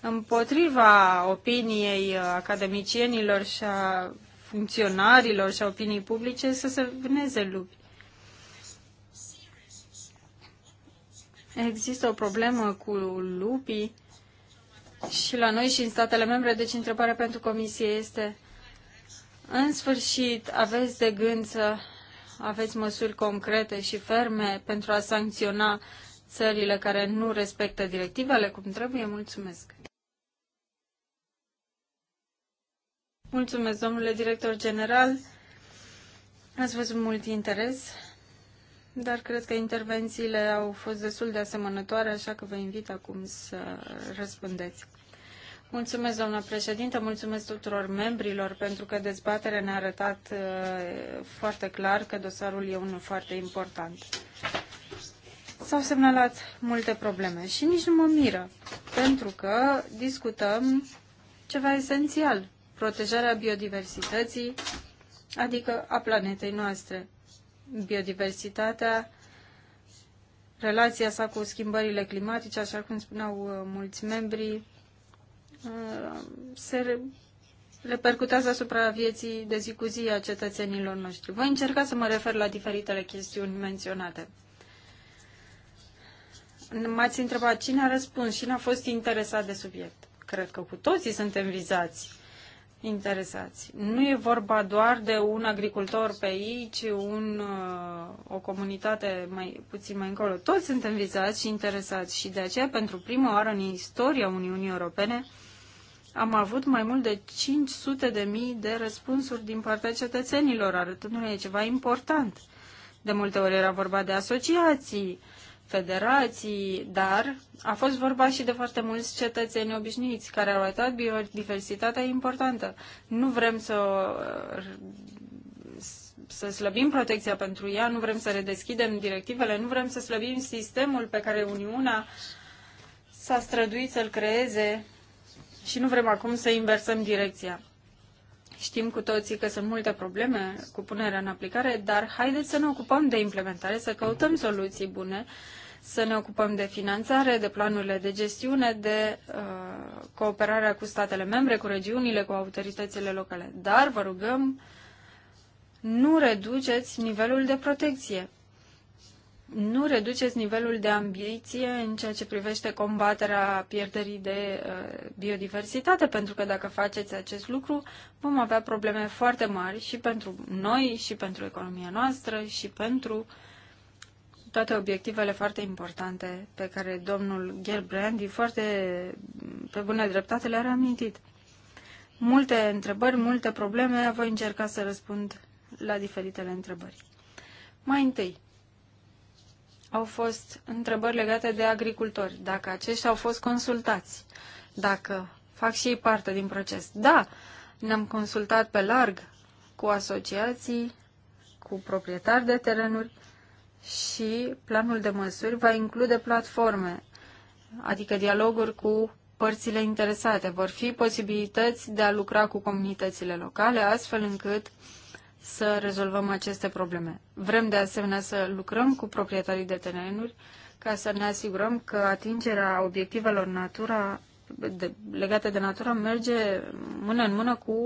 împotriva opiniei academicienilor și a funcționarilor și a opiniei publice să se vâneze lupi. Există o problemă cu lupii și la noi și în statele membre, deci întrebarea pentru comisie este în sfârșit aveți de gând să aveți măsuri concrete și ferme pentru a sancționa țările care nu respectă directivele cum trebuie? Mulțumesc! Mulțumesc, domnule director general. Ați văzut mult interes, dar cred că intervențiile au fost destul de asemănătoare, așa că vă invit acum să răspundeți. Mulțumesc, doamna președintă, mulțumesc tuturor membrilor pentru că dezbaterea ne-a arătat uh, foarte clar că dosarul e unul foarte important. S-au semnalat multe probleme și nici nu mă miră, pentru că discutăm ceva esențial, protejarea biodiversității, adică a planetei noastre. Biodiversitatea, relația sa cu schimbările climatice, așa cum spuneau uh, mulți membri, uh, se repercutează asupra vieții de zi cu zi a cetățenilor noștri. Voi încerca să mă refer la diferitele chestiuni menționate. M-ați întrebat cine a răspuns, cine a fost interesat de subiect. Cred că cu toții suntem vizați interesați. Nu e vorba doar de un agricultor pe aici, un, uh, o comunitate mai puțin mai încolo. Toți suntem vizați și interesați și de aceea, pentru prima oară în istoria Uniunii Europene, am avut mai mult de 500 de mii de răspunsuri din partea cetățenilor, arătându-ne ceva important. De multe ori era vorba de asociații, uh, federații, dar a fost vorba și de foarte mulți cetățeni obișnuiți care au arătat biodiversitatea importantă. Nu vrem să, să slăbim protecția pentru ea, nu vrem să redeschidem directivele, nu vrem să slăbim sistemul pe care Uniunea s-a străduit să-l creeze și nu vrem acum să inversăm direcția. Știm cu toții că sunt multe probleme cu punerea în aplicare, dar haideți să ne ocupăm de implementare, să căutăm soluții bune, să ne ocupăm de finanțare, de planurile de gestiune, de uh, cooperarea cu statele membre, cu regiunile, cu autoritățile locale. Dar vă rugăm, nu reduceți nivelul de protecție, nu reduceți nivelul de ambiție în ceea ce privește combaterea pierderii de uh, biodiversitate, pentru că dacă faceți acest lucru, vom avea probleme foarte mari și pentru noi, și pentru economia noastră, și pentru toate obiectivele foarte importante pe care domnul Gerbrandi foarte pe bună dreptate le-a reamintit. Multe întrebări, multe probleme, voi încerca să răspund la diferitele întrebări. Mai întâi, au fost întrebări legate de agricultori, dacă aceștia au fost consultați, dacă fac și ei parte din proces. Da, ne-am consultat pe larg cu asociații, cu proprietari de terenuri și planul de măsuri va include platforme, adică dialoguri cu părțile interesate. Vor fi posibilități de a lucra cu comunitățile locale, astfel încât uh, să rezolvăm aceste probleme. Vrem de asemenea să lucrăm cu proprietarii de terenuri ca să ne asigurăm că atingerea obiectivelor natura, de, legate de natura merge mână în mână cu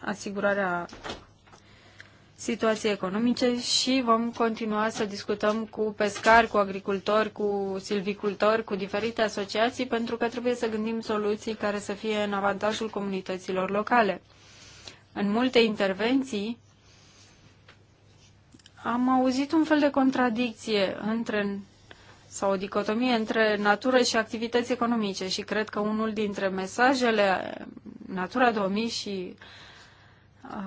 asigurarea situației economice și vom continua să discutăm cu pescari, cu agricultori, cu silvicultori, cu diferite asociații, pentru că trebuie să gândim soluții care să fie în avantajul comunităților locale în multe intervenții am auzit un fel de contradicție între sau o dicotomie între natură și activități economice și cred că unul dintre mesajele Natura 2000 și uh,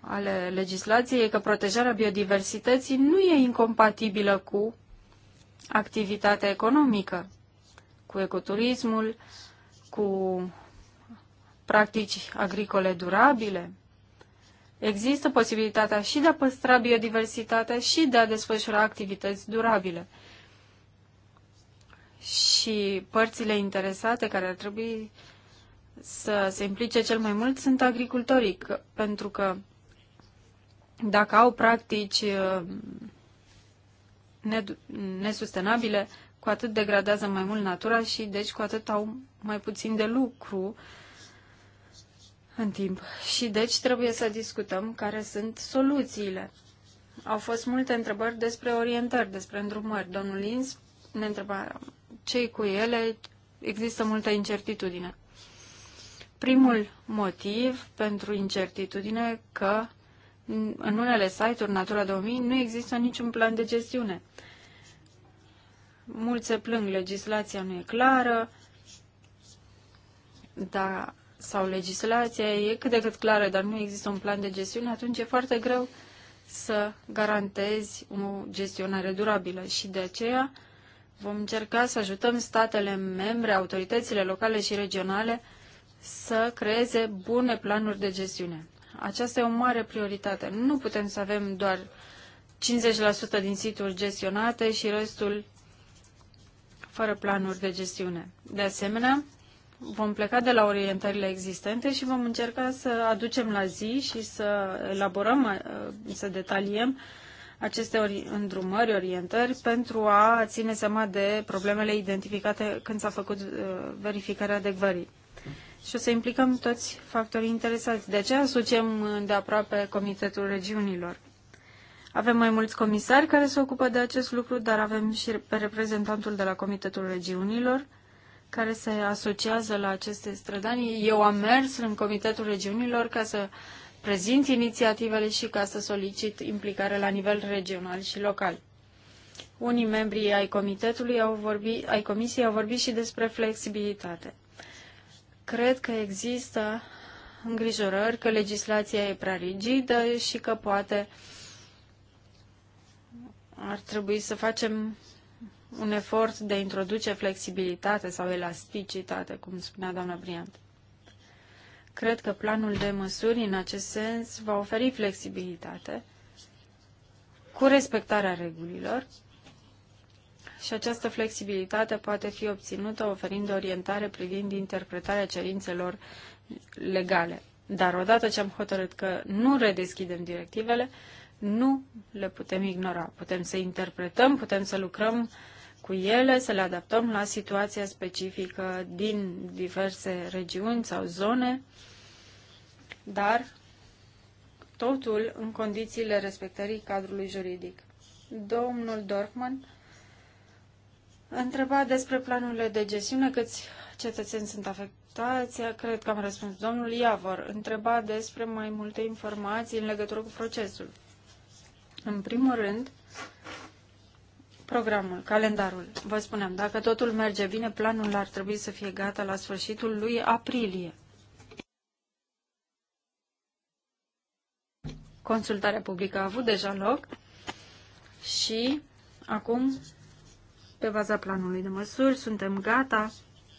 ale legislației e că protejarea biodiversității nu e incompatibilă cu activitatea economică, cu ecoturismul, cu practici agricole durabile. Există posibilitatea și de a păstra biodiversitatea și de a desfășura activități durabile. Și părțile interesate care ar trebui să se implice cel mai mult sunt agricultorii, că, pentru că dacă au practici uh, nesustenabile, cu atât degradează mai mult natura și deci cu atât au mai puțin de lucru în timp. Și deci trebuie să discutăm care sunt soluțiile. Au fost multe întrebări despre orientări, despre îndrumări. Domnul Lins ne întreba ce cu ele, există multă incertitudine. Primul motiv pentru incertitudine că în unele site-uri Natura 2000 nu există niciun plan de gestiune. Mulți se plâng, legislația nu e clară, dar sau legislația e cât de cât clară, dar nu există un plan de gestiune, atunci e foarte greu să garantezi o gestionare durabilă și de aceea vom încerca să ajutăm statele membre, autoritățile locale și regionale să creeze bune planuri de gestiune. Aceasta e o mare prioritate. Nu putem să avem doar 50% din situri gestionate și restul fără planuri de gestiune. De asemenea, vom pleca de la orientările existente și vom încerca să aducem la zi și să elaborăm, uh, să detaliem aceste ori, îndrumări, orientări pentru a ține seama de problemele identificate când s-a făcut uh, verificarea adecvării. Și o să implicăm toți factorii interesați. De aceea asociem de aproape Comitetul Regiunilor. Avem mai mulți comisari care se ocupă de acest lucru, dar avem și pe reprezentantul de la Comitetul Regiunilor, care se asociază la aceste strădanii. Eu am mers în Comitetul Regiunilor ca să prezint inițiativele și ca să solicit implicare la nivel regional și local. Unii membri ai comitetului au vorbit, ai comisiei au vorbit și despre flexibilitate. Cred că există îngrijorări că legislația e prea rigidă și că poate ar trebui să facem un efort de a introduce flexibilitate sau elasticitate, cum spunea doamna Briant. Cred că planul de măsuri în acest sens va oferi flexibilitate cu respectarea regulilor și această flexibilitate poate fi obținută oferind orientare privind interpretarea cerințelor legale. Dar odată ce am hotărât că nu redeschidem directivele, nu le putem ignora. Putem să interpretăm, putem să lucrăm cu ele, să le adaptăm la situația specifică din diverse regiuni sau zone, dar totul în condițiile respectării cadrului juridic. Domnul Dorfman întreba despre planurile de gestiune, câți cetățeni sunt afectați, cred că am răspuns. Domnul Iavor întreba despre mai multe informații în legătură cu procesul. În primul rând, Programul, calendarul. Vă spuneam, dacă totul merge bine, planul ar trebui să fie gata la sfârșitul lui aprilie. Consultarea publică a avut deja loc și acum, pe baza planului de măsuri, suntem gata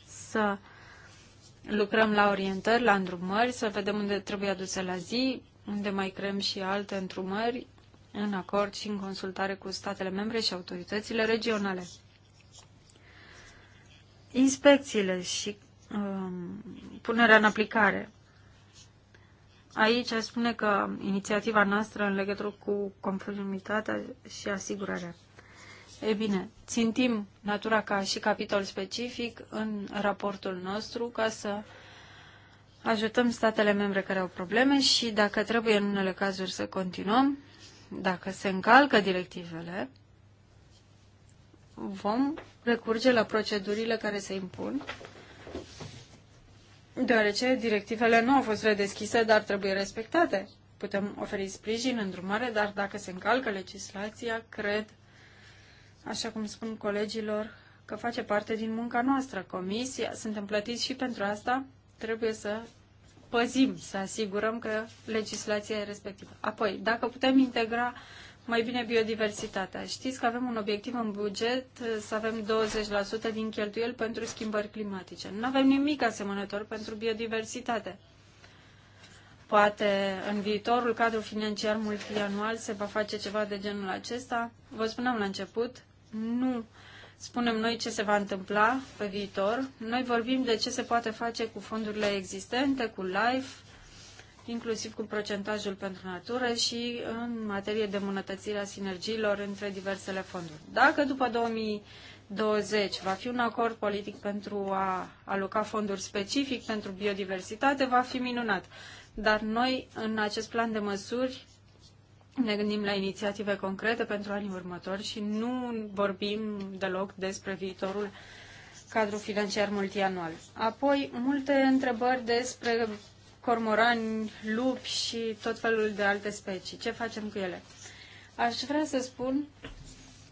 să lucrăm la orientări, la îndrumări, să vedem unde trebuie aduse la zi, unde mai creăm și alte îndrumări în acord și în consultare cu statele membre și autoritățile regionale. Inspecțiile și um, punerea în aplicare. Aici aș spune că inițiativa noastră în legătură cu conformitatea și asigurarea. E bine, țintim natura ca și capitol specific în raportul nostru ca să ajutăm statele membre care au probleme și dacă trebuie în unele cazuri să continuăm, dacă se încalcă directivele, vom recurge la procedurile care se impun, deoarece directivele nu au fost redeschise, dar trebuie respectate. Putem oferi sprijin, îndrumare, dar dacă se încalcă legislația, cred, așa cum spun colegilor, că face parte din munca noastră, comisia, suntem plătiți și pentru asta, trebuie să păzim, să asigurăm că legislația e respectivă. Apoi, dacă putem integra mai bine biodiversitatea. Știți că avem un obiectiv în buget uh, să avem 20% din cheltuieli pentru schimbări climatice. Nu avem nimic asemănător pentru biodiversitate. Poate în viitorul cadru financiar multianual se va face ceva de genul acesta. Vă spuneam la început, nu spunem noi ce se va întâmpla pe viitor. Noi vorbim de ce se poate face cu fondurile existente, cu LIFE, inclusiv cu procentajul pentru natură și în materie de îmbunătățire a sinergiilor între diversele fonduri. Dacă după 2020 va fi un acord politic pentru a aloca fonduri specific pentru biodiversitate, va fi minunat. Dar noi, în acest plan de măsuri, ne gândim la inițiative concrete pentru anii următori și nu vorbim deloc despre viitorul cadru financiar multianual. Apoi, multe întrebări despre cormorani, lupi și tot felul de alte specii. Ce facem cu ele? Aș vrea să spun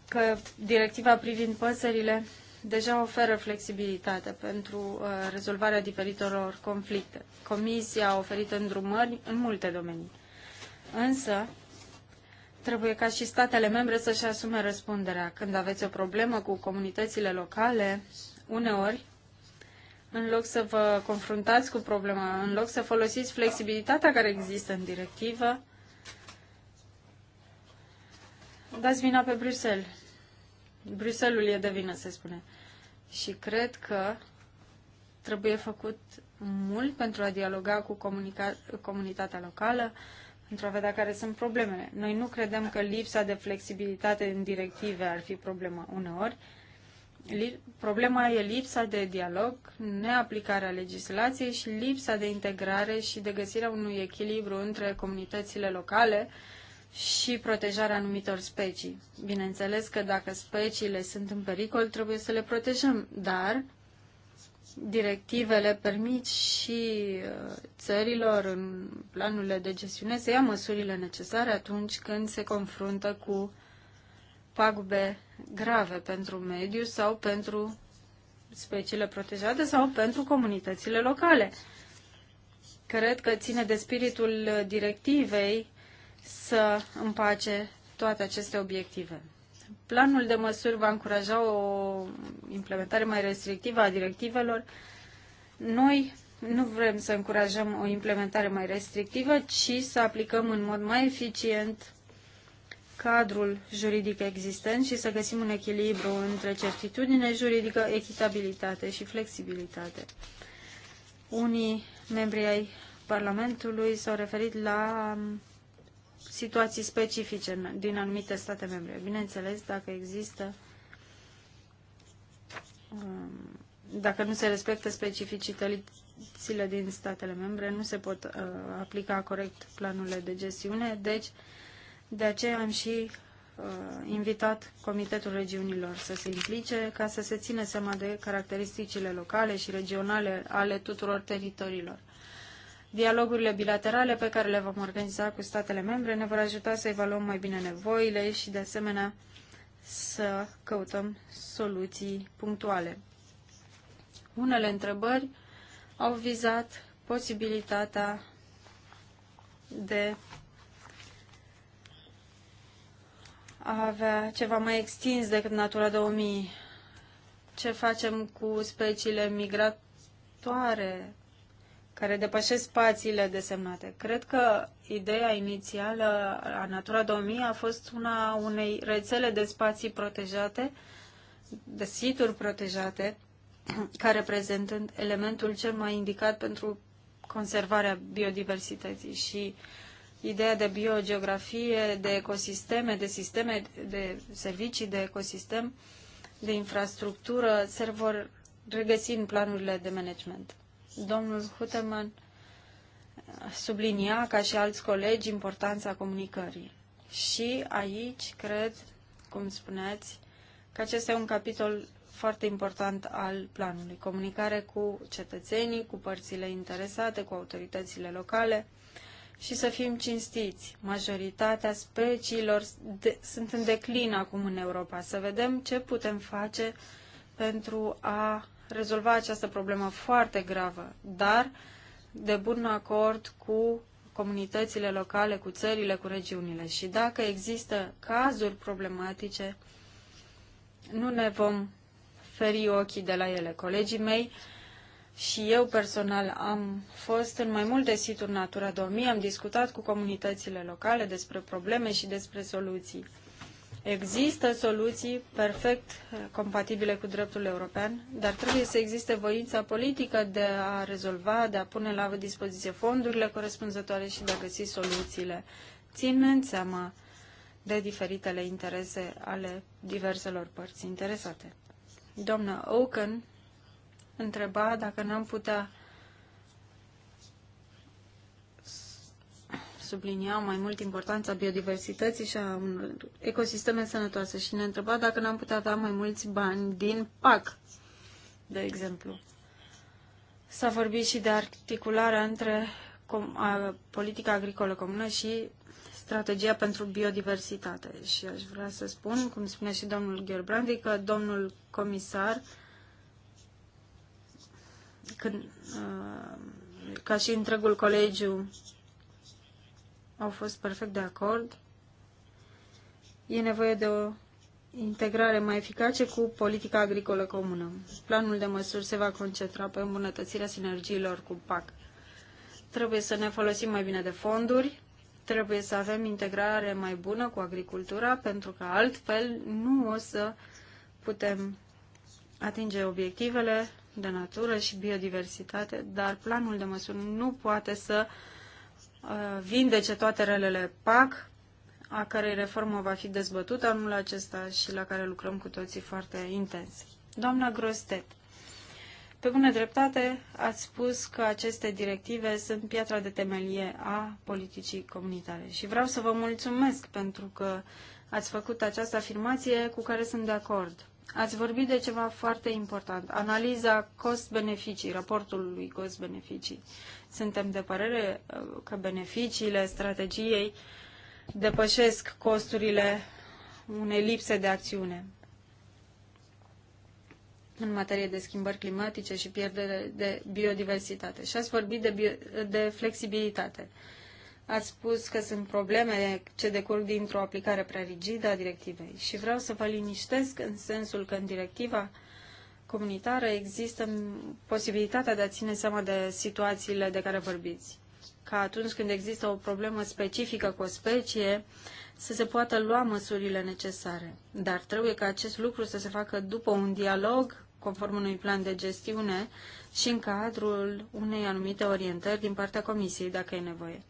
că directiva privind păsările deja oferă flexibilitate pentru uh, rezolvarea diferitelor conflicte. Comisia a oferit îndrumări în multe domenii. Însă, trebuie ca și statele membre să-și asume răspunderea. Când aveți o problemă cu comunitățile locale, uneori, în loc să vă confruntați cu problema, în loc să folosiți flexibilitatea care există în directivă, dați vina pe Bruxelles. Bruxellesul e de vină, se spune. Și cred că trebuie făcut mult pentru a dialoga cu comunica- comunitatea locală, pentru a vedea care sunt problemele. Noi nu credem că lipsa de flexibilitate în directive ar fi problema uneori. Problema e lipsa de dialog, neaplicarea legislației și lipsa de integrare și de găsirea unui echilibru între comunitățile locale și protejarea anumitor specii. Bineînțeles că dacă speciile sunt în pericol, trebuie să le protejăm, dar directivele permit și uh, țărilor în planurile de gestiune să ia măsurile necesare atunci când se confruntă cu pagube grave pentru mediu sau pentru speciile protejate sau pentru comunitățile locale. Cred că ține de spiritul directivei să împace toate aceste obiective. Planul de măsuri va încuraja o implementare mai restrictivă a directivelor. Noi nu vrem să încurajăm o implementare mai restrictivă, ci să aplicăm în mod mai eficient cadrul juridic existent și să găsim un echilibru între certitudine juridică, echitabilitate și flexibilitate. Unii membri ai Parlamentului s-au referit la situații specifice din anumite state membre. Bineînțeles, dacă există, um, dacă nu se respectă specificitățile din statele membre, nu se pot uh, aplica corect planurile de gestiune, deci de aceea am și uh, invitat Comitetul Regiunilor să se implice ca să se țină seama de caracteristicile locale și regionale ale tuturor teritoriilor. Dialogurile bilaterale pe care le vom organiza cu statele membre ne vor ajuta să evaluăm mai bine nevoile și, de asemenea, să căutăm soluții punctuale. Unele întrebări au vizat posibilitatea de a avea ceva mai extins decât Natura 2000. Ce facem cu speciile migratoare care depășesc spațiile desemnate. Cred că ideea inițială a Natura 2000 a fost una unei rețele de spații protejate, de situri protejate, care reprezentând elementul cel mai indicat pentru conservarea biodiversității și ideea de biogeografie, de ecosisteme, de sisteme, de servicii de ecosistem, de infrastructură, se vor regăsi în planurile de management. Domnul Huteman sublinia, ca și alți colegi, importanța comunicării. Și aici, cred, cum spuneați, că acesta e un capitol foarte important al planului. Comunicare cu cetățenii, cu părțile interesate, cu autoritățile locale și să fim cinstiți. Majoritatea speciilor de, sunt în declin acum în Europa. Să vedem ce putem face pentru a rezolva această problemă foarte gravă, dar de bun acord cu comunitățile locale, cu țările, cu regiunile. Și dacă există cazuri problematice, nu ne vom feri ochii de la ele. Colegii mei și eu personal am fost în mai multe situri Natura 2000, am discutat cu comunitățile locale despre probleme și despre soluții. Există soluții perfect eh, compatibile cu dreptul european, dar trebuie să existe voința politică de a rezolva, de a pune la dispoziție fondurile corespunzătoare și de a găsi soluțiile, ținând seama de diferitele interese ale diverselor părți interesate. Doamna Oaken întreba dacă n-am putea sublinia mai mult importanța biodiversității și a unor ecosisteme sănătoase și ne întreba dacă n-am putea avea da mai mulți bani din PAC, de exemplu. S-a vorbit și de articularea între a, politica agricolă comună și strategia pentru biodiversitate. Și aș vrea să spun, cum spune și domnul Gherbrandi, că domnul comisar, când, ca și întregul colegiu au fost perfect de acord. E nevoie de o integrare mai eficace cu politica agricolă comună. Planul de măsuri se va concentra pe îmbunătățirea sinergiilor cu PAC. Trebuie să ne folosim mai bine de fonduri, trebuie să avem integrare mai bună cu agricultura, pentru că altfel nu o să putem atinge obiectivele de natură și biodiversitate, dar planul de măsuri nu poate să uh, Uh, vindece toate relele PAC, a cărei reformă va fi dezbătută anul acesta și la care lucrăm cu toții foarte intens. Doamna Grostet, pe bună dreptate ați spus că aceste directive sunt piatra de temelie a politicii comunitare și vreau să vă mulțumesc pentru că ați făcut această afirmație cu care sunt de acord. Ați vorbit de ceva foarte important, analiza cost-beneficii, raportul lui cost-beneficii. Suntem de părere uh, că beneficiile strategiei depășesc costurile unei lipse de acțiune în materie de schimbări climatice și pierdere de biodiversitate. Și ați vorbit de, bio, de flexibilitate. Ați spus că sunt probleme ce decurg dintr-o aplicare prea rigidă a directivei și vreau să vă liniștesc în sensul că în directiva comunitară există posibilitatea de a ține seama de situațiile de care vorbiți. Ca atunci când există o problemă specifică cu o specie, să se poată lua măsurile necesare. Dar trebuie ca acest lucru să se facă după un dialog, conform unui plan de gestiune și în cadrul unei anumite orientări din partea Comisiei, dacă e nevoie.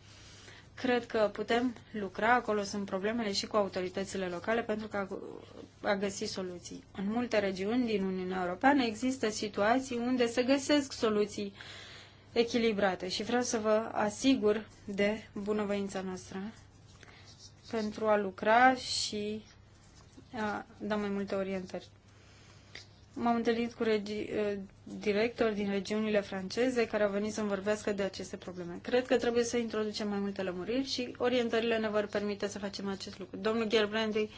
Cred că putem lucra, acolo sunt problemele și cu autoritățile locale pentru că a găsi soluții. În multe regiuni din Uniunea Europeană există situații unde se găsesc soluții echilibrate și vreau să vă asigur de bunăvoința noastră pentru a lucra și a da mai multe orientări. M-am întâlnit cu regi- eh, directori din regiunile franceze care au venit să vorbească de aceste probleme. Cred că trebuie să introducem mai multe lămuriri și orientările ne vor permite să facem acest lucru. Domnul Gerbrandi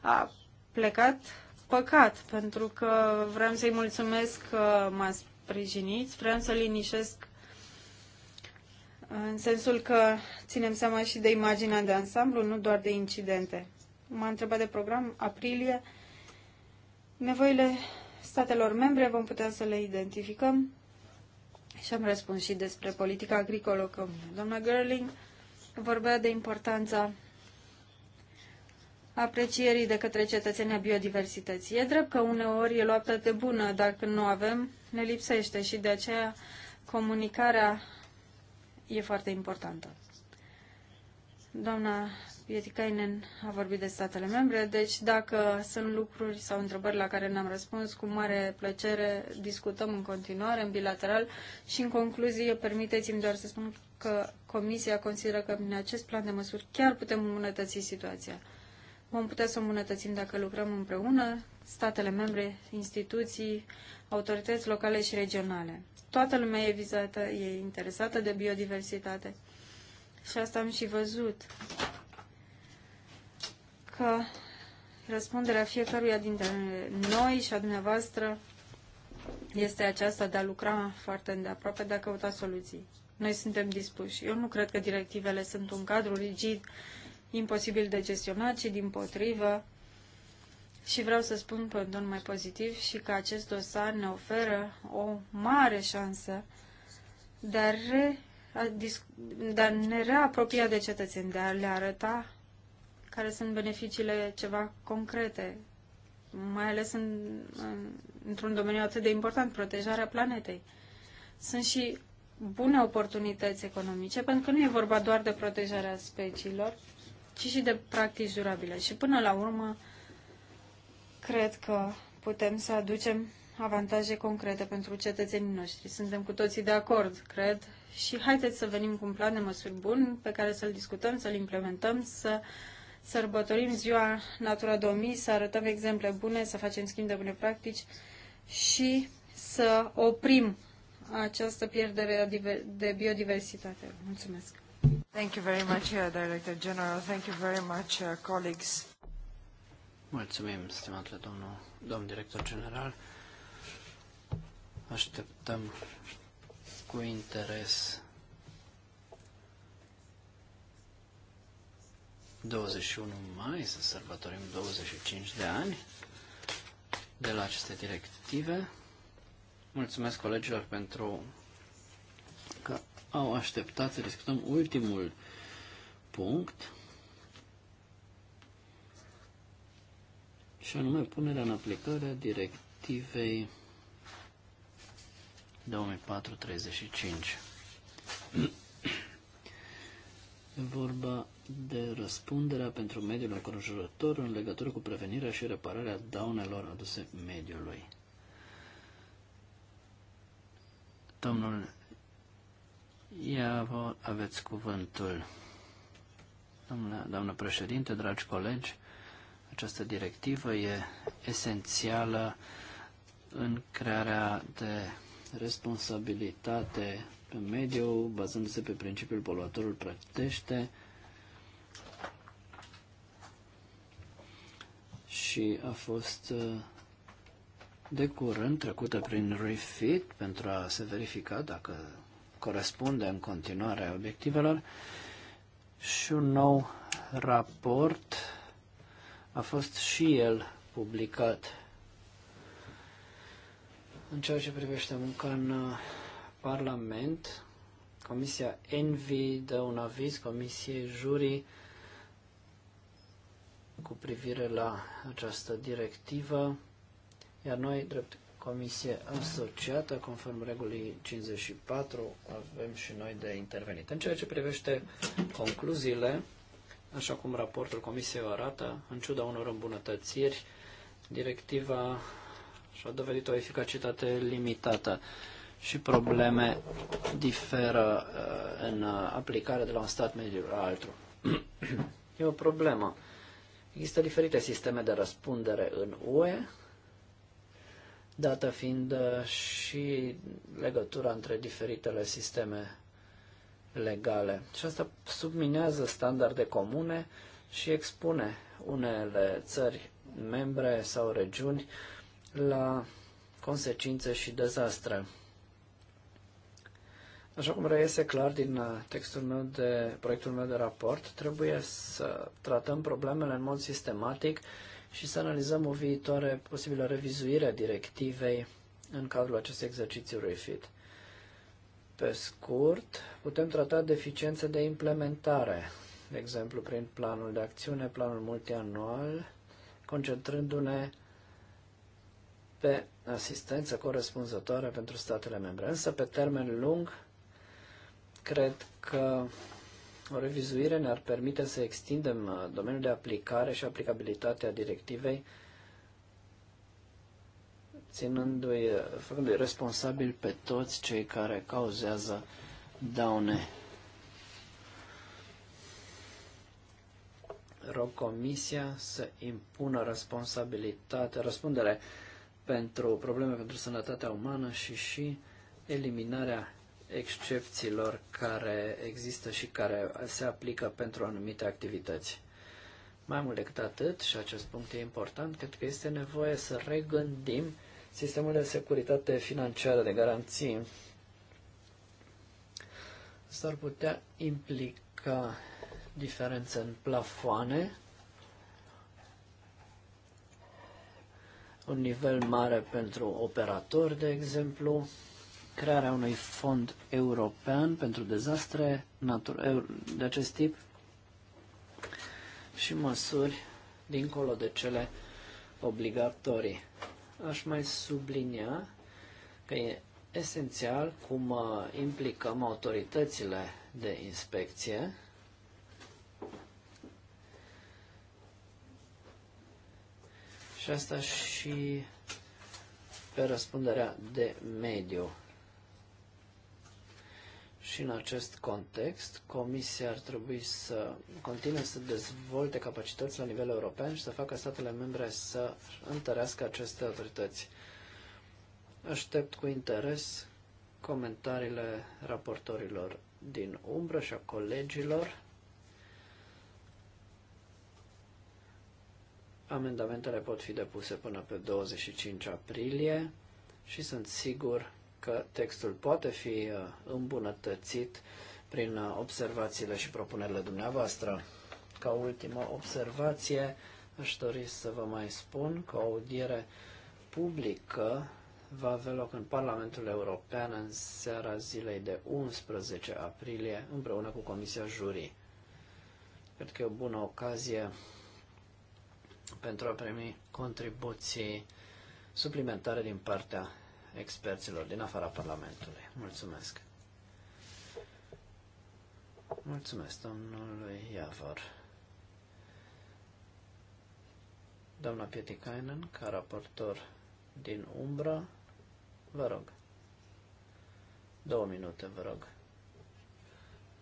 a plecat păcat, pentru că vreau să-i mulțumesc că m-a sprijinit, vreau să-l linișesc în sensul că ținem seama și de imaginea de ansamblu, nu doar de incidente. M-a întrebat de program, aprilie, nevoile statelor membre, vom putea să le identificăm și am răspuns și despre politica agricolă că Doamna Gerling vorbea de importanța aprecierii de către cetățenii a biodiversității. E drept că uneori e luată de bună, când nu avem, ne lipsește și de aceea comunicarea e foarte importantă. Doamna Pietikainen a vorbit de statele membre, deci dacă sunt lucruri sau întrebări la care n-am răspuns, cu mare plăcere discutăm în continuare, în bilateral și în concluzie permiteți-mi doar să spun că Comisia consideră că prin acest plan de măsuri chiar putem îmbunătăți situația. Vom putea să o îmbunătățim dacă lucrăm împreună, statele membre, instituții, autorități locale și regionale. Toată lumea e vizată, e interesată de biodiversitate. Și asta am și văzut că răspunderea fiecăruia dintre noi și a dumneavoastră este aceasta de a lucra foarte îndeaproape, de a căuta soluții. Noi suntem dispuși. Eu nu cred că directivele sunt un cadru rigid, imposibil de gestionat, ci din potrivă. Și vreau să spun pe un ton mai pozitiv și că acest dosar ne oferă o mare șansă de a, re, a, de a ne reapropia de cetățeni, de a le arăta care sunt beneficiile ceva concrete, mai ales în, în, într-un domeniu atât de important, protejarea planetei. Sunt și bune oportunități economice, pentru că nu e vorba doar de protejarea speciilor, ci și de practici durabile. Și până la urmă, cred că putem să aducem avantaje concrete pentru cetățenii noștri. Suntem cu toții de acord, cred, și haideți să venim cu un plan de măsuri bun pe care să-l discutăm, să-l implementăm, să sărbătorim ziua Natura 2000, să arătăm exemple bune, să facem schimb de bune practici și să oprim această pierdere de biodiversitate. Mulțumesc! Thank you very much, uh, Director General. Thank you very much, uh, colleagues. Mulțumim, stimatele domnul, domn director general. Așteptăm cu interes 21 mai să sărbătorim 25 de ani de la aceste directive. Mulțumesc colegilor pentru că au așteptat să discutăm ultimul punct și anume punerea în aplicare a directivei 2435 vorba de răspunderea pentru mediul înconjurător în legătură cu prevenirea și repararea daunelor aduse mediului. Domnul Iavor, aveți cuvântul. Domnule, doamnă președinte, dragi colegi, această directivă e esențială în crearea de responsabilitate în mediu, bazându-se pe principiul poluatorul plătește și a fost uh, de curând trecută prin refit pentru a se verifica dacă corespunde în continuare obiectivelor și un nou raport a fost și el publicat în ceea ce privește munca în uh, Parlament, Comisia Envy dă un aviz Comisiei Jurii cu privire la această directivă, iar noi, drept Comisie Asociată, conform regulii 54, avem și noi de intervenit. În ceea ce privește concluziile, așa cum raportul Comisiei arată, în ciuda unor îmbunătățiri, directiva și-a dovedit o eficacitate limitată și probleme diferă uh, în uh, aplicare de la un stat mediu la altul. E o problemă. Există diferite sisteme de răspundere în UE, dată fiind uh, și legătura între diferitele sisteme legale. Și asta subminează standarde comune și expune unele țări membre sau regiuni la consecințe și dezastre. Așa cum reiese clar din uh, textul meu de, proiectul meu de raport, trebuie să tratăm problemele în mod sistematic și să analizăm o viitoare posibilă revizuire a directivei în cadrul acestui exercițiu refit. Pe scurt, putem trata deficiențe de implementare, de exemplu prin planul de acțiune, planul multianual, concentrându-ne pe asistență corespunzătoare pentru statele membre. Însă, pe termen lung, Cred că o revizuire ne-ar permite să extindem uh, domeniul de aplicare și aplicabilitatea directivei, ținându-i, uh, făcându-i responsabil pe toți cei care cauzează daune. Rog Comisia să impună responsabilitate, răspundere pentru probleme pentru sănătatea umană și și eliminarea excepțiilor care există și care se aplică pentru anumite activități. Mai mult decât atât, și acest punct e important, cred că este nevoie să regândim sistemul de securitate financiară, de garanții. S-ar putea implica diferențe în plafoane, un nivel mare pentru operatori, de exemplu, crearea unui fond european pentru dezastre de acest tip și măsuri dincolo de cele obligatorii. Aș mai sublinia că e esențial cum uh, implicăm autoritățile de inspecție și asta și pe răspunderea de mediu. Și în acest context, Comisia ar trebui să continue să dezvolte capacități la nivel european și să facă statele membre să întărească aceste autorități. Aștept cu interes comentariile raportorilor din umbră și a colegilor. Amendamentele pot fi depuse până pe 25 aprilie și sunt sigur că textul poate fi uh, îmbunătățit prin uh, observațiile și propunerile dumneavoastră. Ca ultimă observație, aș dori să vă mai spun că o audiere publică va avea loc în Parlamentul European în seara zilei de 11 aprilie împreună cu Comisia Jurii. Cred că e o bună ocazie pentru a primi contribuții suplimentare din partea experților din afara Parlamentului. Mulțumesc! Mulțumesc domnului Iavor. Doamna Pietikainen, ca raportor din Umbra, vă rog. Două minute, vă rog.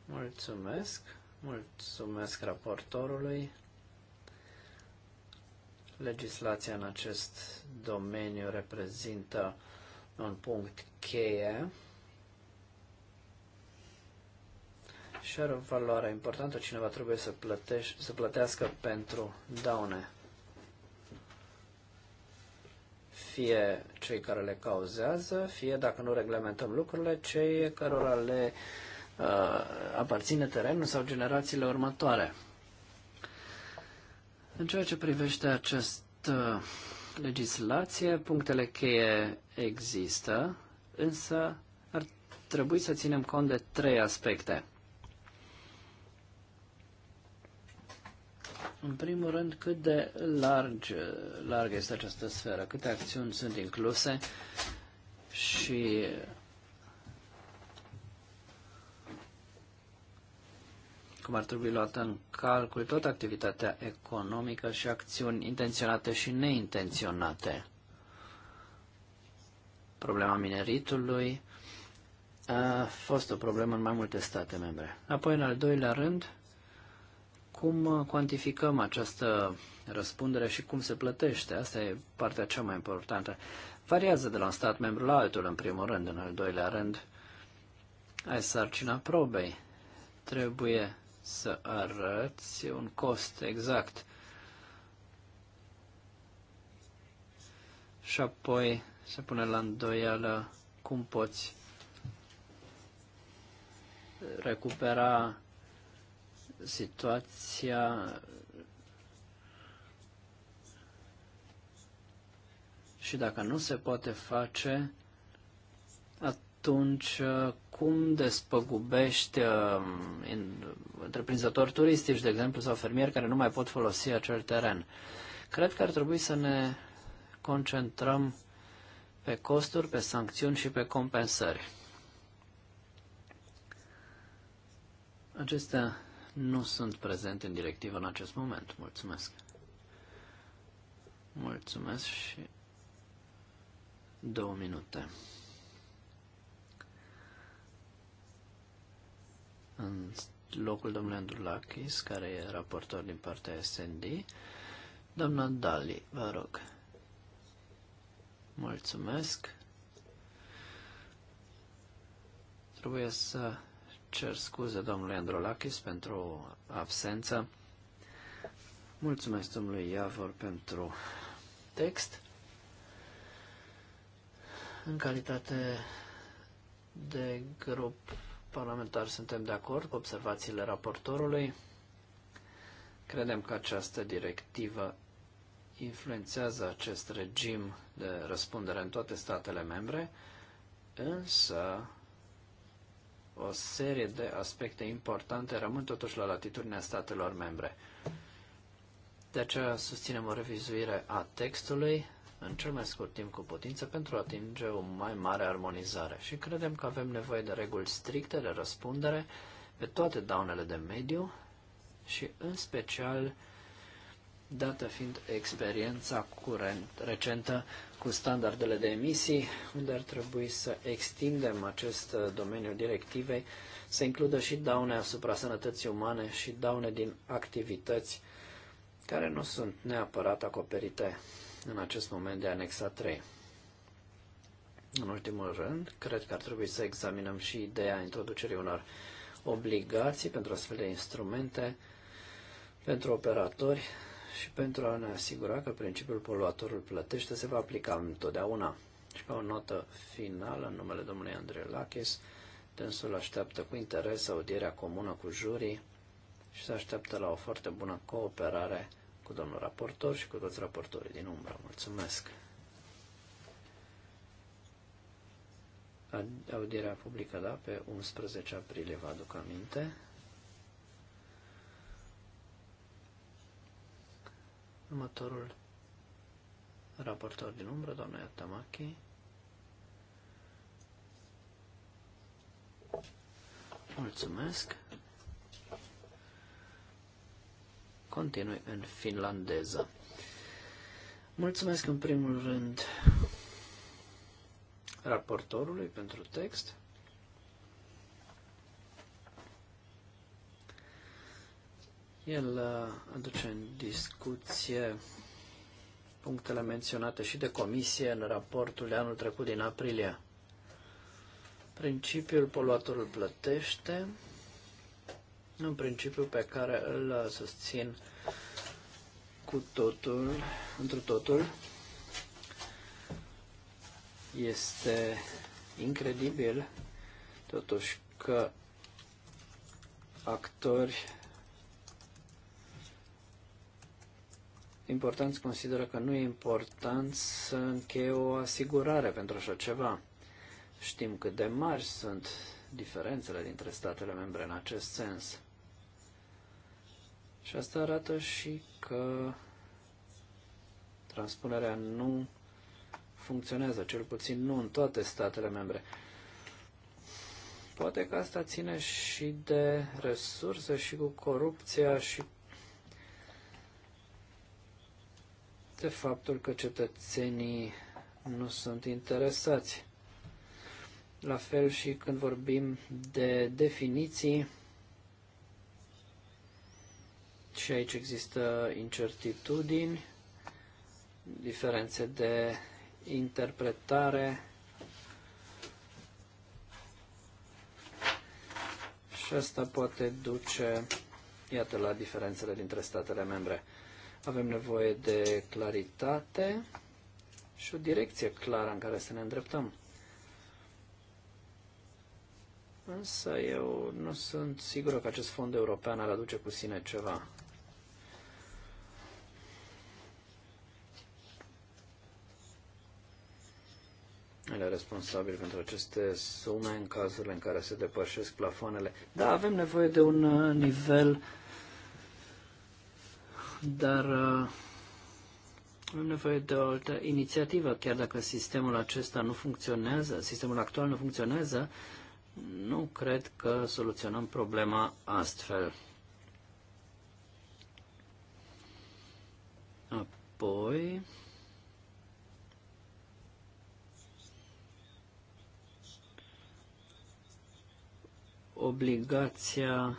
Mulțumesc, mulțumesc raportorului. Legislația în acest domeniu reprezintă un punct cheie și are o valoare importantă. Cineva trebuie să, plătești, să plătească pentru daune. Fie cei care le cauzează, fie, dacă nu reglementăm lucrurile, cei cărora le uh, aparține terenul sau generațiile următoare. În ceea ce privește acest uh, legislație, punctele cheie există, însă ar trebui să ținem cont de trei aspecte. În primul rând, cât de larg, larg este această sferă, câte acțiuni sunt incluse și cum ar trebui luată în calcul toată activitatea economică și acțiuni intenționate și neintenționate. Problema mineritului a fost o problemă în mai multe state membre. Apoi, în al doilea rând, cum cuantificăm această răspundere și cum se plătește? Asta e partea cea mai importantă. Variază de la un stat membru la altul, în primul rând, în al doilea rând. Ai sarcina probei. Trebuie să arăți un cost exact. Și apoi se pune la îndoială cum poți recupera situația și dacă nu se poate face, atunci uh, cum despăgubești uh, întreprinzători turistici, de exemplu, sau fermieri care nu mai pot folosi acel teren? Cred că ar trebui să ne concentrăm pe costuri, pe sancțiuni și pe compensări. Acestea nu sunt prezente în directivă în acest moment. Mulțumesc. Mulțumesc și două minute. în locul domnului Andrulakis, care e raportor din partea SND. Doamna Dali, vă rog. Mulțumesc. Trebuie să cer scuze domnului Androlakis pentru absență. Mulțumesc domnului Iavor pentru text. În calitate de grup parlamentari suntem de acord cu observațiile raportorului. Credem că această directivă influențează acest regim de răspundere în toate statele membre, însă o serie de aspecte importante rămân totuși la latitudinea statelor membre. De aceea susținem o revizuire a textului în cel mai scurt timp cu putință pentru a atinge o mai mare armonizare și credem că avem nevoie de reguli stricte de răspundere pe toate daunele de mediu și în special dată fiind experiența curent, recentă cu standardele de emisii, unde ar trebui să extindem acest uh, domeniu directivei, să includă și daune asupra sănătății umane și daune din activități care nu sunt neapărat acoperite în acest moment de anexa 3. În ultimul rând, cred că ar trebui să examinăm și ideea introducerii unor obligații pentru astfel de instrumente, pentru operatori și pentru a ne asigura că principiul poluatorul plătește se va aplica întotdeauna. Și ca o notă finală, în numele domnului Andrei Lachis, dânsul așteaptă cu interes audierea comună cu jurii și se așteaptă la o foarte bună cooperare cu domnul raportor și cu toți raportorii din umbră. Mulțumesc! Audierea publică, da, pe 11 aprilie, vă aduc aminte. Următorul raportor din umbră, doamna Iatamachi. Mulțumesc! continui în finlandeză. Mulțumesc în primul rând raportorului pentru text. El uh, aduce în discuție punctele menționate și de comisie în raportul de anul trecut din aprilie. Principiul poluatorul plătește un principiu pe care îl uh, susțin cu totul, întru totul. Este incredibil totuși că actori importanți consideră că nu e important să încheie o asigurare pentru așa ceva. Știm cât de mari sunt diferențele dintre statele membre în acest sens. Și asta arată și că transpunerea nu funcționează, cel puțin nu în toate statele membre. Poate că asta ține și de resurse și cu corupția și de faptul că cetățenii nu sunt interesați. La fel și când vorbim de definiții, și aici există incertitudini, diferențe de interpretare și asta poate duce, iată, la diferențele dintre statele membre. Avem nevoie de claritate și o direcție clară în care să ne îndreptăm. Însă eu nu sunt sigur că acest fond european ar aduce cu sine ceva. companiile responsabile pentru aceste sume în cazurile în care se depășesc plafoanele. Da, avem nevoie de un uh, nivel, dar uh, avem nevoie de o altă inițiativă, chiar dacă sistemul acesta nu funcționează, sistemul actual nu funcționează, nu cred că soluționăm problema astfel. Apoi... obligația,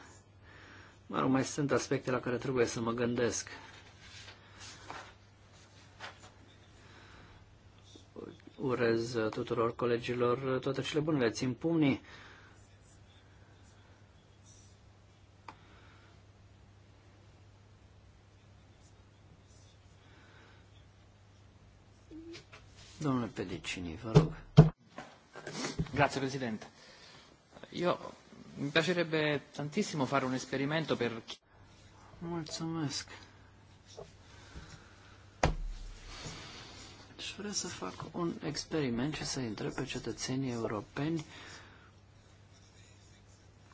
mă rog, mai sunt aspecte la care trebuie să mă gândesc. Urez tuturor colegilor toate cele bune, le țin pumnii. Domnule Pedicini, vă rog. Grazie, Presidente. Eu mi piacerebbe tantissimo fare un esperimento per... Mulțumesc. Și deci vreau să fac un experiment și să întreb pe cetățenii europeni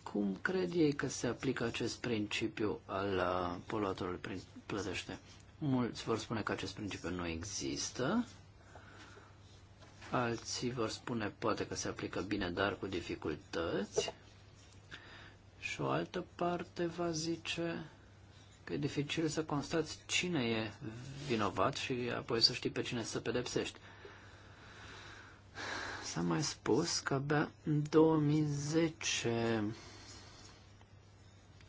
cum cred ei că se aplică acest principiu al uh, poluatorului plătește. Mulți vor spune că acest principiu nu există, alții vor spune poate că se aplică bine, dar cu dificultăți. Și o altă parte va zice că e dificil să constați cine e vinovat și apoi să știi pe cine să pedepsești. S-a mai spus că abia în 2010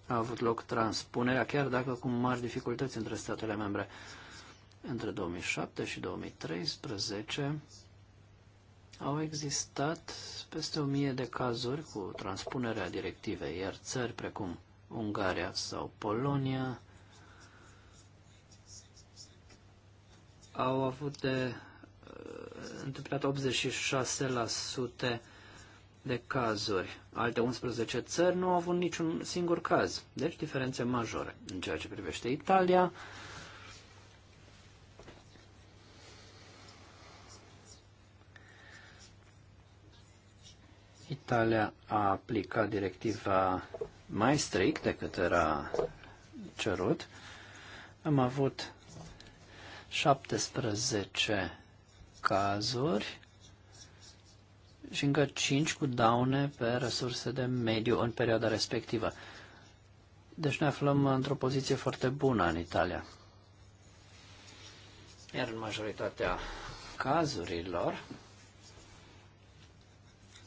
a avut loc transpunerea, chiar dacă cu mari dificultăți între statele membre. Între 2007 și 2013 au existat peste o mie de cazuri cu transpunerea directivei, iar țări precum Ungaria sau Polonia au avut de uh, întâmplat 86% de cazuri. Alte 11 țări nu au avut niciun singur caz, deci diferențe majore. În ceea ce privește Italia, Italia a aplicat directiva mai strict decât era cerut. Am avut 17 cazuri și încă 5 cu daune pe resurse de mediu în perioada respectivă. Deci ne aflăm într-o poziție foarte bună în Italia. Iar în majoritatea cazurilor,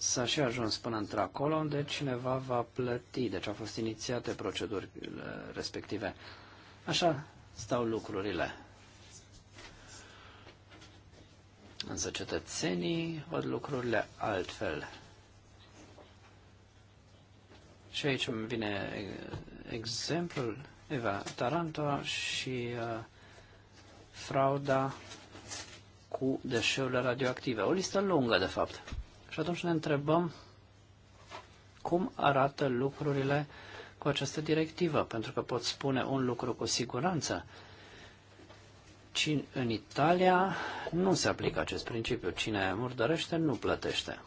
S-a și ajuns până într-acolo unde deci cineva va plăti, deci au fost inițiate proceduri respective. Așa stau lucrurile. Însă cetățenii văd lucrurile altfel. Și aici îmi vine exemplul Eva Taranto și uh, frauda cu deșeurile radioactive. O listă lungă, de fapt. Și atunci ne întrebăm cum arată lucrurile cu această directivă, pentru că pot spune un lucru cu siguranță, Cine, în Italia nu se aplică acest principiu. Cine murdărește, nu plătește.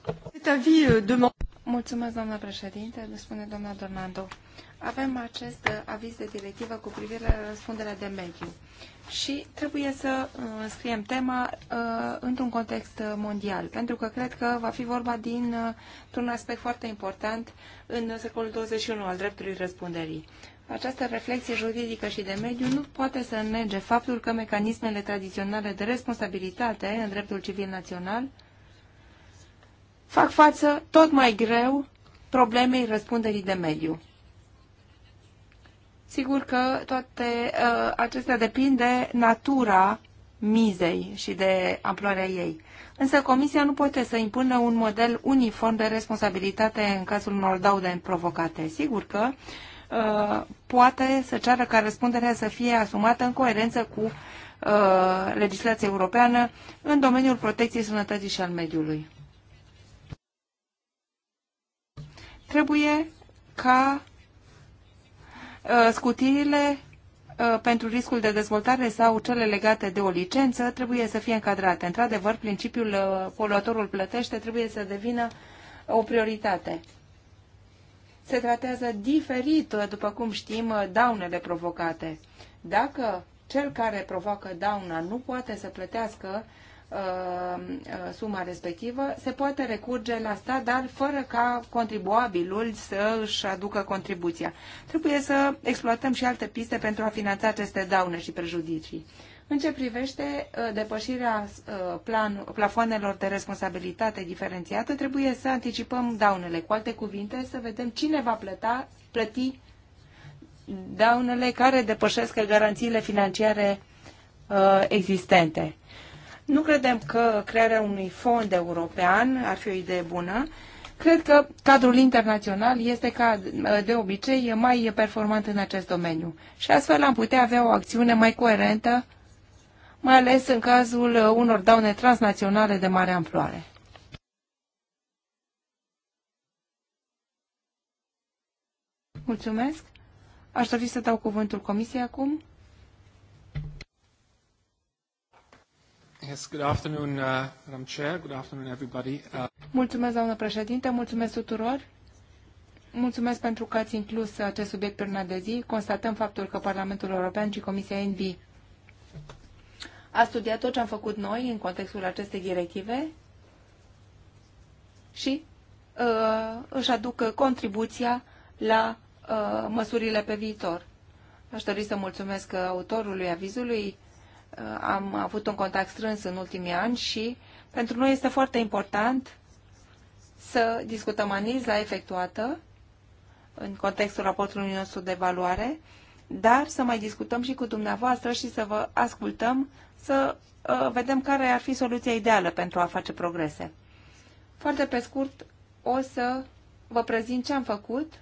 Euh, Mulțumesc, doamna președinte, spune doamna Dornando avem acest uh, aviz de directivă cu privire la răspunderea de mediu și trebuie să uh, scriem tema uh, într-un context mondial, pentru că cred că va fi vorba din un aspect foarte important în secolul 21 al dreptului răspunderii. Această reflexie juridică și de mediu nu poate să nege faptul că mecanismele tradiționale de responsabilitate în dreptul civil național fac față tot mai greu problemei răspunderii de mediu. Sigur că toate uh, acestea depind de natura mizei și de amploarea ei. Însă Comisia nu poate să impună un model uniform de responsabilitate în cazul unor daude provocate. Sigur că uh, poate să ceară ca răspunderea să fie asumată în coerență cu uh, legislația europeană în domeniul protecției sănătății și al mediului. Trebuie ca Uh, scutirile uh, pentru riscul de dezvoltare sau cele legate de o licență trebuie să fie încadrate. Într-adevăr, principiul uh, poluatorul plătește trebuie să devină o prioritate. Se tratează diferit, după cum știm, daunele provocate. Dacă cel care provoacă dauna nu poate să plătească, Uh, uh, suma respectivă, se poate recurge la stat, dar fără ca contribuabilul să își aducă contribuția. Trebuie să exploatăm și alte piste pentru a finanța aceste daune și prejudicii. În ce privește uh, depășirea plan, plafoanelor de responsabilitate diferențiată, trebuie să anticipăm daunele. Cu alte cuvinte, să vedem cine va plăta, plăti daunele care depășesc garanțiile financiare existente. Nu credem că crearea unui fond european ar fi o idee bună. Cred că cadrul internațional este, ca ă, de obicei, mai performant în acest domeniu și astfel am putea avea o acțiune mai coerentă, mai ales în cazul ă, unor daune transnaționale de mare amploare. Mulțumesc. Aș dori să dau cuvântul comisiei acum. Yes, good afternoon, uh, Madam Chair. Good afternoon, everybody. Uh... Mulțumesc, doamnă președinte, mulțumesc tuturor. Mulțumesc pentru că ați inclus acest subiect pe urna de zi. Constatăm faptul că Parlamentul European și Comisia ENVI a studiat tot ce am făcut noi în contextul acestei directive și uh, își aduc contribuția la uh, măsurile pe viitor. Aș dori să mulțumesc autorului avizului, Uh, am avut un contact strâns în ultimii ani și pentru noi este foarte important să discutăm analiza efectuată în contextul raportului nostru de evaluare, dar să mai discutăm și cu dumneavoastră și să vă ascultăm, să uh, vedem care ar fi soluția ideală pentru a face progrese. Foarte pe scurt, o să vă prezint ce am făcut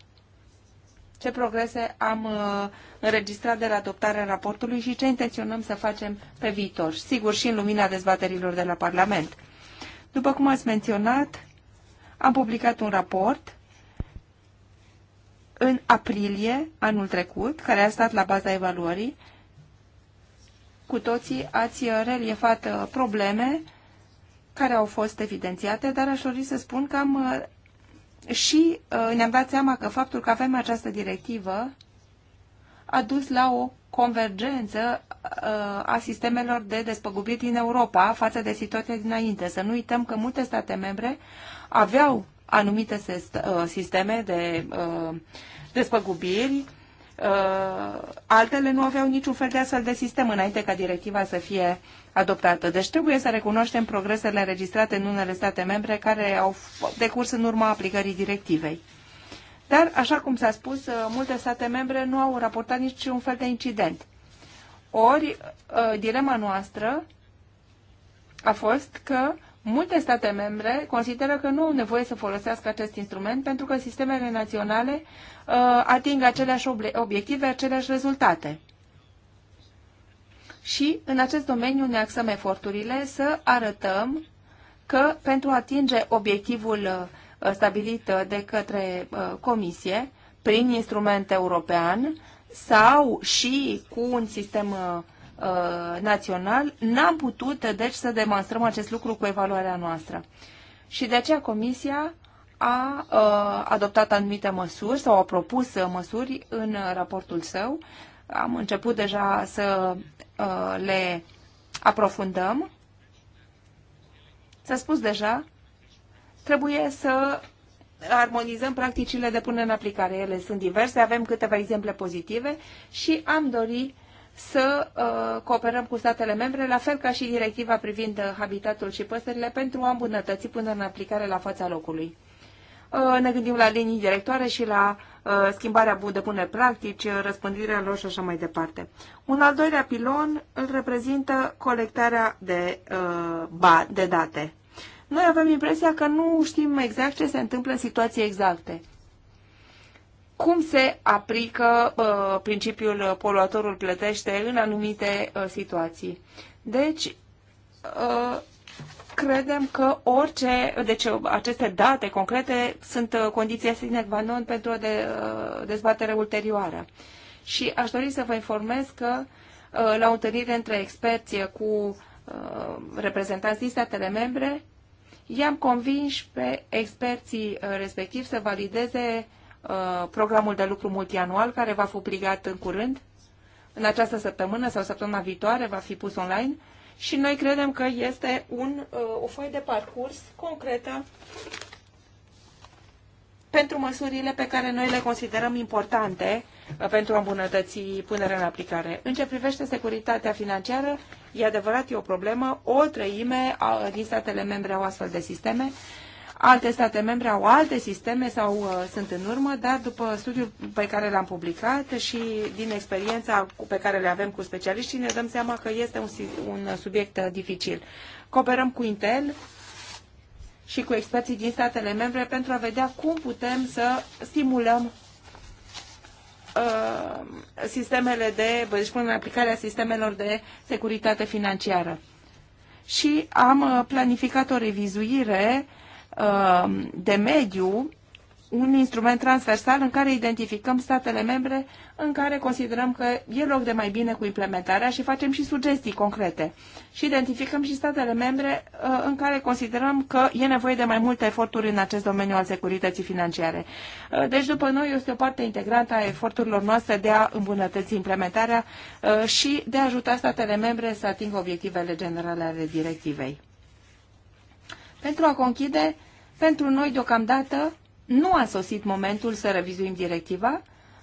ce progrese am uh, înregistrat de la adoptarea raportului și ce intenționăm să facem pe viitor, sigur și în lumina dezbaterilor de la Parlament. După cum ați menționat, am publicat un raport în aprilie anul trecut, care a stat la baza evaluării. Cu toții ați uh, reliefat uh, probleme care au fost evidențiate, dar aș dori să spun că am și uh, ne-am dat seama că faptul că avem această directivă a dus la o convergență uh, a sistemelor de despăgubiri din Europa față de situația dinainte. Să nu uităm că multe state membre aveau anumite uh, sisteme de despăgubiri Uh, altele nu aveau niciun fel de astfel de sistem înainte ca directiva să fie adoptată. Deci trebuie să recunoaștem progresele înregistrate în unele state membre care au decurs în urma aplicării directivei. Dar, așa cum s-a spus, uh, multe state membre nu au raportat niciun fel de incident. Ori, uh, dilema noastră a fost că Multe state membre consideră că nu au nevoie să folosească acest instrument pentru că sistemele naționale uh, ating aceleași obiective, aceleași rezultate. Și în acest domeniu ne axăm eforturile să arătăm că pentru a atinge obiectivul uh, stabilit uh, de către uh, Comisie prin instrument european sau și cu un sistem Uh, național, n-am putut, deci, să demonstrăm acest lucru cu evaluarea noastră. Și de aceea Comisia a uh, adoptat anumite măsuri sau a propus uh, măsuri în raportul său. Am început deja să uh, le aprofundăm. S-a spus deja, trebuie să armonizăm practicile de până în aplicare. Ele sunt diverse, avem câteva exemple pozitive și am dorit să uh, cooperăm cu statele membre, la fel ca și directiva privind uh, habitatul și păsările, pentru a îmbunătăți până în aplicare la fața locului. Uh, ne gândim la linii directoare și la uh, schimbarea de bune practici, uh, răspândirea lor și așa mai departe. Un al doilea pilon îl reprezintă colectarea de, uh, ba, de date. Noi avem impresia că nu știm exact ce se întâmplă în situații exacte cum se aplică uh, principiul poluatorul plătește în anumite uh, situații. Deci, uh, credem că orice, deci uh, aceste date concrete sunt uh, condiția sine qua non pentru o de, uh, dezbatere ulterioară. Și aș dori să vă informez că la o întâlnire între experți cu reprezentanții statele membre, i-am convins pe experții respectiv să valideze Uh, programul de lucru multianual care va fi publicat în curând, în această săptămână sau săptămâna viitoare va fi pus online și noi credem că este un, uh, o foaie de parcurs concretă pentru măsurile pe care noi le considerăm importante uh, pentru a îmbunătăți punerea în aplicare. În ce privește securitatea financiară, e adevărat, e o problemă. O treime din statele membre au astfel de sisteme. Alte state membre au alte sisteme sau uh, sunt în urmă, dar după studiul pe care l-am publicat și din experiența pe care le avem cu specialiștii, ne dăm seama că este un, un subiect uh, dificil. Cooperăm cu Intel și cu experții din statele membre pentru a vedea cum putem să stimulăm uh, sistemele de, deci până în aplicarea sistemelor de securitate financiară. Și am uh, planificat o revizuire uh, Uh, de mediu un instrument transversal în care identificăm statele membre în care considerăm că e loc de mai bine cu implementarea și facem și sugestii concrete. Și identificăm și statele membre uh, în care considerăm că e nevoie de mai multe eforturi în acest domeniu al securității financiare. Uh, deci, după noi, este o parte integrantă a eforturilor noastre de a îmbunătăți implementarea și de a ajuta statele membre să atingă obiectivele generale ale directivei. Pentru a conchide, pentru noi deocamdată nu a sosit momentul să revizuim directiva.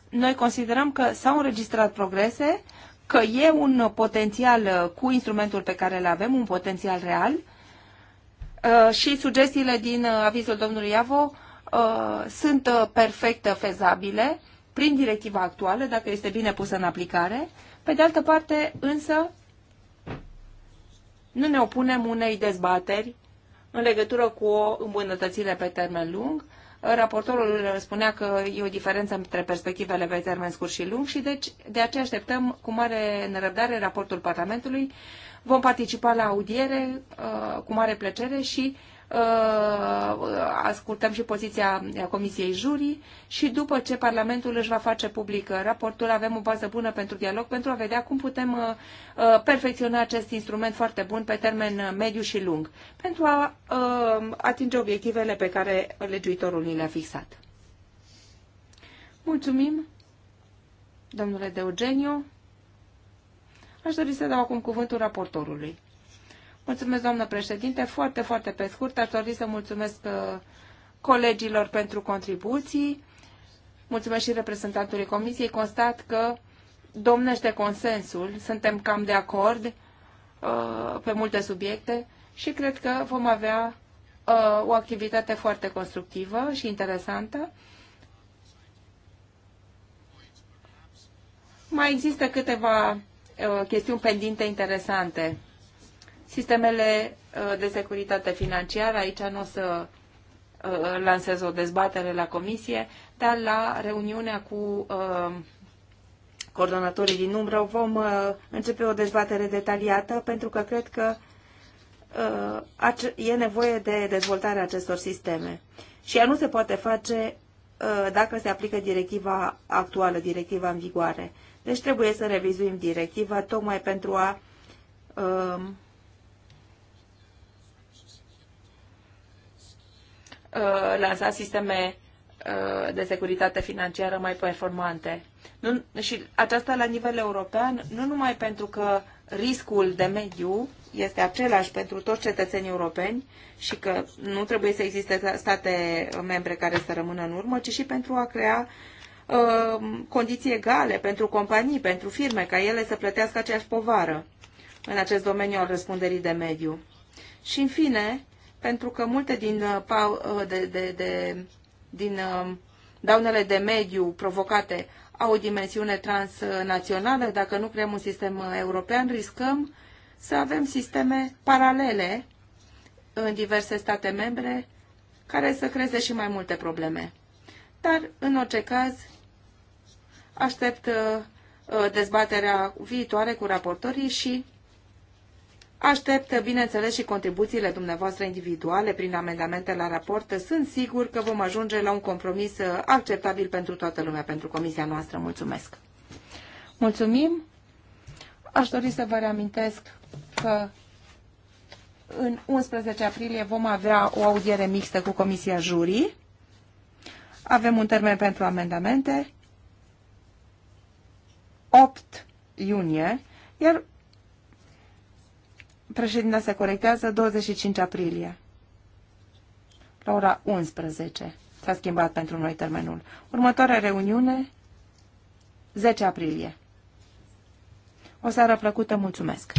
Noi considerăm că s-au înregistrat progrese, că e un potențial uh, cu instrumentul pe care îl avem, un potențial real uh, și sugestiile din uh, avizul domnului Iavo sunt perfect fezabile prin directiva actuală, dacă este bine pusă în aplicare. Pe de altă parte, însă, nu ne opunem unei dezbateri în legătură cu îmbunătățire pe termen lung. Raportorul spunea că e o diferență între perspectivele pe termen scurt și lung și deci de aceea așteptăm cu mare nerăbdare raportul Parlamentului. Vom participa la audiere uh, cu mare plăcere și Uh, ascultăm și poziția Comisiei Jurii și după ce Parlamentul își va face public raportul, avem o bază bună pentru dialog pentru a vedea cum putem uh, uh, perfecționa acest instrument foarte bun pe termen mediu și lung, pentru a atinge obiectivele pe care legiuitorul ni le-a fixat. Mulțumim, domnule Deugenio. Aș dori să dau acum cuvântul raportorului. Mulțumesc, doamnă președinte. Foarte, foarte pe scurt, aș dori să mulțumesc uh, colegilor pentru contribuții. Mulțumesc și reprezentantului Comisiei. Constat că domnește consensul, suntem cam de acord uh, pe multe subiecte și cred că vom avea uh, o activitate foarte constructivă și interesantă. Mai există câteva chestiuni pendinte interesante Sistemele uh, de securitate financiară, aici nu o să uh, lansez o dezbatere la comisie, dar la reuniunea cu uh, coordonatorii din umbră vom începe o dezbatere detaliată pentru că cred că e nevoie de dezvoltarea acestor sisteme. Și ea nu se poate face dacă se aplică directiva actuală, directiva în vigoare. Deci trebuie să revizuim directiva tocmai pentru a Uh, lansa sisteme uh, de securitate financiară mai performante. Nu, și aceasta la nivel european, nu numai pentru că riscul de mediu este același pentru toți cetățenii europeni și că nu trebuie să existe state membre care să rămână în urmă, ci și pentru a crea uh, condiții egale pentru companii, pentru firme, ca ele să plătească aceeași povară în acest domeniu al răspunderii de mediu. Și în fine, pentru că multe din, uh, uh, de, de, de, din uh, daunele de mediu provocate au o dimensiune transnațională. Dacă nu creăm un sistem european, riscăm să avem sisteme paralele în diverse state membre care să creeze și mai multe probleme. Dar, în orice caz, aștept dezbaterea viitoare cu raportorii și Aștept, bineînțeles, și contribuțiile dumneavoastră individuale prin amendamente la raport. Sunt sigur că vom ajunge la un compromis acceptabil pentru toată lumea, pentru comisia noastră. Mulțumesc! Mulțumim! Aș dori să vă reamintesc că în 11 aprilie vom avea o audiere mixtă cu Comisia Jurii. Avem un termen pentru amendamente, 8 iunie, iar Președinta se corectează 25 aprilie. La ora 11. S-a schimbat pentru noi termenul. Următoarea reuniune, 10 aprilie. O seară plăcută, mulțumesc!